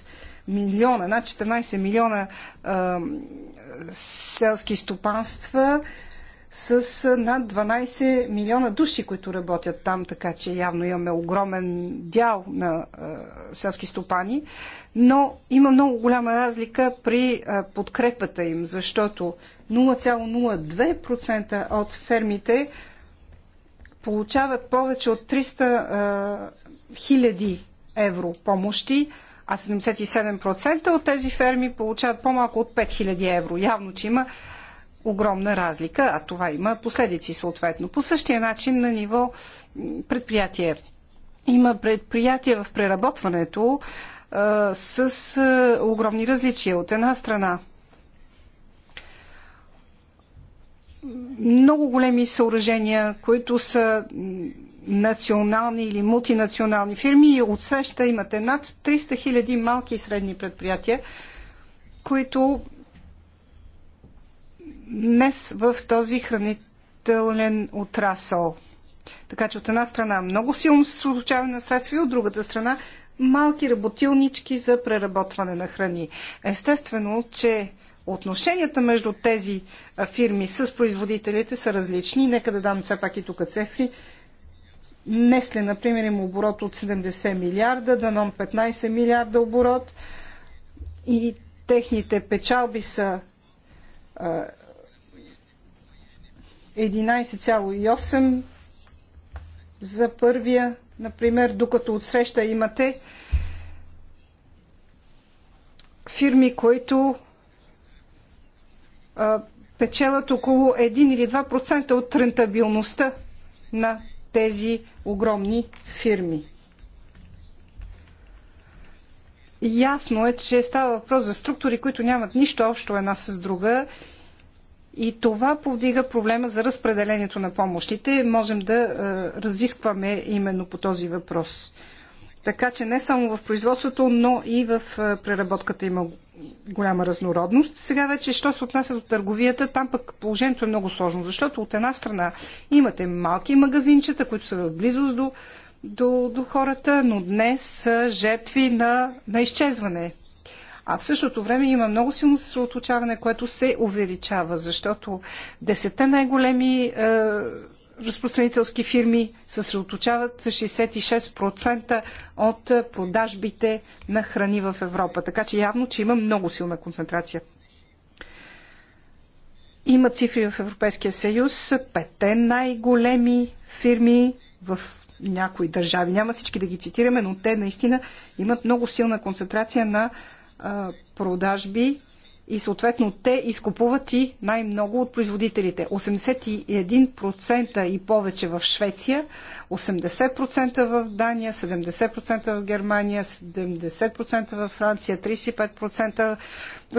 милиона, над 14 милиона а, селски стопанства с над 12 милиона души, които работят там, така че явно имаме огромен дял на а, селски стопани, но има много голяма разлика при а, подкрепата им, защото 0,02% от фермите получават повече от 300 хиляди евро помощи, а 77% от тези ферми получават по-малко от 5000 евро. Явно, че има огромна разлика, а това има последици съответно. По същия начин на ниво предприятие. Има предприятия в преработването а, с а, огромни различия. От една страна много големи съоръжения, които са национални или мултинационални фирми и отсреща имате над 300 хиляди малки и средни предприятия, които днес в този хранителен отрасъл. Така че от една страна много силно се случава на средства и от другата страна малки работилнички за преработване на храни. Естествено, че отношенията между тези фирми с производителите са различни. Нека да дам все пак и тук цифри. Несле, например, им оборот от 70 милиарда, Данон 15 милиарда оборот и техните печалби са 11,8 за първия, например, докато отсреща имате фирми, които печелят около 1 или 2% от рентабилността на тези огромни фирми. Ясно е, че става въпрос за структури, които нямат нищо общо една с друга и това повдига проблема за разпределението на помощите. Можем да е, разискваме именно по този въпрос. Така че не само в производството, но и в преработката има голяма разнородност. Сега вече, що се отнася до търговията, там пък положението е много сложно, защото от една страна имате малки магазинчета, които са в близост до, до, до хората, но днес са жертви на, на изчезване. А в същото време има много силно съсредоточаване, което се увеличава, защото десета най-големи е, разпространителски фирми съсредоточават 66% от продажбите на храни в Европа. Така че явно, че има много силна концентрация. Има цифри в Европейския съюз. Пете най-големи фирми в някои държави. Няма всички да ги цитираме, но те наистина имат много силна концентрация на продажби и съответно те изкупуват и най-много от производителите. 81% и повече в Швеция, 80% в Дания, 70% в Германия, 70% в Франция, 35%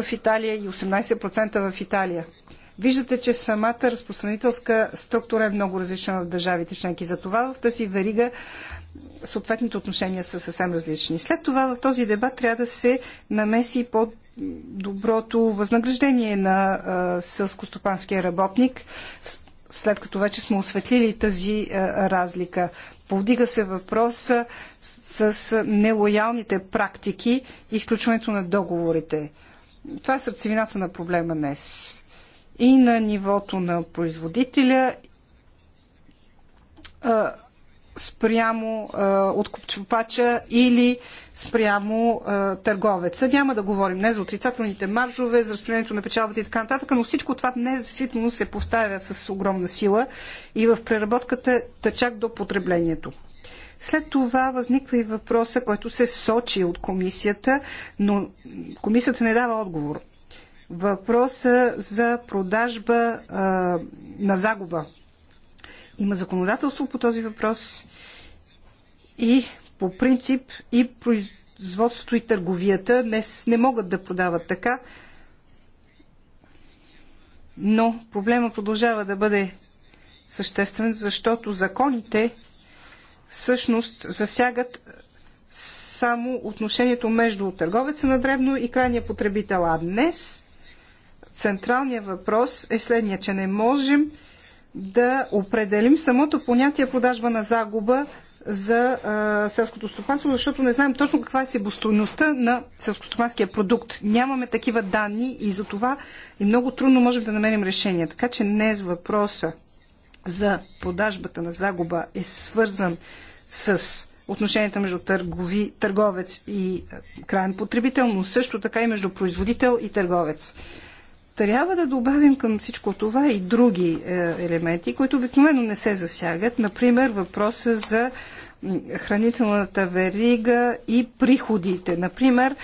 в Италия и 18% в Италия. Виждате, че самата разпространителска структура е много различна в държавите членки. Затова в тази верига съответните отношения са съвсем различни. След това в този дебат трябва да се намеси под доброто възнаграждение на сълскостопанския работник, след като вече сме осветлили тази разлика. Повдига се въпрос с, с нелоялните практики и изключването на договорите. Това е сърцевината на проблема днес. И на нивото на производителя, спрямо е, откупчвача или спрямо а, търговеца. Няма да говорим не за отрицателните маржове, за разпределението на печалбата и така нататък, но всичко това днес действително се поставя с огромна сила и в преработката тъчак до потреблението. След това възниква и въпроса, който се сочи от комисията, но комисията не дава отговор. Въпроса за продажба а, на загуба има законодателство по този въпрос и по принцип и производството и търговията днес не могат да продават така, но проблема продължава да бъде съществен, защото законите всъщност засягат само отношението между търговеца на древно и крайния потребител. А днес централният въпрос е следния, че не можем да определим самото понятие продажба на загуба за а, селското стопанство, защото не знаем точно каква е себостойността на селскостопанския продукт. Нямаме такива данни и за това и е много трудно можем да намерим решение. Така че не въпроса за продажбата на загуба е свързан с отношенията между търгови, търговец и крайен потребител, но също така и между производител и търговец трябва да добавим към всичко това и други е, елементи, които обикновено не се засягат. Например, въпроса за хранителната верига и приходите. Например, е,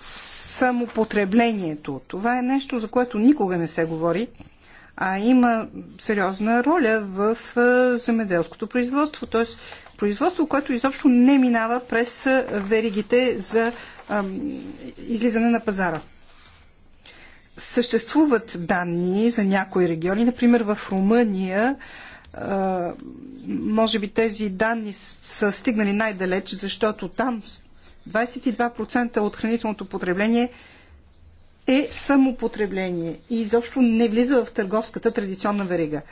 самопотреблението. Това е нещо, за което никога не се говори, а има сериозна роля в е, земеделското производство. Т.е. производство, което изобщо не минава през веригите за излизане на пазара. Съществуват данни за някои региони. Например, в Румъния може би тези данни са стигнали най-далеч, защото там 22% от хранителното потребление е самопотребление и изобщо не влиза в търговската традиционна верига.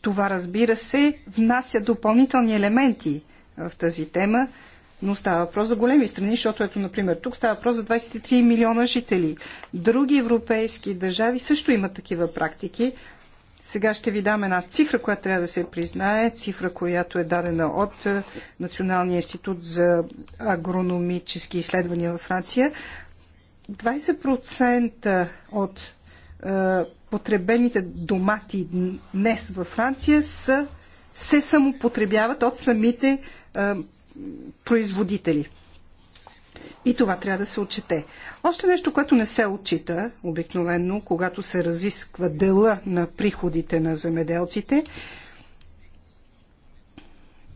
Това, разбира се, внася допълнителни елементи в тази тема но става въпрос за големи страни, защото ето, например, тук става въпрос за 23 милиона жители. Други европейски държави също имат такива практики. Сега ще ви дам една цифра, която трябва да се признае, цифра, която е дадена от е, Националния институт за агрономически изследвания във Франция. 20% от е, потребените домати днес във Франция са, се самопотребяват от самите е, производители. И това трябва да се отчете. Още нещо, което не се отчита обикновенно, когато се разисква дела на приходите на земеделците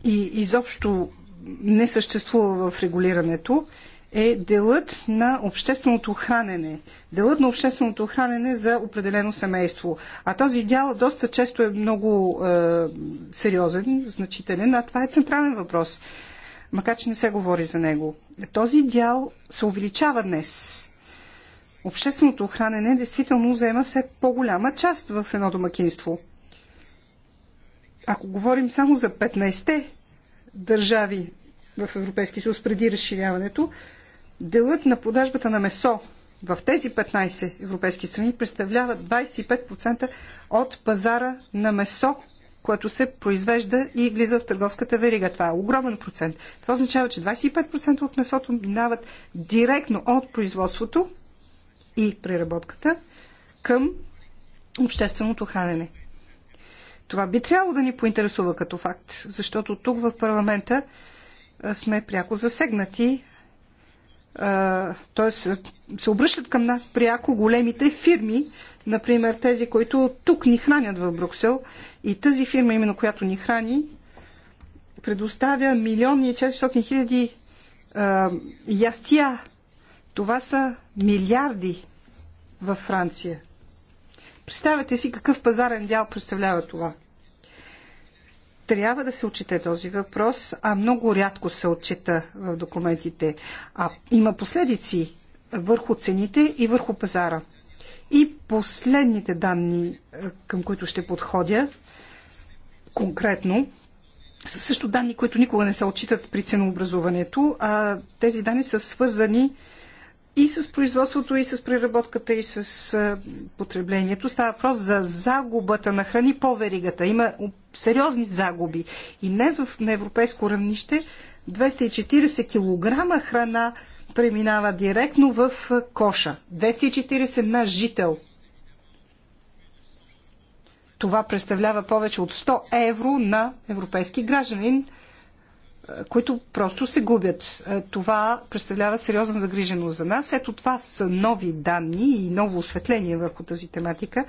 и изобщо не съществува в регулирането, е делът на общественото хранене. Делът на общественото хранене за определено семейство. А този дял доста често е много е, сериозен, значителен, а това е централен въпрос макар че не се говори за него. Този дял се увеличава днес. Общественото хранене действително взема все по-голяма част в едно домакинство. Ако говорим само за 15-те държави в Европейски съюз преди разширяването, делът на продажбата на месо в тези 15 европейски страни представлява 25% от пазара на месо което се произвежда и влиза в търговската верига. Това е огромен процент. Това означава, че 25% от месото минават директно от производството и преработката към общественото хранене. Това би трябвало да ни поинтересува като факт, защото тук в парламента сме пряко засегнати. Т.е. се обръщат към нас пряко големите фирми, Например, тези, които тук ни хранят в Бруксел и тази фирма, именно която ни храни, предоставя милиони и 400 хиляди ястия. Това са милиарди във Франция. Представете си какъв пазарен дял представлява това. Трябва да се отчете този въпрос, а много рядко се отчита в документите. А има последици върху цените и върху пазара. И последните данни, е, към които ще подходя конкретно, са също данни, които никога не се отчитат при ценообразуването, а тези данни са свързани и с производството, и с преработката, и с е, потреблението. Става въпрос за загубата на храни по веригата. Има сериозни загуби. И днес в, на европейско равнище 240 кг храна преминава директно в коша. 240 на жител. Това представлява повече от 100 евро на европейски гражданин, е, които просто се губят. Е, това представлява сериозна загриженост за нас. Ето това са нови данни и ново осветление върху тази тематика,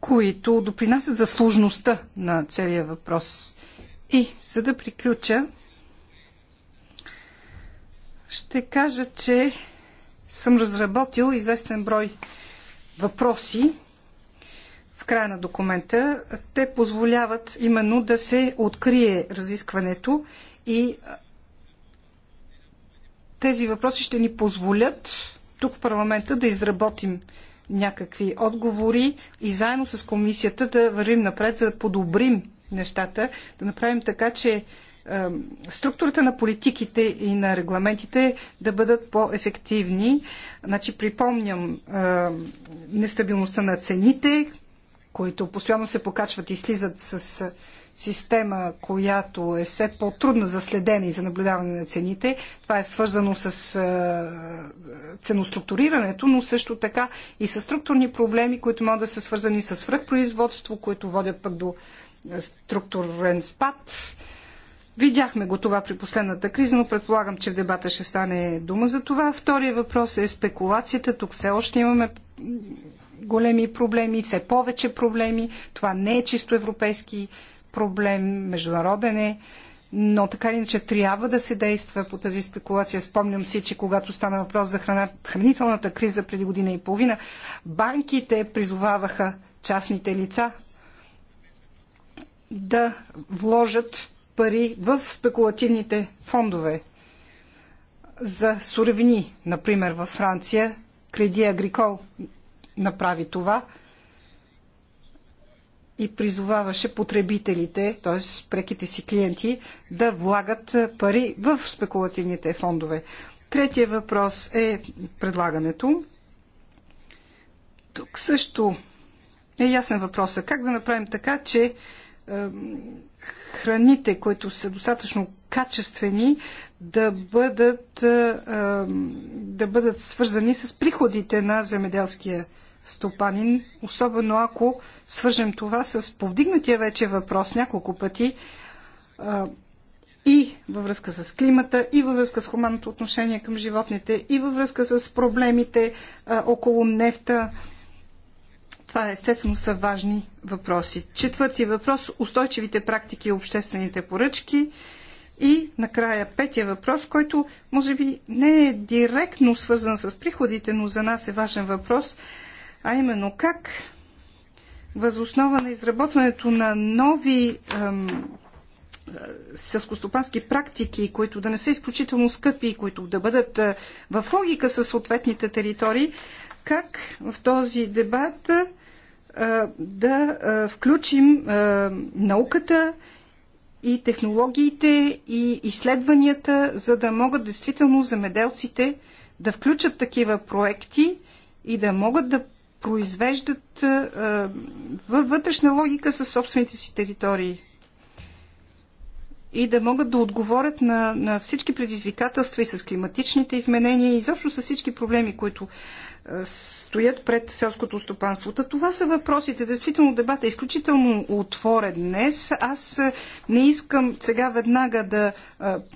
които допринасят за сложността на целия въпрос. И за да приключа, ще кажа, че съм разработил известен брой въпроси в края на документа. Те позволяват именно да се открие разискването и тези въпроси ще ни позволят тук в парламента да изработим някакви отговори и заедно с комисията да вървим напред, за да подобрим нещата, да направим така, че структурата на политиките и на регламентите да бъдат по-ефективни. Значи, припомням нестабилността на цените, които постоянно се покачват и слизат с система, която е все по-трудна за следение и за наблюдаване на цените. Това е свързано с ценоструктурирането, но също така и с структурни проблеми, които могат да са свързани с свръхпроизводство, които водят пък до структурен спад Видяхме го това при последната криза, но предполагам, че в дебата ще стане дума за това. Втория въпрос е спекулацията. Тук все още имаме големи проблеми, все повече проблеми. Това не е чисто европейски проблем, международен е, но така или иначе трябва да се действа по тази спекулация. Спомням си, че когато стана въпрос за храна, хранителната криза преди година и половина, банките призоваваха частните лица да вложат пари в спекулативните фондове за суровини. Например, във Франция Креди Агрикол направи това и призоваваше потребителите, т.е. преките си клиенти, да влагат пари в спекулативните фондове. Третия въпрос е предлагането. Тук също е ясен въпросът. Как да направим така, че храните, които са достатъчно качествени, да бъдат, да бъдат свързани с приходите на земеделския стопанин, особено ако свържем това с повдигнатия вече въпрос няколко пъти и във връзка с климата, и във връзка с хуманното отношение към животните, и във връзка с проблемите около нефта, това естествено са важни въпроси. Четвърти въпрос – устойчивите практики и обществените поръчки. И накрая петия въпрос, който може би не е директно свързан с приходите, но за нас е важен въпрос, а именно как възоснова на изработването на нови ем, практики, които да не са изключително скъпи и които да бъдат в логика с съответните територии, как в този дебат да включим науката и технологиите и изследванията, за да могат действително земеделците да включат такива проекти и да могат да произвеждат във вътрешна логика със собствените си територии и да могат да отговорят на, на всички предизвикателства и с климатичните изменения и изобщо с всички проблеми, които стоят пред селското стопанство. Това са въпросите. Действително дебата е изключително отворен днес. Аз не искам сега веднага да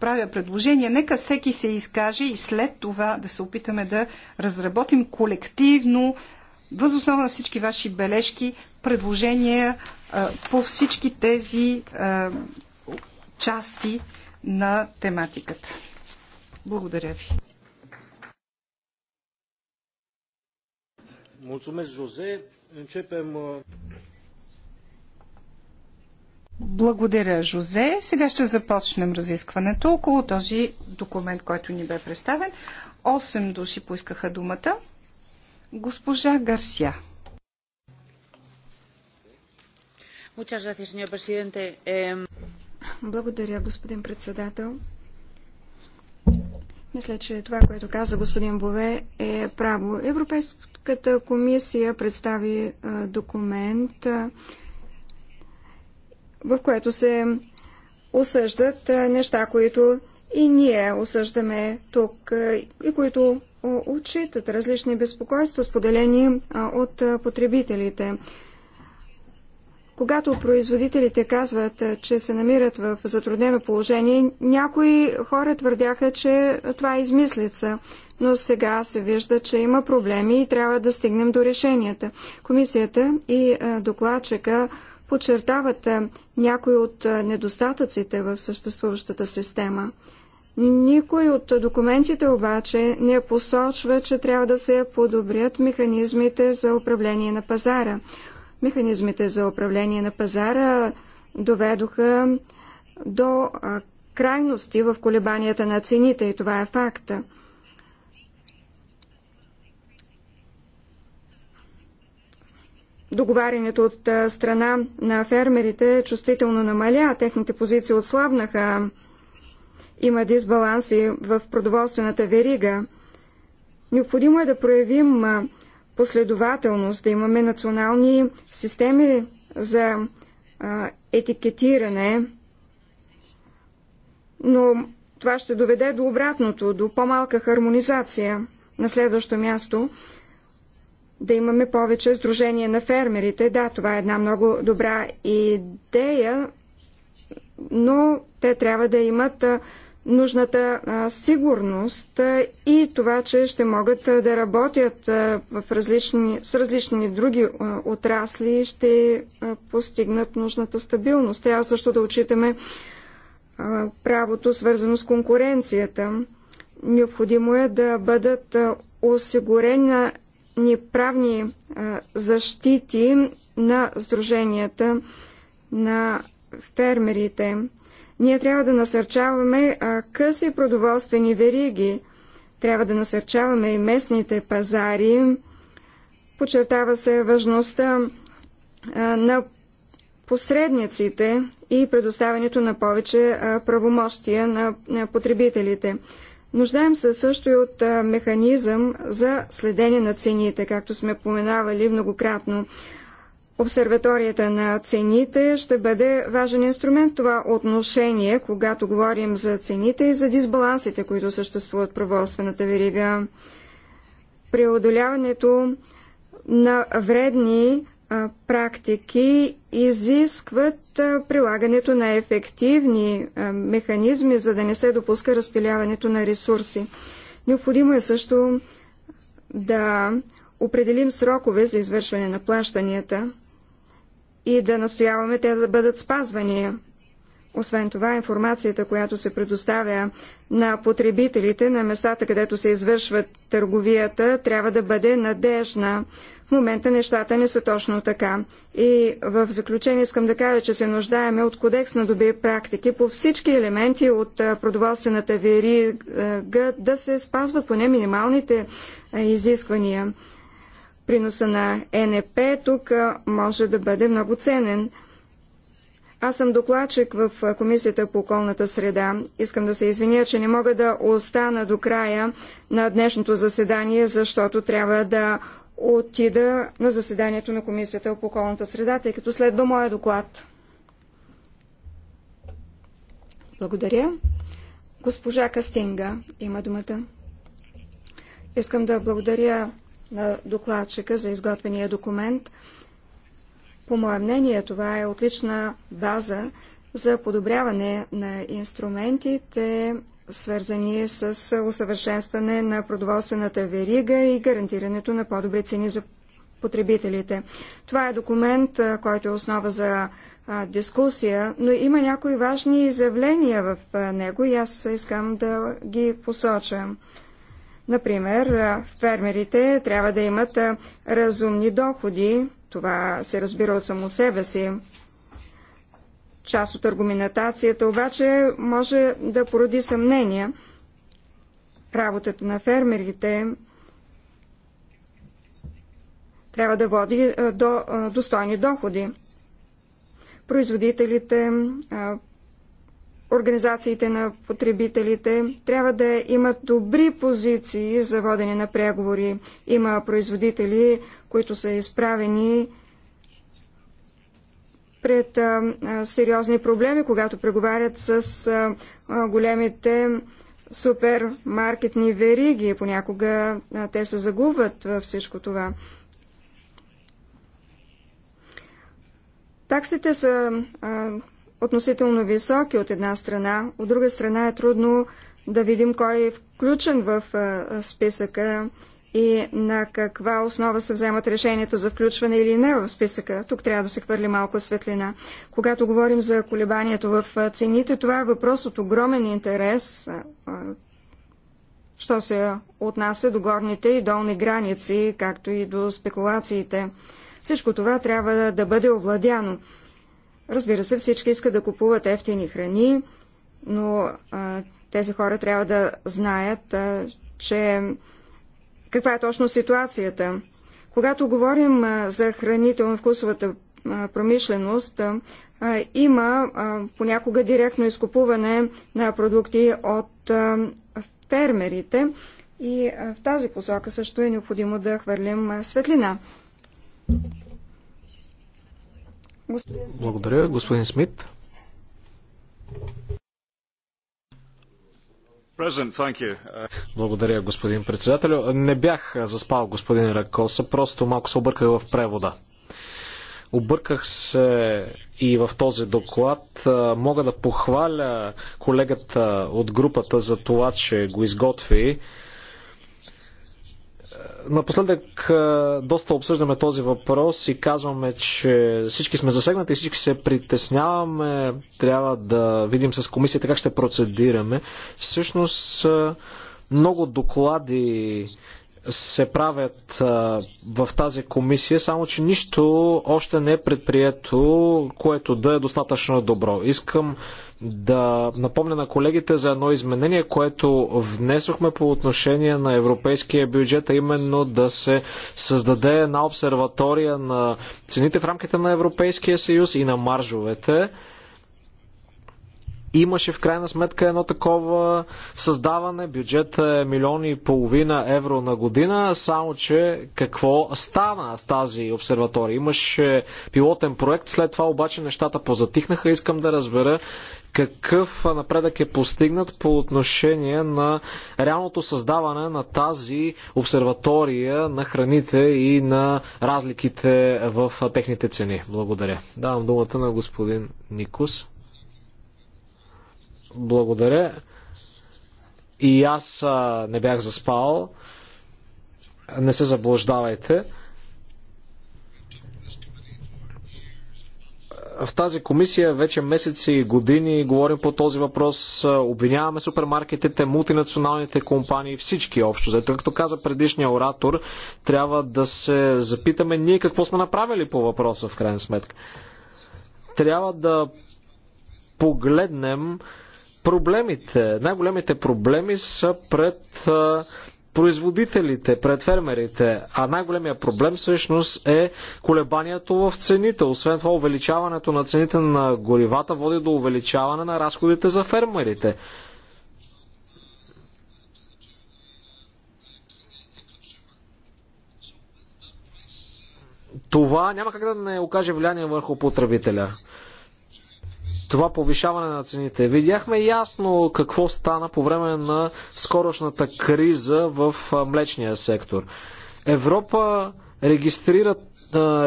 правя предложения. Нека всеки се изкаже и след това да се опитаме да разработим колективно възоснова на всички ваши бележки, предложения по всички тези части на тематиката. Благодаря ви. Mulțumesc, Începem. Uh, Благодаря, Жозе. Сега ще започнем разискването около този документ, който ни бе представен. Осем души поискаха думата. Госпожа Гарсия. Благодаря, господин председател. Мисля, че това, което каза господин Бове, е право. Европейската Европейската комисия представи документ, в което се осъждат неща, които и ние осъждаме тук и които отчитат различни безпокойства, споделени от потребителите. Когато производителите казват, че се намират в затруднено положение, някои хора твърдяха, че това е измислица но сега се вижда, че има проблеми и трябва да стигнем до решенията. Комисията и е, докладчика подчертават е, някои от е, недостатъците в съществуващата система. Никой от документите обаче не посочва, че трябва да се подобрят механизмите за управление на пазара. Механизмите за управление на пазара доведоха до крайности в колебанията на цените и това е факта. договарянето от страна на фермерите чувствително намаля, техните позиции отслабнаха, има дисбаланси в продоволствената верига. Необходимо е да проявим последователност, да имаме национални системи за етикетиране, но това ще доведе до обратното, до по-малка хармонизация. На следващо място да имаме повече сдружение на фермерите. Да, това е една много добра идея, но те трябва да имат нужната сигурност и това, че ще могат да работят в различни, с различни други отрасли и ще постигнат нужната стабилност. Трябва също да отчитаме правото, свързано с конкуренцията. Необходимо е да бъдат осигурена ни правни защити на сдруженията на фермерите. Ние трябва да насърчаваме къси продоволствени вериги, трябва да насърчаваме и местните пазари. Подчертава се важността на посредниците и предоставянето на повече правомощия на потребителите. Нуждаем се също и от механизъм за следение на цените, както сме поменавали многократно. Обсерваторията на цените ще бъде важен инструмент в това отношение, когато говорим за цените и за дисбалансите, които съществуват в продоволствената верига. Преодоляването на вредни практики изискват прилагането на ефективни механизми, за да не се допуска разпиляването на ресурси. Необходимо е също да определим срокове за извършване на плащанията и да настояваме те да бъдат спазвани. Освен това, информацията, която се предоставя на потребителите на местата, където се извършват търговията, трябва да бъде надежна, в момента нещата не са точно така. И в заключение искам да кажа, че се нуждаеме от кодекс на добри практики по всички елементи от продоволствената верига да се спазват поне минималните изисквания. Приноса на НП тук може да бъде много ценен. Аз съм докладчик в Комисията по околната среда. Искам да се извиня, че не мога да остана до края на днешното заседание, защото трябва да отида на заседанието на Комисията по околната среда, тъй като следва моя доклад. Благодаря. Госпожа Кастинга има думата. Искам да благодаря на докладчика за изготвения документ. По мое мнение, това е отлична база за подобряване на инструментите свързани с усъвършенстване на продоволствената верига и гарантирането на по-добри цени за потребителите. Това е документ, който е основа за дискусия, но има някои важни изявления в него и аз искам да ги посоча. Например, фермерите трябва да имат разумни доходи, това се разбира от само себе си. Част от аргументацията обаче може да породи съмнения. Работата на фермерите трябва да води е, до е, достойни доходи. Производителите, е, организациите на потребителите трябва да имат добри позиции за водене на преговори. Има производители, които са изправени пред сериозни проблеми, когато преговарят с големите супермаркетни вериги. Понякога те се загубват във всичко това. Таксите са а, относително високи от една страна, от друга страна е трудно да видим кой е включен в а, списъка и на каква основа се вземат решенията за включване или не в списъка. Тук трябва да се хвърли малко светлина. Когато говорим за колебанието в цените, това е въпрос от огромен интерес, що се отнася до горните и долни граници, както и до спекулациите. Всичко това трябва да бъде овладяно. Разбира се, всички искат да купуват ефтини храни, но а, тези хора трябва да знаят, а, че каква е точно ситуацията. Когато говорим за хранително-вкусовата промишленост, има понякога директно изкупуване на продукти от фермерите и в тази посока също е необходимо да хвърлим светлина. Господин Благодаря, господин Смит. Благодаря, господин председател. Не бях заспал, господин Ракоса, просто малко се обърках в превода. Обърках се и в този доклад. Мога да похваля колегата от групата за това, че го изготви. Напоследък доста обсъждаме този въпрос и казваме, че всички сме засегнати и всички се притесняваме. Трябва да видим с комисията как ще процедираме. Всъщност много доклади се правят в тази комисия, само че нищо още не е предприето, което да е достатъчно добро. Искам да напомня на колегите за едно изменение, което внесохме по отношение на европейския бюджет, а именно да се създаде една обсерватория на цените в рамките на Европейския съюз и на маржовете. Имаше в крайна сметка едно такова създаване. Бюджет е милиони и половина евро на година, само че какво стана с тази обсерватория? Имаше пилотен проект, след това обаче нещата позатихнаха. Искам да разбера какъв напредък е постигнат по отношение на реалното създаване на тази обсерватория на храните и на разликите в техните цени. Благодаря. Давам думата на господин Никус. Благодаря. И аз а, не бях заспал. Не се заблуждавайте. в тази комисия вече месеци и години говорим по този въпрос. Обвиняваме супермаркетите, мултинационалните компании, всички общо. Зато, както каза предишния оратор, трябва да се запитаме ние какво сме направили по въпроса в крайна сметка. Трябва да погледнем проблемите, най-големите проблеми са пред производителите, пред фермерите, а най-големия проблем всъщност е колебанието в цените. Освен това, увеличаването на цените на горивата води до увеличаване на разходите за фермерите. Това няма как да не окаже влияние върху потребителя това повишаване на цените. Видяхме ясно какво стана по време на скорошната криза в млечния сектор. Европа регистрира,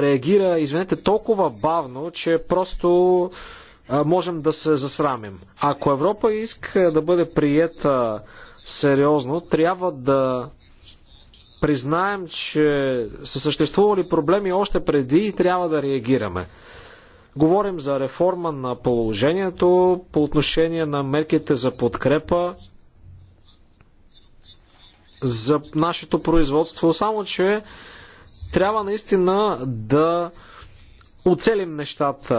реагира, извинете, толкова бавно, че просто можем да се засрамим. Ако Европа иска да бъде приета сериозно, трябва да признаем, че са съществували проблеми още преди и трябва да реагираме. Говорим за реформа на положението по отношение на мерките за подкрепа за нашето производство, само че трябва наистина да оцелим нещата,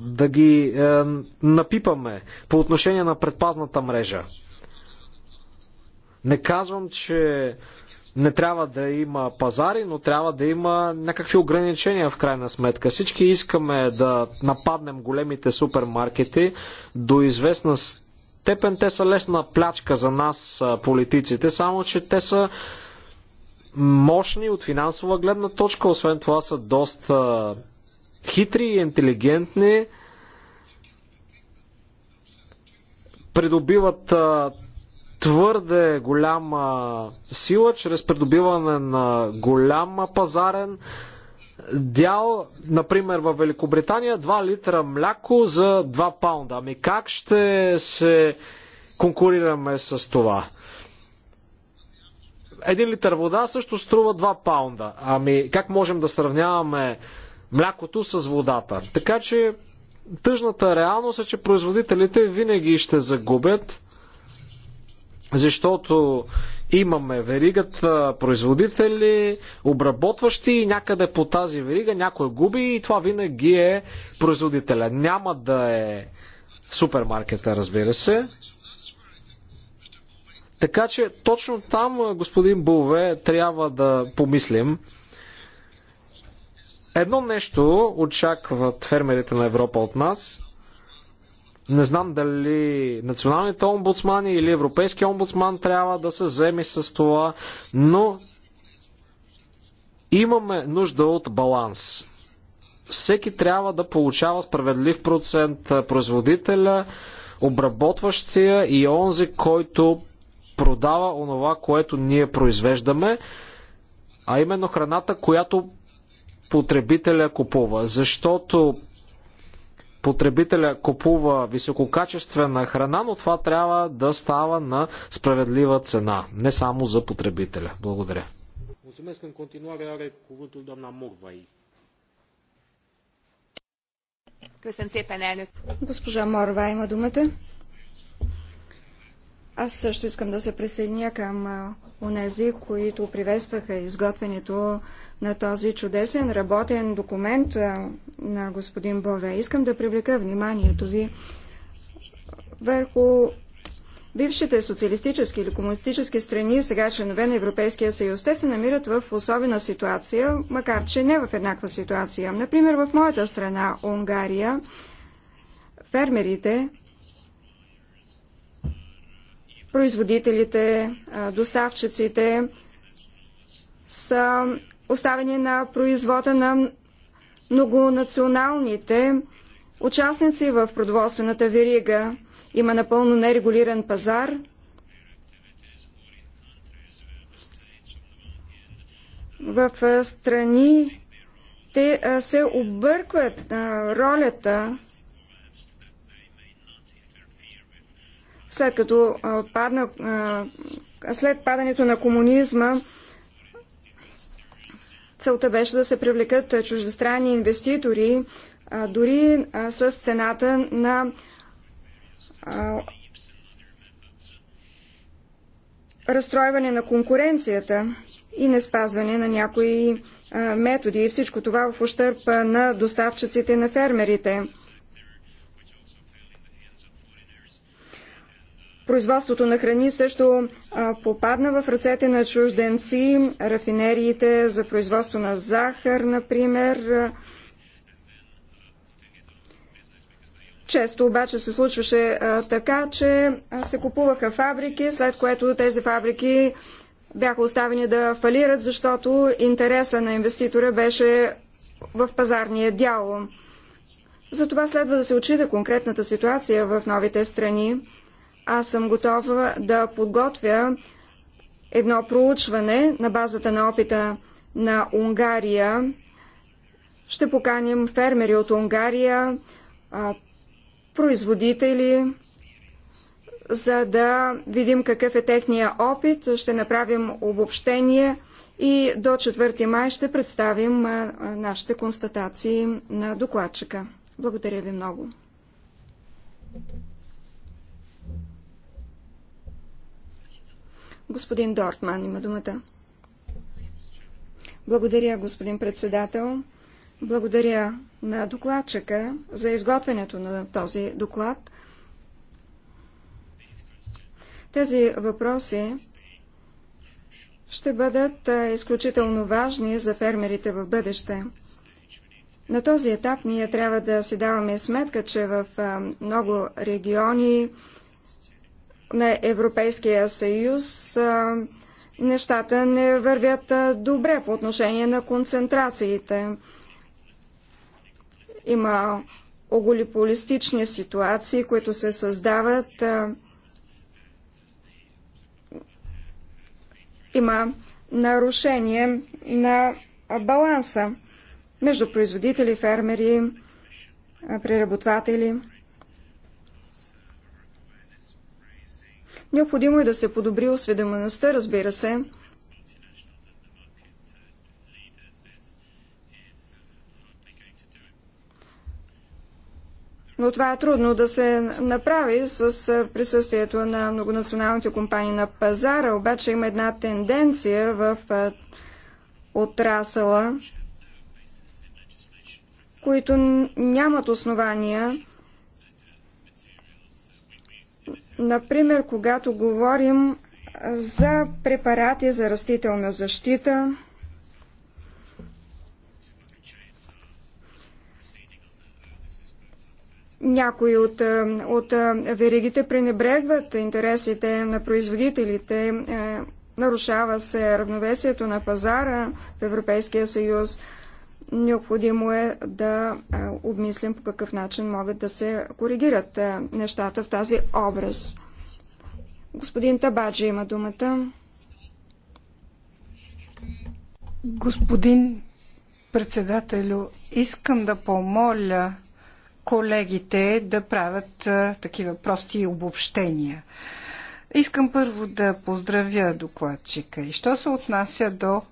да ги е, напипаме по отношение на предпазната мрежа. Не казвам, че не трябва да има пазари, но трябва да има някакви ограничения в крайна сметка. Всички искаме да нападнем големите супермаркети. До известна степен те са лесна плячка за нас, политиците, само че те са мощни от финансова гледна точка, освен това са доста хитри и интелигентни, придобиват твърде голяма сила, чрез придобиване на голям пазарен дял, например в Великобритания, 2 литра мляко за 2 паунда. Ами как ще се конкурираме с това? Един литър вода също струва 2 паунда. Ами как можем да сравняваме млякото с водата? Така че тъжната реалност е, че производителите винаги ще загубят защото имаме веригата производители, обработващи и някъде по тази верига някой губи и това винаги е производителя. Няма да е супермаркета, разбира се. Така че точно там, господин Булве, трябва да помислим. Едно нещо очакват фермерите на Европа от нас – не знам дали националните омбудсмани или европейски омбудсман трябва да се вземи с това, но имаме нужда от баланс. Всеки трябва да получава справедлив процент производителя, обработващия и онзи, който продава онова, което ние произвеждаме, а именно храната, която потребителя купува. Защото потребителя купува висококачествена храна, но това трябва да става на справедлива цена, не само за потребителя. Благодаря. Mulțumesc. În continuare are cuvântul doamna Morvai. Госпожа Морва има думата. Аз също искам да се присъединя към онези, които приветстваха изготвянето на този чудесен работен документ на господин Бове. Искам да привлека вниманието ви върху бившите социалистически или комунистически страни, сега членове на Европейския съюз. Те се намират в особена ситуация, макар че не в еднаква ситуация. Например, в моята страна, Унгария, фермерите, производителите, доставчиците са оставени на производа на многонационалните участници в продоволствената верига. Има напълно нерегулиран пазар. В страни те се объркват ролята след като падна, след падането на комунизма Целта беше да се привлекат е, чуждестранни инвеститори, дори с цената на разстройване на конкуренцията и не спазване на някои методи. И всичко това в ущърп на доставчиците на фермерите. Производството на храни също попадна в ръцете на чужденци, рафинериите за производство на захар, например. Често обаче се случваше а, така, че се купуваха фабрики, след което тези фабрики бяха оставени да фалират, защото интереса на инвеститора беше в пазарния дял. Затова следва да се очита, конкретната ситуация в новите страни аз съм готова да подготвя едно проучване на базата на опита на Унгария. Ще поканим фермери от Унгария, производители, за да видим какъв е техния опит. Ще направим обобщение и до 4 май ще представим нашите констатации на докладчика. Благодаря ви много. Господин Дортман има думата. Благодаря, господин председател. Благодаря на докладчика за изготвянето на този доклад. Тези въпроси ще бъдат изключително важни за фермерите в бъдеще. На този етап ние трябва да си даваме сметка, че в много региони на Европейския съюз нещата не вървят добре по отношение на концентрациите. Има оголиполистични ситуации, които се създават. Има нарушение на баланса между производители, фермери, преработватели. Необходимо е да се подобри осведомеността, разбира се. Но това е трудно да се направи с присъствието на многонационалните компании на пазара, обаче има една тенденция в отрасъла, които нямат основания Например, когато говорим за препарати за растителна защита, Някои от, е, от е, веригите пренебрегват интересите на производителите, е, нарушава се равновесието на пазара в Европейския съюз. Необходимо е да обмислим по какъв начин могат да се коригират нещата в тази образ. Господин Табаджи има думата. Господин председателю, искам да помоля колегите да правят а, такива прости обобщения. Искам първо да поздравя докладчика. И що се отнася до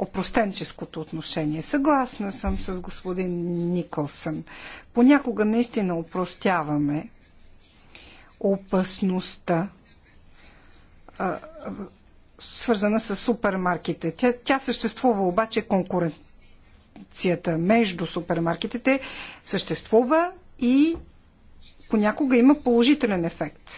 опростенческото отношение. Съгласна съм с господин Николсън. Понякога наистина опростяваме опасността свързана с супермаркетите. Тя, тя съществува обаче конкуренцията между супермаркетите съществува и понякога има положителен ефект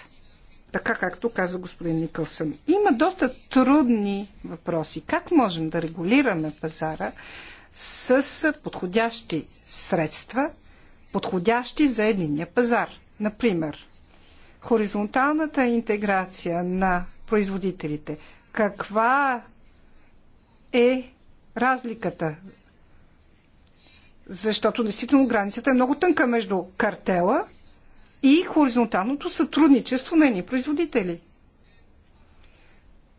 така както каза господин Никълсън. Има доста трудни въпроси. Как можем да регулираме пазара с подходящи средства, подходящи за единния пазар? Например, хоризонталната интеграция на производителите. Каква е разликата? Защото действително границата е много тънка между картела и хоризонталното сътрудничество на едни производители.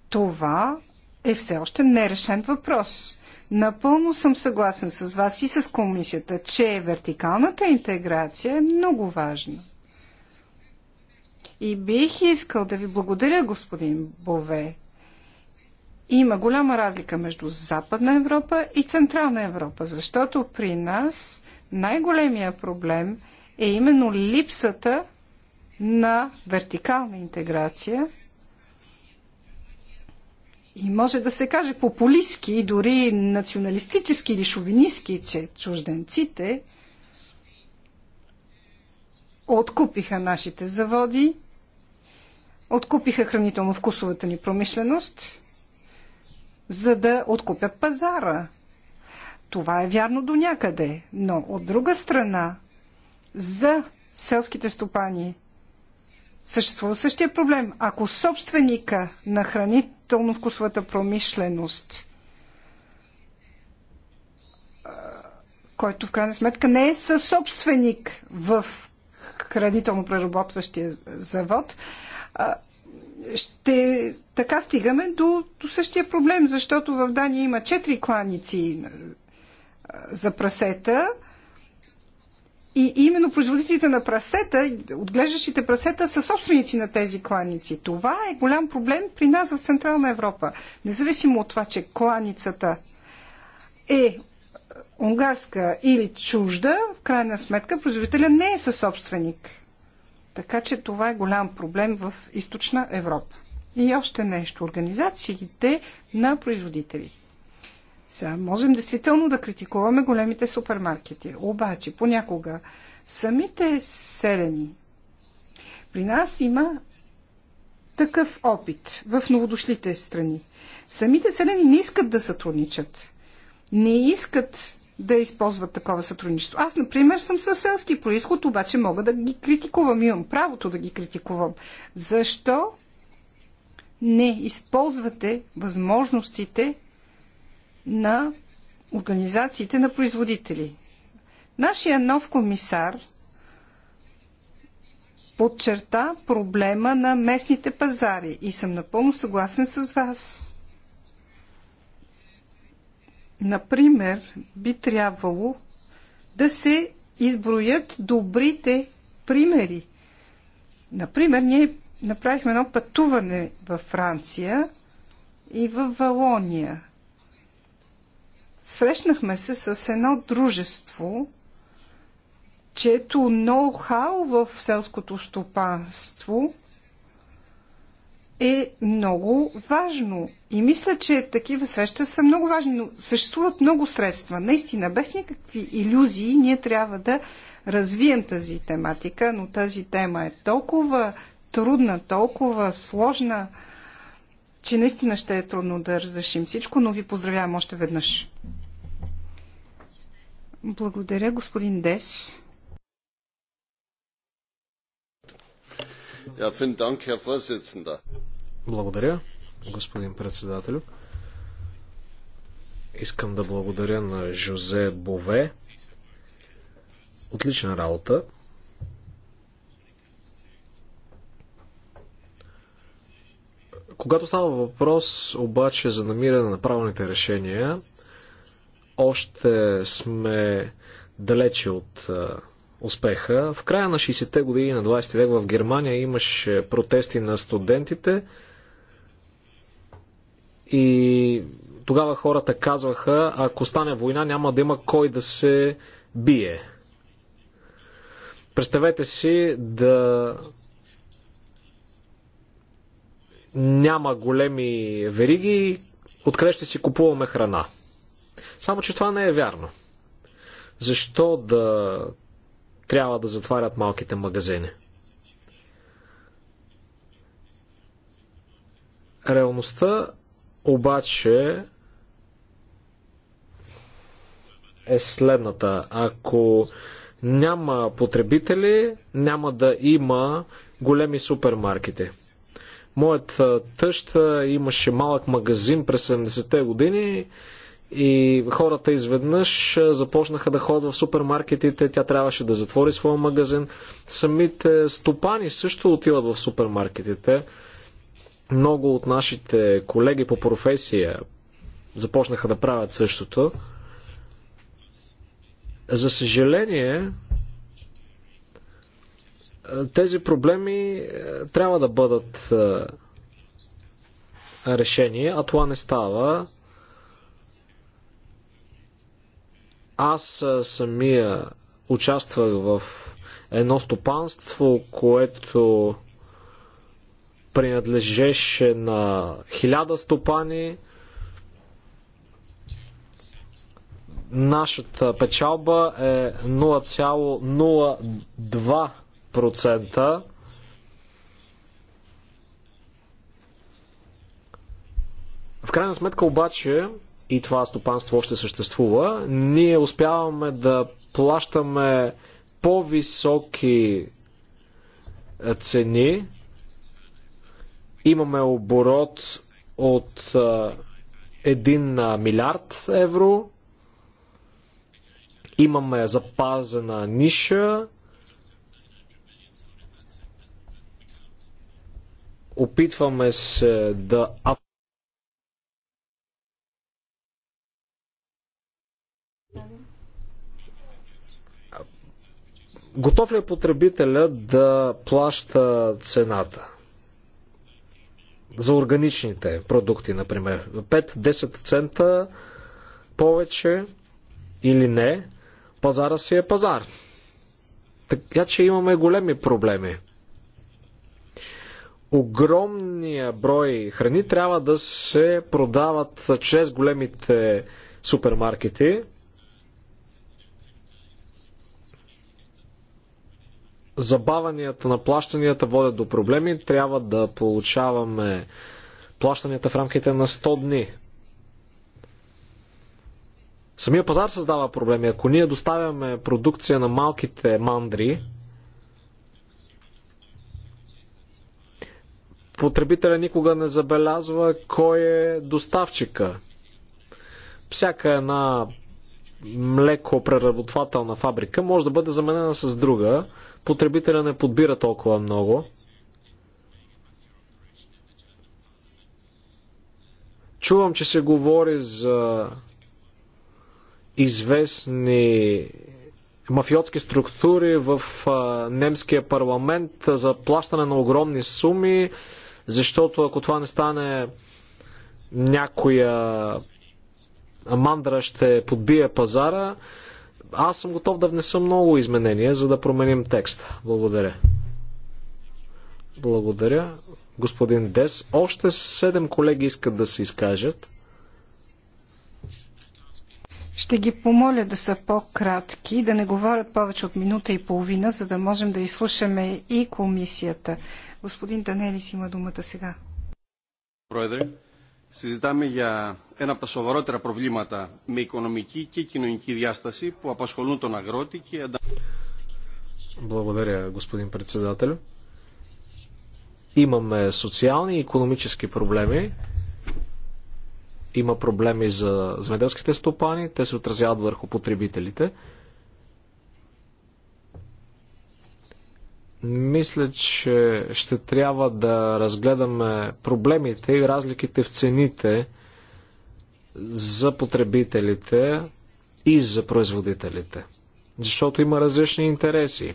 Това е все още нерешен въпрос. Напълно съм съгласен с вас и с комисията, че вертикалната интеграция е много важна. И бих искал да ви благодаря, господин Бове. Има голяма разлика между Западна Европа и Централна Европа, защото при нас най-големия проблем е е именно липсата на вертикална интеграция и може да се каже популистски и дори националистически или шовинистки, че чужденците откупиха нашите заводи, откупиха хранително-вкусовата ни промишленост, за да откупят пазара. Това е вярно до някъде, но от друга страна за селските стопани. Съществува същия проблем. Ако собственика на хранително-вкусовата промишленост, който в крайна сметка не е със собственик в хранително-преработващия завод, ще така стигаме до, до същия проблем, защото в Дания има четири кланици за прасета – и именно производителите на прасета, отглеждащите прасета, са собственици на тези кланици. Това е голям проблем при нас в Централна Европа. Независимо от това, че кланицата е унгарска или чужда, в крайна сметка производителя не е със собственик. Така че това е голям проблем в източна Европа. И още нещо. Организациите на производителите. Сега можем действително да критикуваме големите супермаркети, обаче понякога самите селени. При нас има такъв опит в новодошлите страни. Самите селени не искат да сътрудничат. Не искат да използват такова сътрудничество. Аз, например, съм със селски происход, обаче мога да ги критикувам. Имам правото да ги критикувам. Защо не използвате възможностите на организациите на производители. Нашия нов комисар подчерта проблема на местните пазари и съм напълно съгласен с вас. Например, би трябвало да се изброят добрите примери. Например, ние направихме едно пътуване във Франция и в Валония. Срещнахме се с едно дружество, чето ноу-хау в селското стопанство е много важно. И мисля, че такива среща са много важни, но съществуват много средства. Наистина, без никакви иллюзии, ние трябва да развием тази тематика, но тази тема е толкова трудна, толкова сложна, че наистина ще е трудно да разрешим всичко, но ви поздравявам още веднъж. Благодаря, господин Дес. Благодаря, господин председателю. Искам да благодаря на Жозе Бове. Отлична работа Когато става въпрос обаче за намиране на правилните решения, още сме далече от успеха. В края на 60-те години на 20 век в Германия имаше протести на студентите и тогава хората казваха, ако стане война, няма да има кой да се бие. Представете си да няма големи вериги, откъде ще си купуваме храна. Само, че това не е вярно. Защо да трябва да затварят малките магазини? Реалността обаче е следната. Ако няма потребители, няма да има големи супермаркети. Моята тъща имаше малък магазин през 70-те години и хората изведнъж започнаха да ходят в супермаркетите. Тя трябваше да затвори своя магазин. Самите стопани също отиват в супермаркетите. Много от нашите колеги по професия започнаха да правят същото. За съжаление, тези проблеми е, трябва да бъдат е, решени, а това не става. Аз е, самия участвах в едно стопанство, което принадлежеше на хиляда стопани. Нашата печалба е 0,02 процента. В крайна сметка обаче и това стопанство още съществува, ние успяваме да плащаме по-високи е, цени. Имаме оборот от 1 е, е, милиард евро. Имаме запазена ниша Опитваме се да Готов ли е потребителя да плаща цената? За органичните продукти, например. 5-10 цента повече или не, пазара си е пазар. Така че имаме големи проблеми огромния брой храни трябва да се продават чрез големите супермаркети. Забаванията на плащанията водят до проблеми. Трябва да получаваме плащанията в рамките на 100 дни. Самия пазар създава проблеми. Ако ние доставяме продукция на малките мандри, Потребителя никога не забелязва кой е доставчика. Всяка една млеко преработвателна фабрика може да бъде заменена с друга. Потребителя не подбира толкова много. Чувам, че се говори за известни мафиотски структури в немския парламент за плащане на огромни суми. Защото ако това не стане, някоя мандра ще подбие пазара. Аз съм готов да внеса много изменения, за да променим текста. Благодаря. Благодаря. Господин Дес, още седем колеги искат да се изкажат. Ще ги помоля да са по-кратки, да не говорят повече от минута и половина, за да можем да изслушаме и комисията. Господин Данелис има думата сега. Πρόεδρε, συζητάμε για ένα από τα σοβαρότερα προβλήματα με οικονομική και κοινωνική διάσταση που απασχολούν τον αγρότη και Благодаря, господин председател. Имаме социални и економически проблеми, има проблеми за земеделските стопани, те се отразяват върху потребителите. Мисля, че ще трябва да разгледаме проблемите и разликите в цените за потребителите и за производителите. Защото има различни интереси.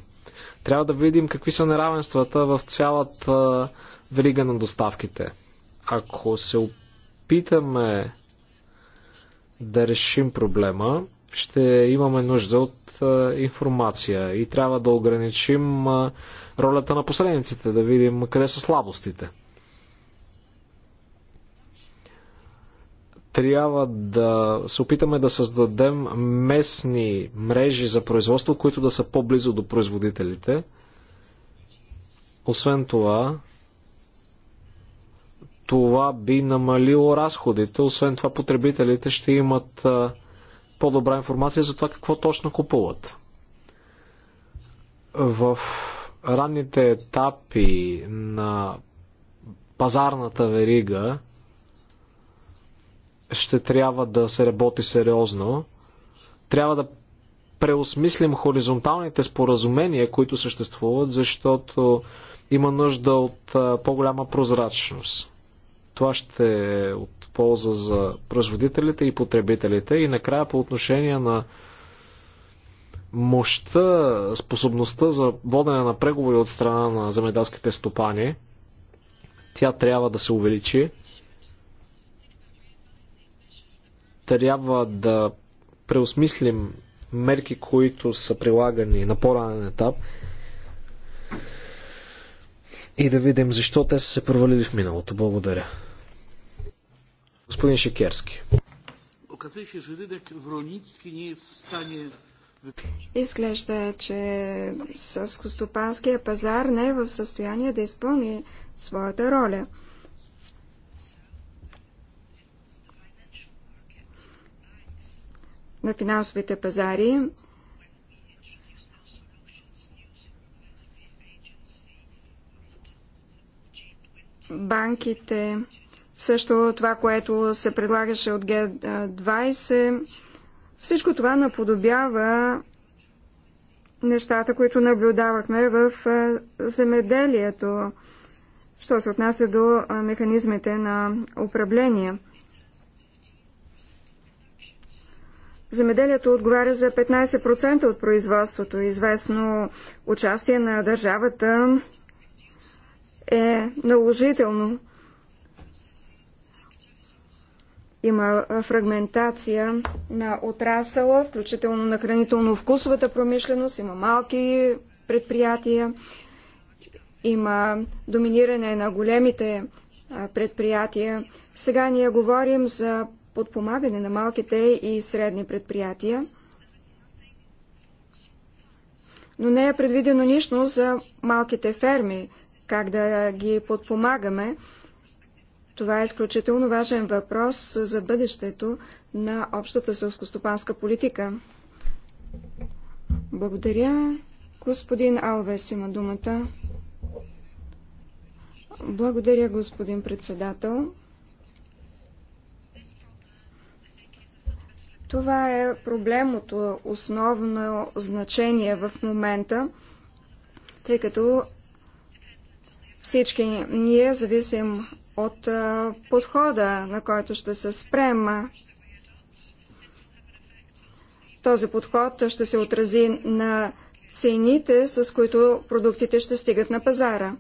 Трябва да видим какви са неравенствата в цялата верига на доставките. Ако се опитаме да решим проблема, ще имаме нужда от информация и трябва да ограничим ролята на посредниците, да видим къде са слабостите. Трябва да се опитаме да създадем местни мрежи за производство, които да са по-близо до производителите. Освен това, това би намалило разходите. Освен това, потребителите ще имат по-добра информация за това какво точно купуват. В ранните етапи на пазарната верига ще трябва да се работи сериозно. Трябва да преосмислим хоризонталните споразумения, които съществуват, защото има нужда от по-голяма прозрачност. Това ще е от полза за производителите и потребителите. И накрая по отношение на мощта, способността за водене на преговори от страна на земеделските стопани, тя трябва да се увеличи. Трябва да преосмислим мерки, които са прилагани на по-ранен етап и да видим защо те са се провалили в миналото. Благодаря. Господин Шекерски. Е Изглежда, че костопанския пазар не е в състояние да изпълни своята роля. На финансовите пазари банките също това, което се предлагаше от Г20. Всичко това наподобява нещата, които наблюдавахме в земеделието, що се отнася до механизмите на управление. Земеделието отговаря за 15% от производството. Известно участие на държавата е наложително Има фрагментация на отрасъла, включително на хранително-вкусовата промишленост. Има малки предприятия. Има доминиране на големите предприятия. Сега ние говорим за подпомагане на малките и средни предприятия. Но не е предвидено нищо за малките ферми, как да ги подпомагаме. Това е изключително важен въпрос за бъдещето на общата селскостопанска политика. Благодаря. Господин Алвес има думата. Благодаря, господин председател. Това е проблемото основно значение в момента, тъй като всички ние зависим от подхода, на който ще се спрем. Този подход ще се отрази на цените, с които продуктите ще стигат на пазара.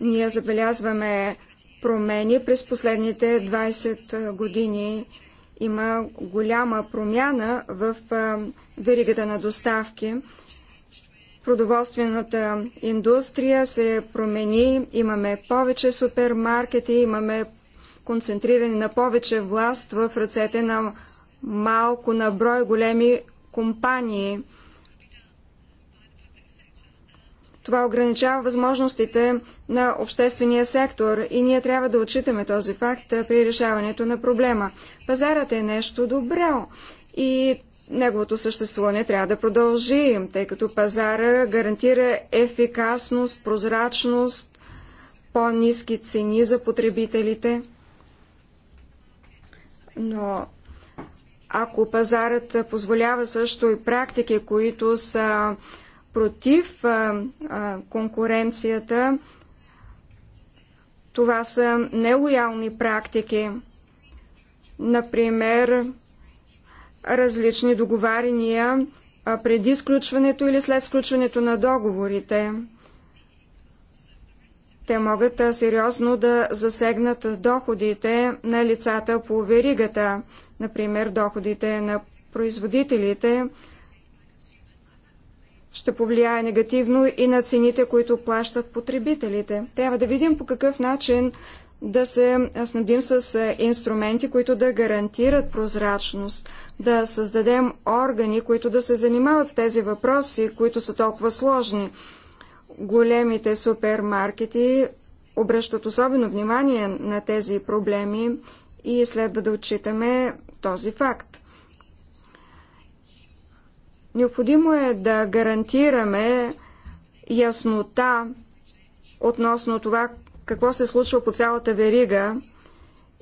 Ние забелязваме промени през последните 20 години. Има голяма промяна в веригата на доставки продоволствената индустрия се промени, имаме повече супермаркети, имаме концентриране на повече власт в ръцете на малко на брой големи компании. Това ограничава възможностите на обществения сектор и ние трябва да отчитаме този факт при решаването на проблема. Пазарът е нещо добро и неговото съществуване трябва да продължи, тъй като пазара гарантира ефикасност, прозрачност, по-низки цени за потребителите. Но ако пазарът позволява също и практики, които са против а, а, конкуренцията, това са нелоялни практики. Например, различни договарения преди сключването или след сключването на договорите. Те могат сериозно да засегнат доходите на лицата по веригата, например доходите на производителите, ще повлияе негативно и на цените, които плащат потребителите. Трябва да видим по какъв начин да се снабдим с е, инструменти, които да гарантират прозрачност, да създадем органи, които да се занимават с тези въпроси, които са толкова сложни. Големите супермаркети обръщат особено внимание на тези проблеми и следва да отчитаме този факт. Необходимо е да гарантираме яснота относно това какво се случва по цялата верига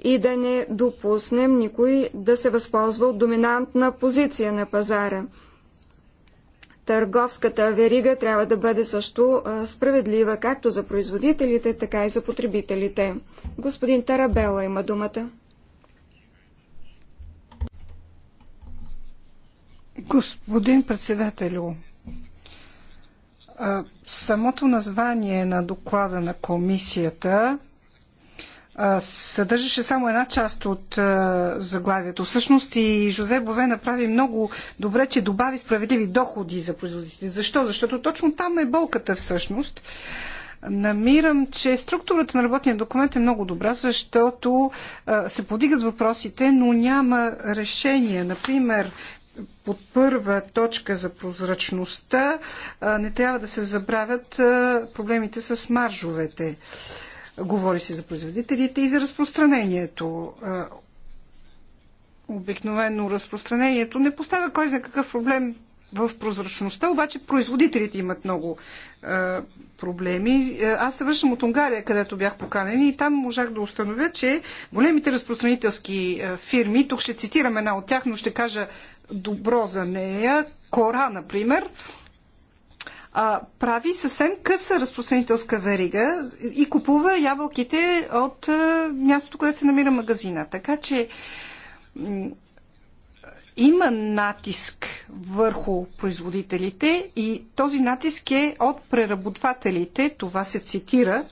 и да не допуснем никой да се възползва от доминантна позиция на пазара. Търговската верига трябва да бъде също справедлива както за производителите, така и за потребителите. Господин Тарабела има думата. Господин председателю, Самото название на доклада на комисията съдържаше само една част от заглавието. Всъщност и Жозе Бове направи много добре, че добави справедливи доходи за производителите. Защо? Защото точно там е болката всъщност. Намирам, че структурата на работния документ е много добра, защото се подигат въпросите, но няма решение. Например, под първа точка за прозрачността не трябва да се забравят проблемите с маржовете. Говори се за производителите и за разпространението. Обикновено разпространението не поставя кой знае какъв проблем в прозрачността, обаче производителите имат много е, проблеми. Аз се вършам от Унгария, където бях поканен и там можах да установя, че големите разпространителски е, фирми, тук ще цитирам една от тях, но ще кажа добро за нея, кора, например, а, прави съвсем къса разпространителска верига и купува ябълките от а, мястото, където се намира магазина. Така че има натиск върху производителите и този натиск е от преработвателите, това се цитира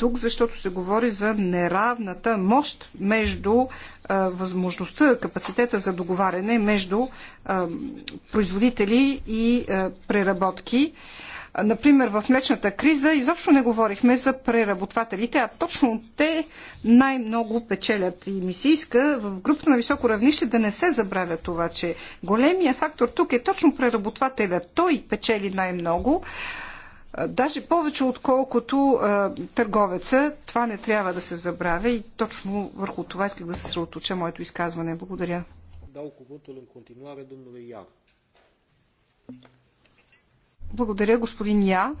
тук, защото се говори за неравната мощ между а, възможността, капацитета за договаряне между а, производители и а, преработки. Например, в млечната криза изобщо не говорихме за преработвателите, а точно те най-много печелят. И ми се иска в групата на високо равнище да не се забравя това, че големия фактор тук е точно преработвателя. Той печели най-много. Даже повече отколкото търговеца. Това не трябва да се забравя и точно върху това исках да се съсредоточа моето изказване. Благодаря. Благодаря, господин Я.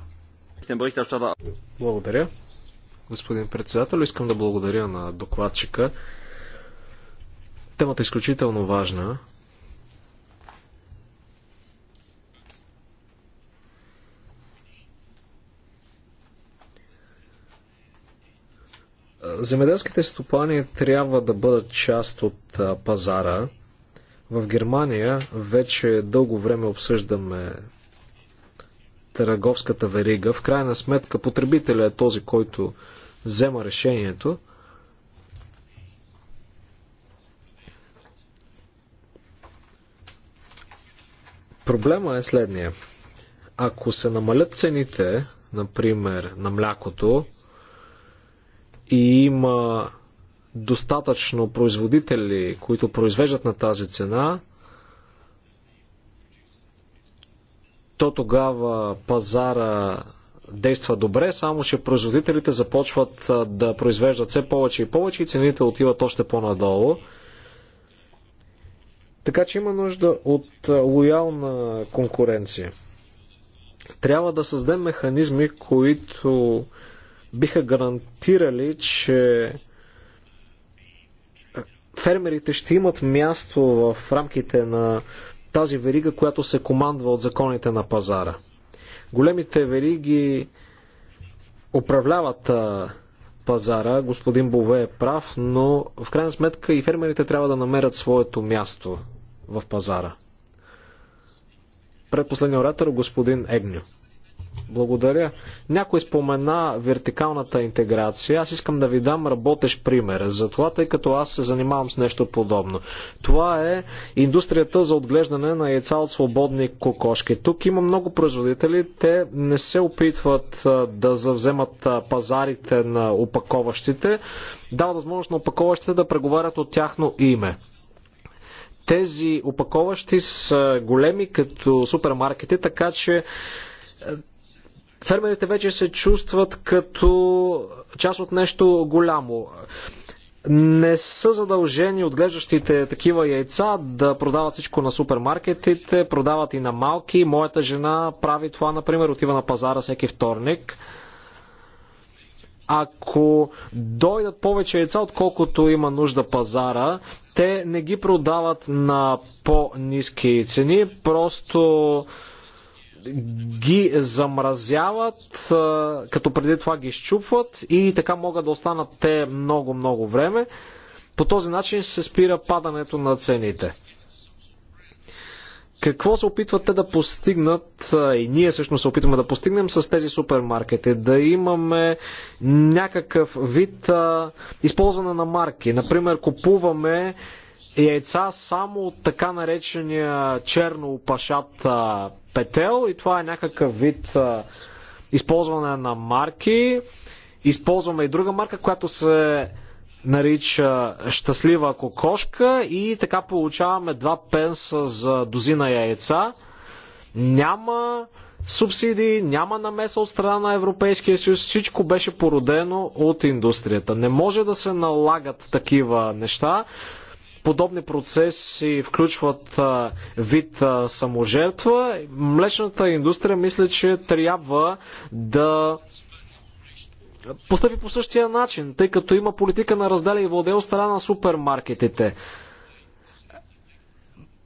Благодаря. Господин председател, искам да благодаря на докладчика. Темата е изключително важна. Земеделските стопани трябва да бъдат част от пазара. В Германия вече дълго време обсъждаме търговската верига. В крайна сметка потребителя е този, който взема решението. Проблема е следния. Ако се намалят цените, например, на млякото, и има достатъчно производители, които произвеждат на тази цена, то тогава пазара действа добре, само че производителите започват да произвеждат все повече и повече и цените отиват още по-надолу. Така че има нужда от лоялна конкуренция. Трябва да създадем механизми, които биха гарантирали, че фермерите ще имат място в рамките на тази верига, която се командва от законите на пазара. Големите вериги управляват пазара, господин Бове е прав, но в крайна сметка и фермерите трябва да намерят своето място в пазара. Предпоследния оратор господин Егню. Благодаря. Някой спомена вертикалната интеграция. Аз искам да ви дам работещ пример за това, тъй като аз се занимавам с нещо подобно. Това е индустрията за отглеждане на яйца от свободни кокошки. Тук има много производители. Те не се опитват да завземат пазарите на опаковащите. Дава възможност на опаковащите да преговарят от тяхно име тези опаковащи са големи като супермаркети, така че Фермерите вече се чувстват като част от нещо голямо. Не са задължени отглеждащите такива яйца да продават всичко на супермаркетите, продават и на малки. Моята жена прави това, например, отива на пазара всеки вторник ако дойдат повече яйца, отколкото има нужда пазара, те не ги продават на по-низки цени, просто ги замразяват, като преди това ги щупват и така могат да останат те много-много време. По този начин се спира падането на цените. Какво се опитват те да постигнат и ние също се опитваме да постигнем с тези супермаркети? Да имаме някакъв вид а, използване на марки. Например, купуваме яйца само от така наречения черно опашат петел и това е някакъв вид а, използване на марки. Използваме и друга марка, която се нарича щастлива кокошка и така получаваме два пенса за дозина яйца. Няма субсидии, няма намеса от страна на Европейския съюз. Всичко беше породено от индустрията. Не може да се налагат такива неща подобни процеси включват вид саможертва. Млечната индустрия мисля, че трябва да постъпи по същия начин, тъй като има политика на разделя и владе от страна на супермаркетите.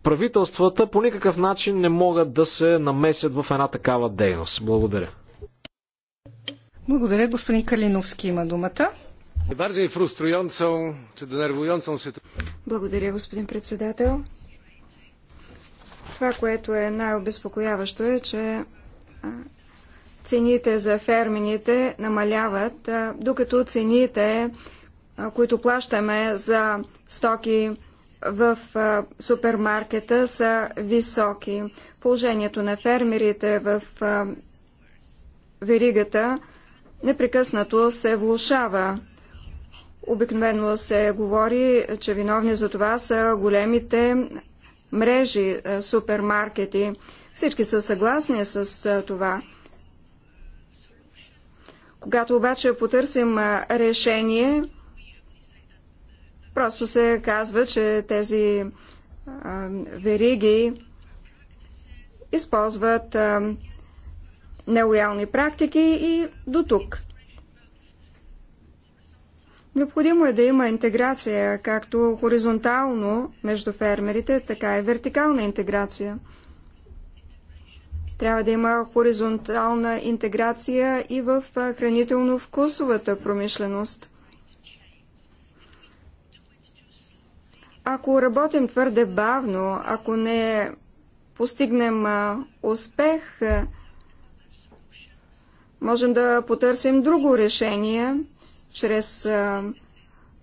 Правителствата по никакъв начин не могат да се намесят в една такава дейност. Благодаря. Благодаря. Господин Калиновски има думата. Благодаря, господин председател. Това, което е най-обезпокояващо е, че цените за фермените намаляват, докато цените, които плащаме за стоки в супермаркета, са високи. Положението на фермерите в веригата непрекъснато се влушава. Обикновено се говори, че виновни за това са големите мрежи, е, супермаркети. Всички са съгласни с е, това. Когато обаче потърсим е, решение, просто се казва, че тези вериги използват нелоялни практики и до тук. Необходимо е да има интеграция, както хоризонтално между фермерите, така и вертикална интеграция. Трябва да има хоризонтална интеграция и в хранително-вкусовата промишленост. Ако работим твърде бавно, ако не постигнем успех, можем да потърсим друго решение – чрез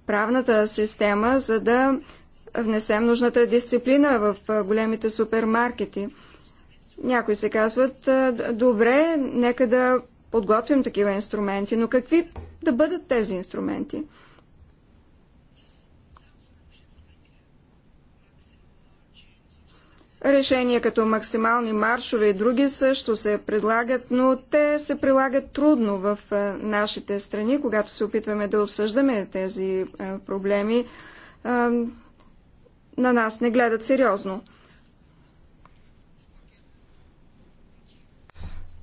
правната система, за да внесем нужната дисциплина в големите супермаркети. Някои се казват, добре, нека да подготвим такива инструменти, но какви да бъдат тези инструменти? Решения като максимални маршове и други също се предлагат, но те се прилагат трудно в е, нашите страни, когато се опитваме да обсъждаме тези е, проблеми. На нас не гледат сериозно.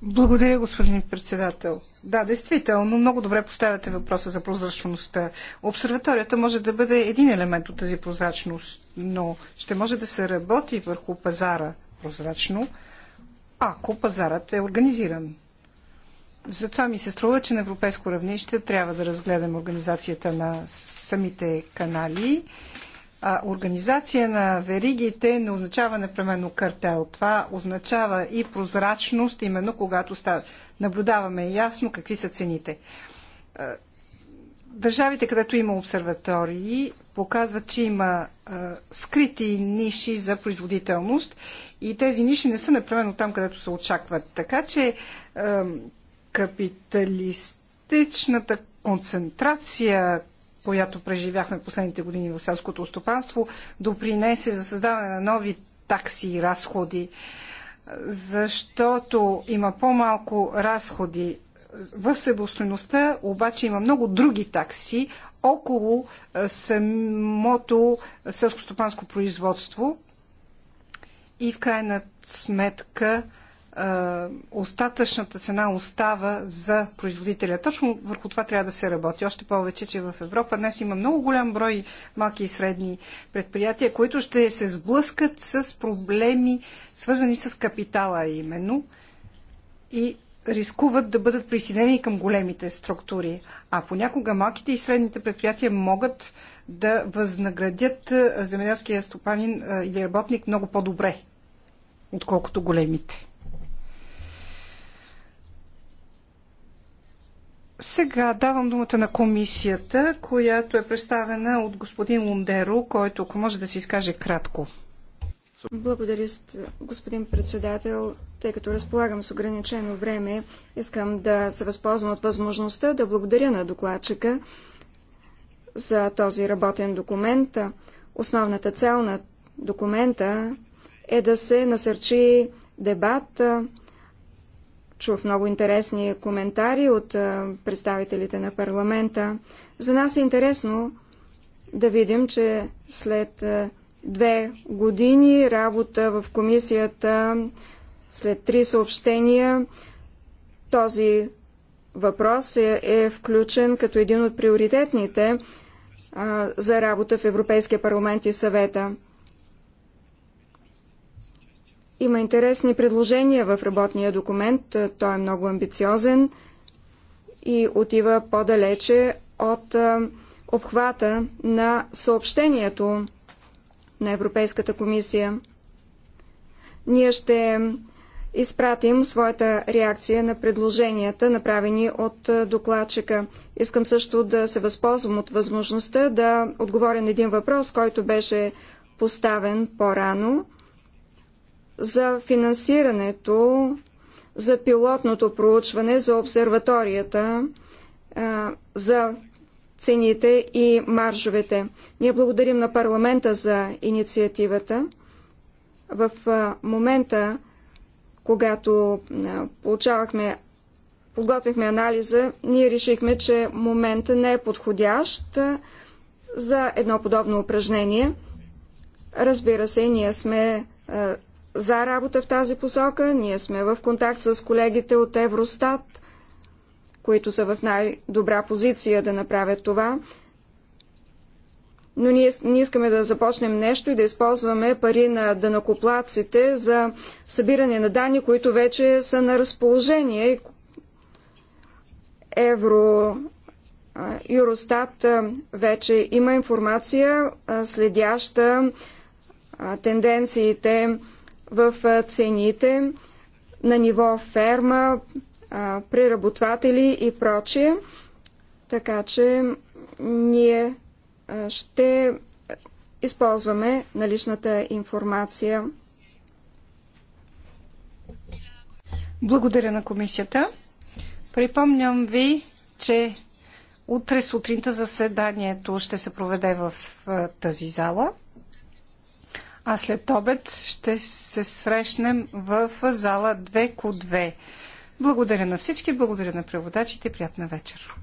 Благодаря, господин председател. Да, действително, много добре поставяте въпроса за прозрачността. Обсерваторията може да бъде един елемент от тази прозрачност, но ще може да се работи върху пазара прозрачно, ако пазарът е организиран. Затова ми се струва, че на европейско равнище трябва да разгледаме организацията на самите канали а организация на веригите не означава непременно картел. Това означава и прозрачност, именно когато става. наблюдаваме ясно какви са цените. Държавите, където има обсерватории, показват, че има а, скрити ниши за производителност и тези ниши не са непременно там, където се очакват. Така че а, капиталистичната концентрация, която преживяхме последните години в селското стопанство, допринесе за създаване на нови такси и разходи, защото има по-малко разходи в себестоеността, обаче има много други такси около самото селско производство и в крайна сметка – остатъчната цена остава за производителя. Точно върху това трябва да се работи. Още повече, че в Европа днес има много голям брой малки и средни предприятия, които ще се сблъскат с проблеми, свързани с капитала именно и рискуват да бъдат присъединени към големите структури. А понякога малките и средните предприятия могат да възнаградят земеделския стопанин или работник много по-добре, отколкото големите. Сега давам думата на комисията, която е представена от господин Лундеро, който ако може да си изкаже кратко. Благодаря, господин председател. Тъй като разполагам с ограничено време, искам да се възползвам от възможността да благодаря на докладчика за този работен документ. Основната цел на документа е да се насърчи дебат Чух много интересни коментари от представителите на парламента. За нас е интересно да видим, че след две години работа в комисията, след три съобщения, този въпрос е, е включен като един от приоритетните а, за работа в Европейския парламент и съвета. Има интересни предложения в работния документ. Е, той е много амбициозен и отива по-далече от е, обхвата на съобщението на Европейската комисия. Ние ще изпратим своята реакция на предложенията, направени от е, докладчика. Искам също да се възползвам от възможността да отговоря на един въпрос, който беше поставен по-рано за финансирането за пилотното проучване за обсерваторията за цените и маржовете. Ние благодарим на парламента за инициативата. В момента, когато получавахме, подготвихме анализа, ние решихме, че момента не е подходящ за едно подобно упражнение. Разбира се, ние сме за работа в тази посока. Ние сме в контакт с колегите от Евростат, които са в най-добра позиция да направят това. Но ние не искаме да започнем нещо и да използваме пари на дънакоплаците за събиране на данни, които вече са на разположение. Евро Юростат вече има информация, следяща тенденциите в цените на ниво ферма, преработватели и прочие. Така че ние ще използваме наличната информация. Благодаря на комисията. Припомням ви, че утре сутринта заседанието ще се проведе в тази зала а след обед ще се срещнем в зала 2 ко 2. Благодаря на всички, благодаря на преводачите, приятна вечер.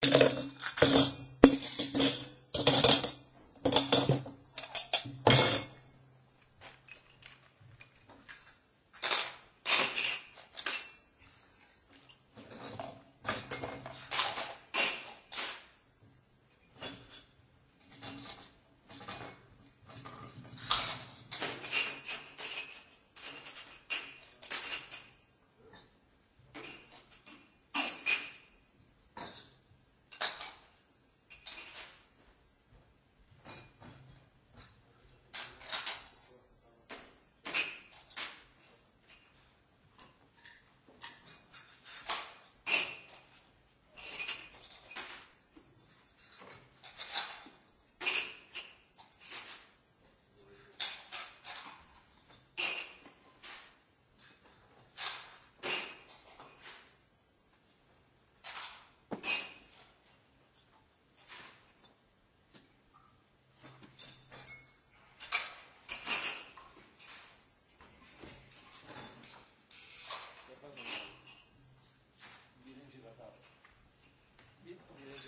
Thank you.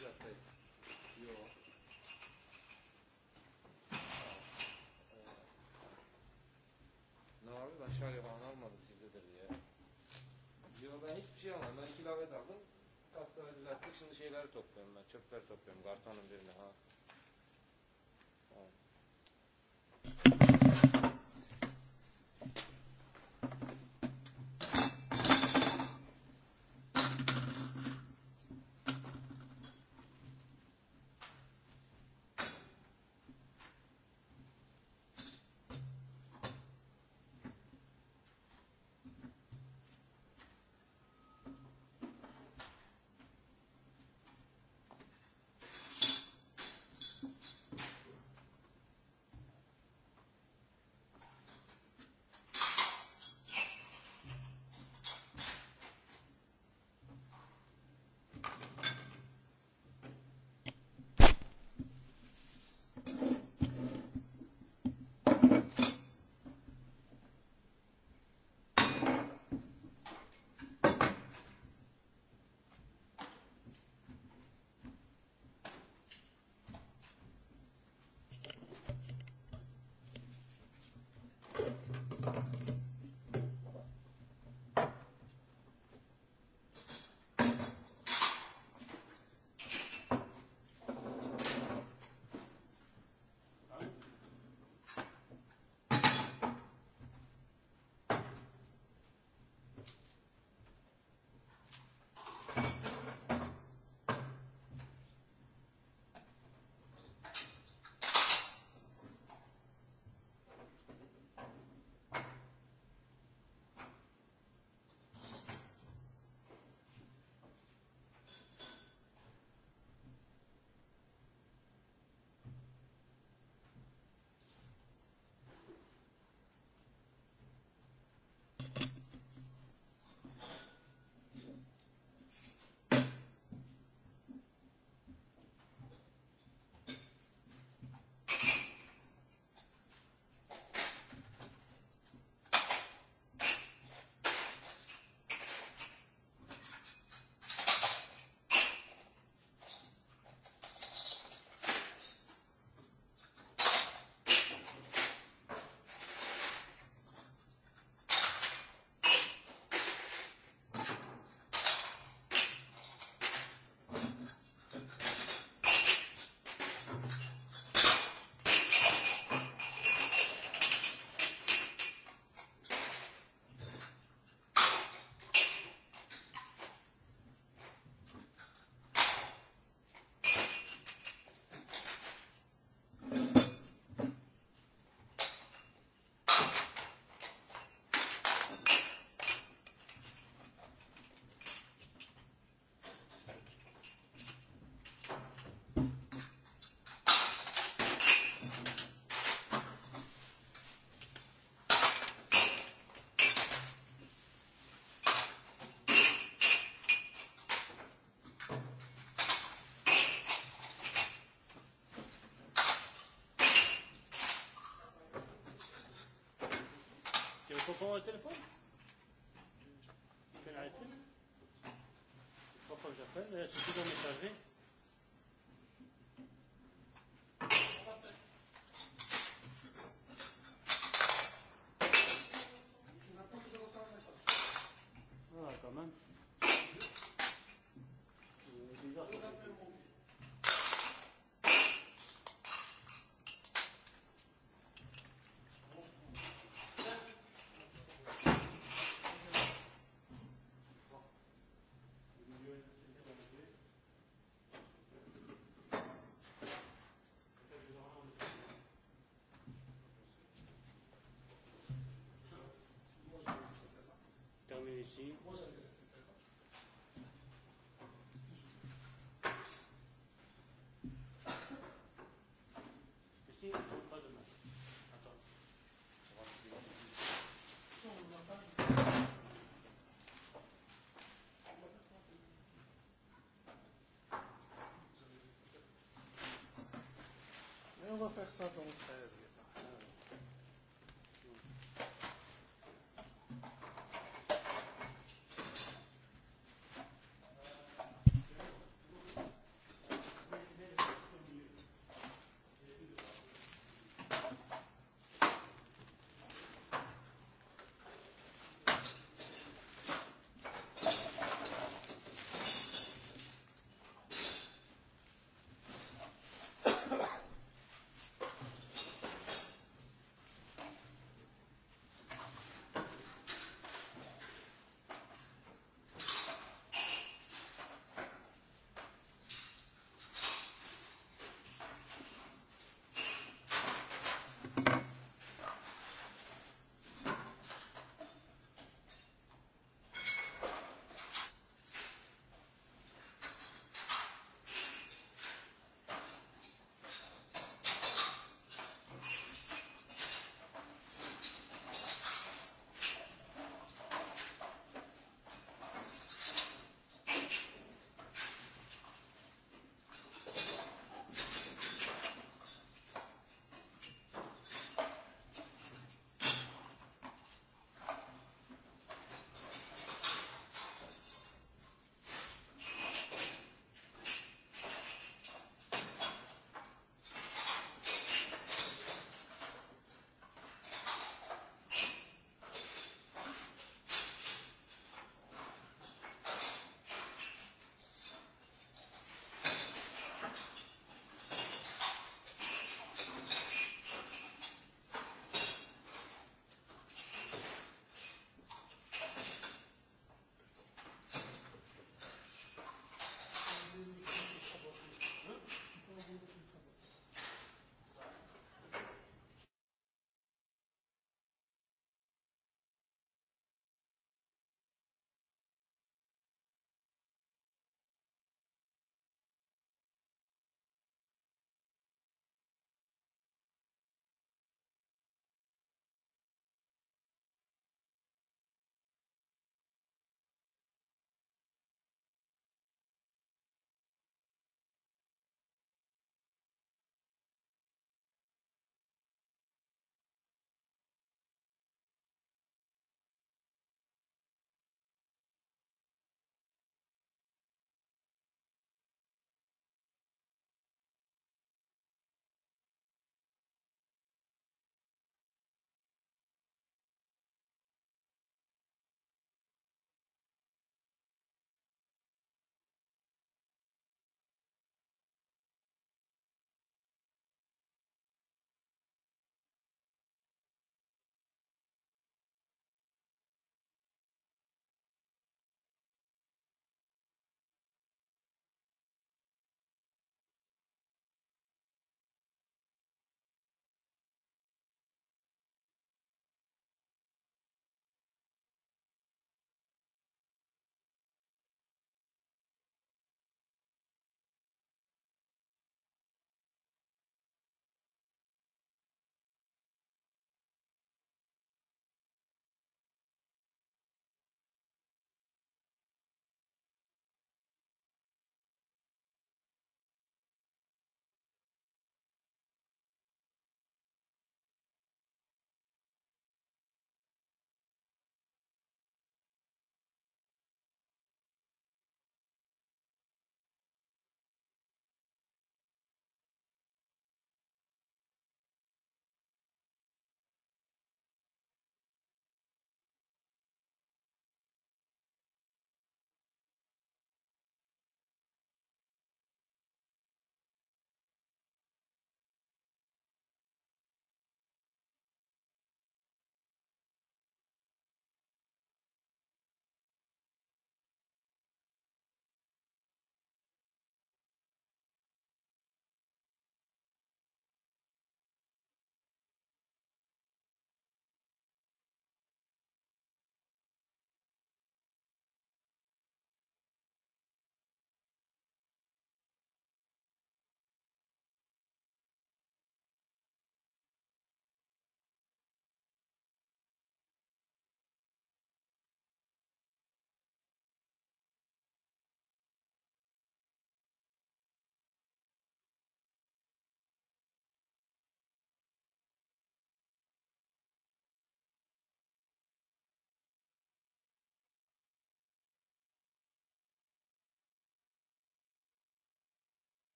Ne abi ben şalya almadım sizdedir diye. Diyor ben hiçbir şey almadım. Ben aldım. düzelttik. Şimdi şeyleri topluyorum ben. Çöpler topluyorum. Kartonun birini ha. يشوف هو التليفون فين عيطتي؟ Pourquoi j'appelle C'est toujours messagerie. ici. on va faire ça dans 13.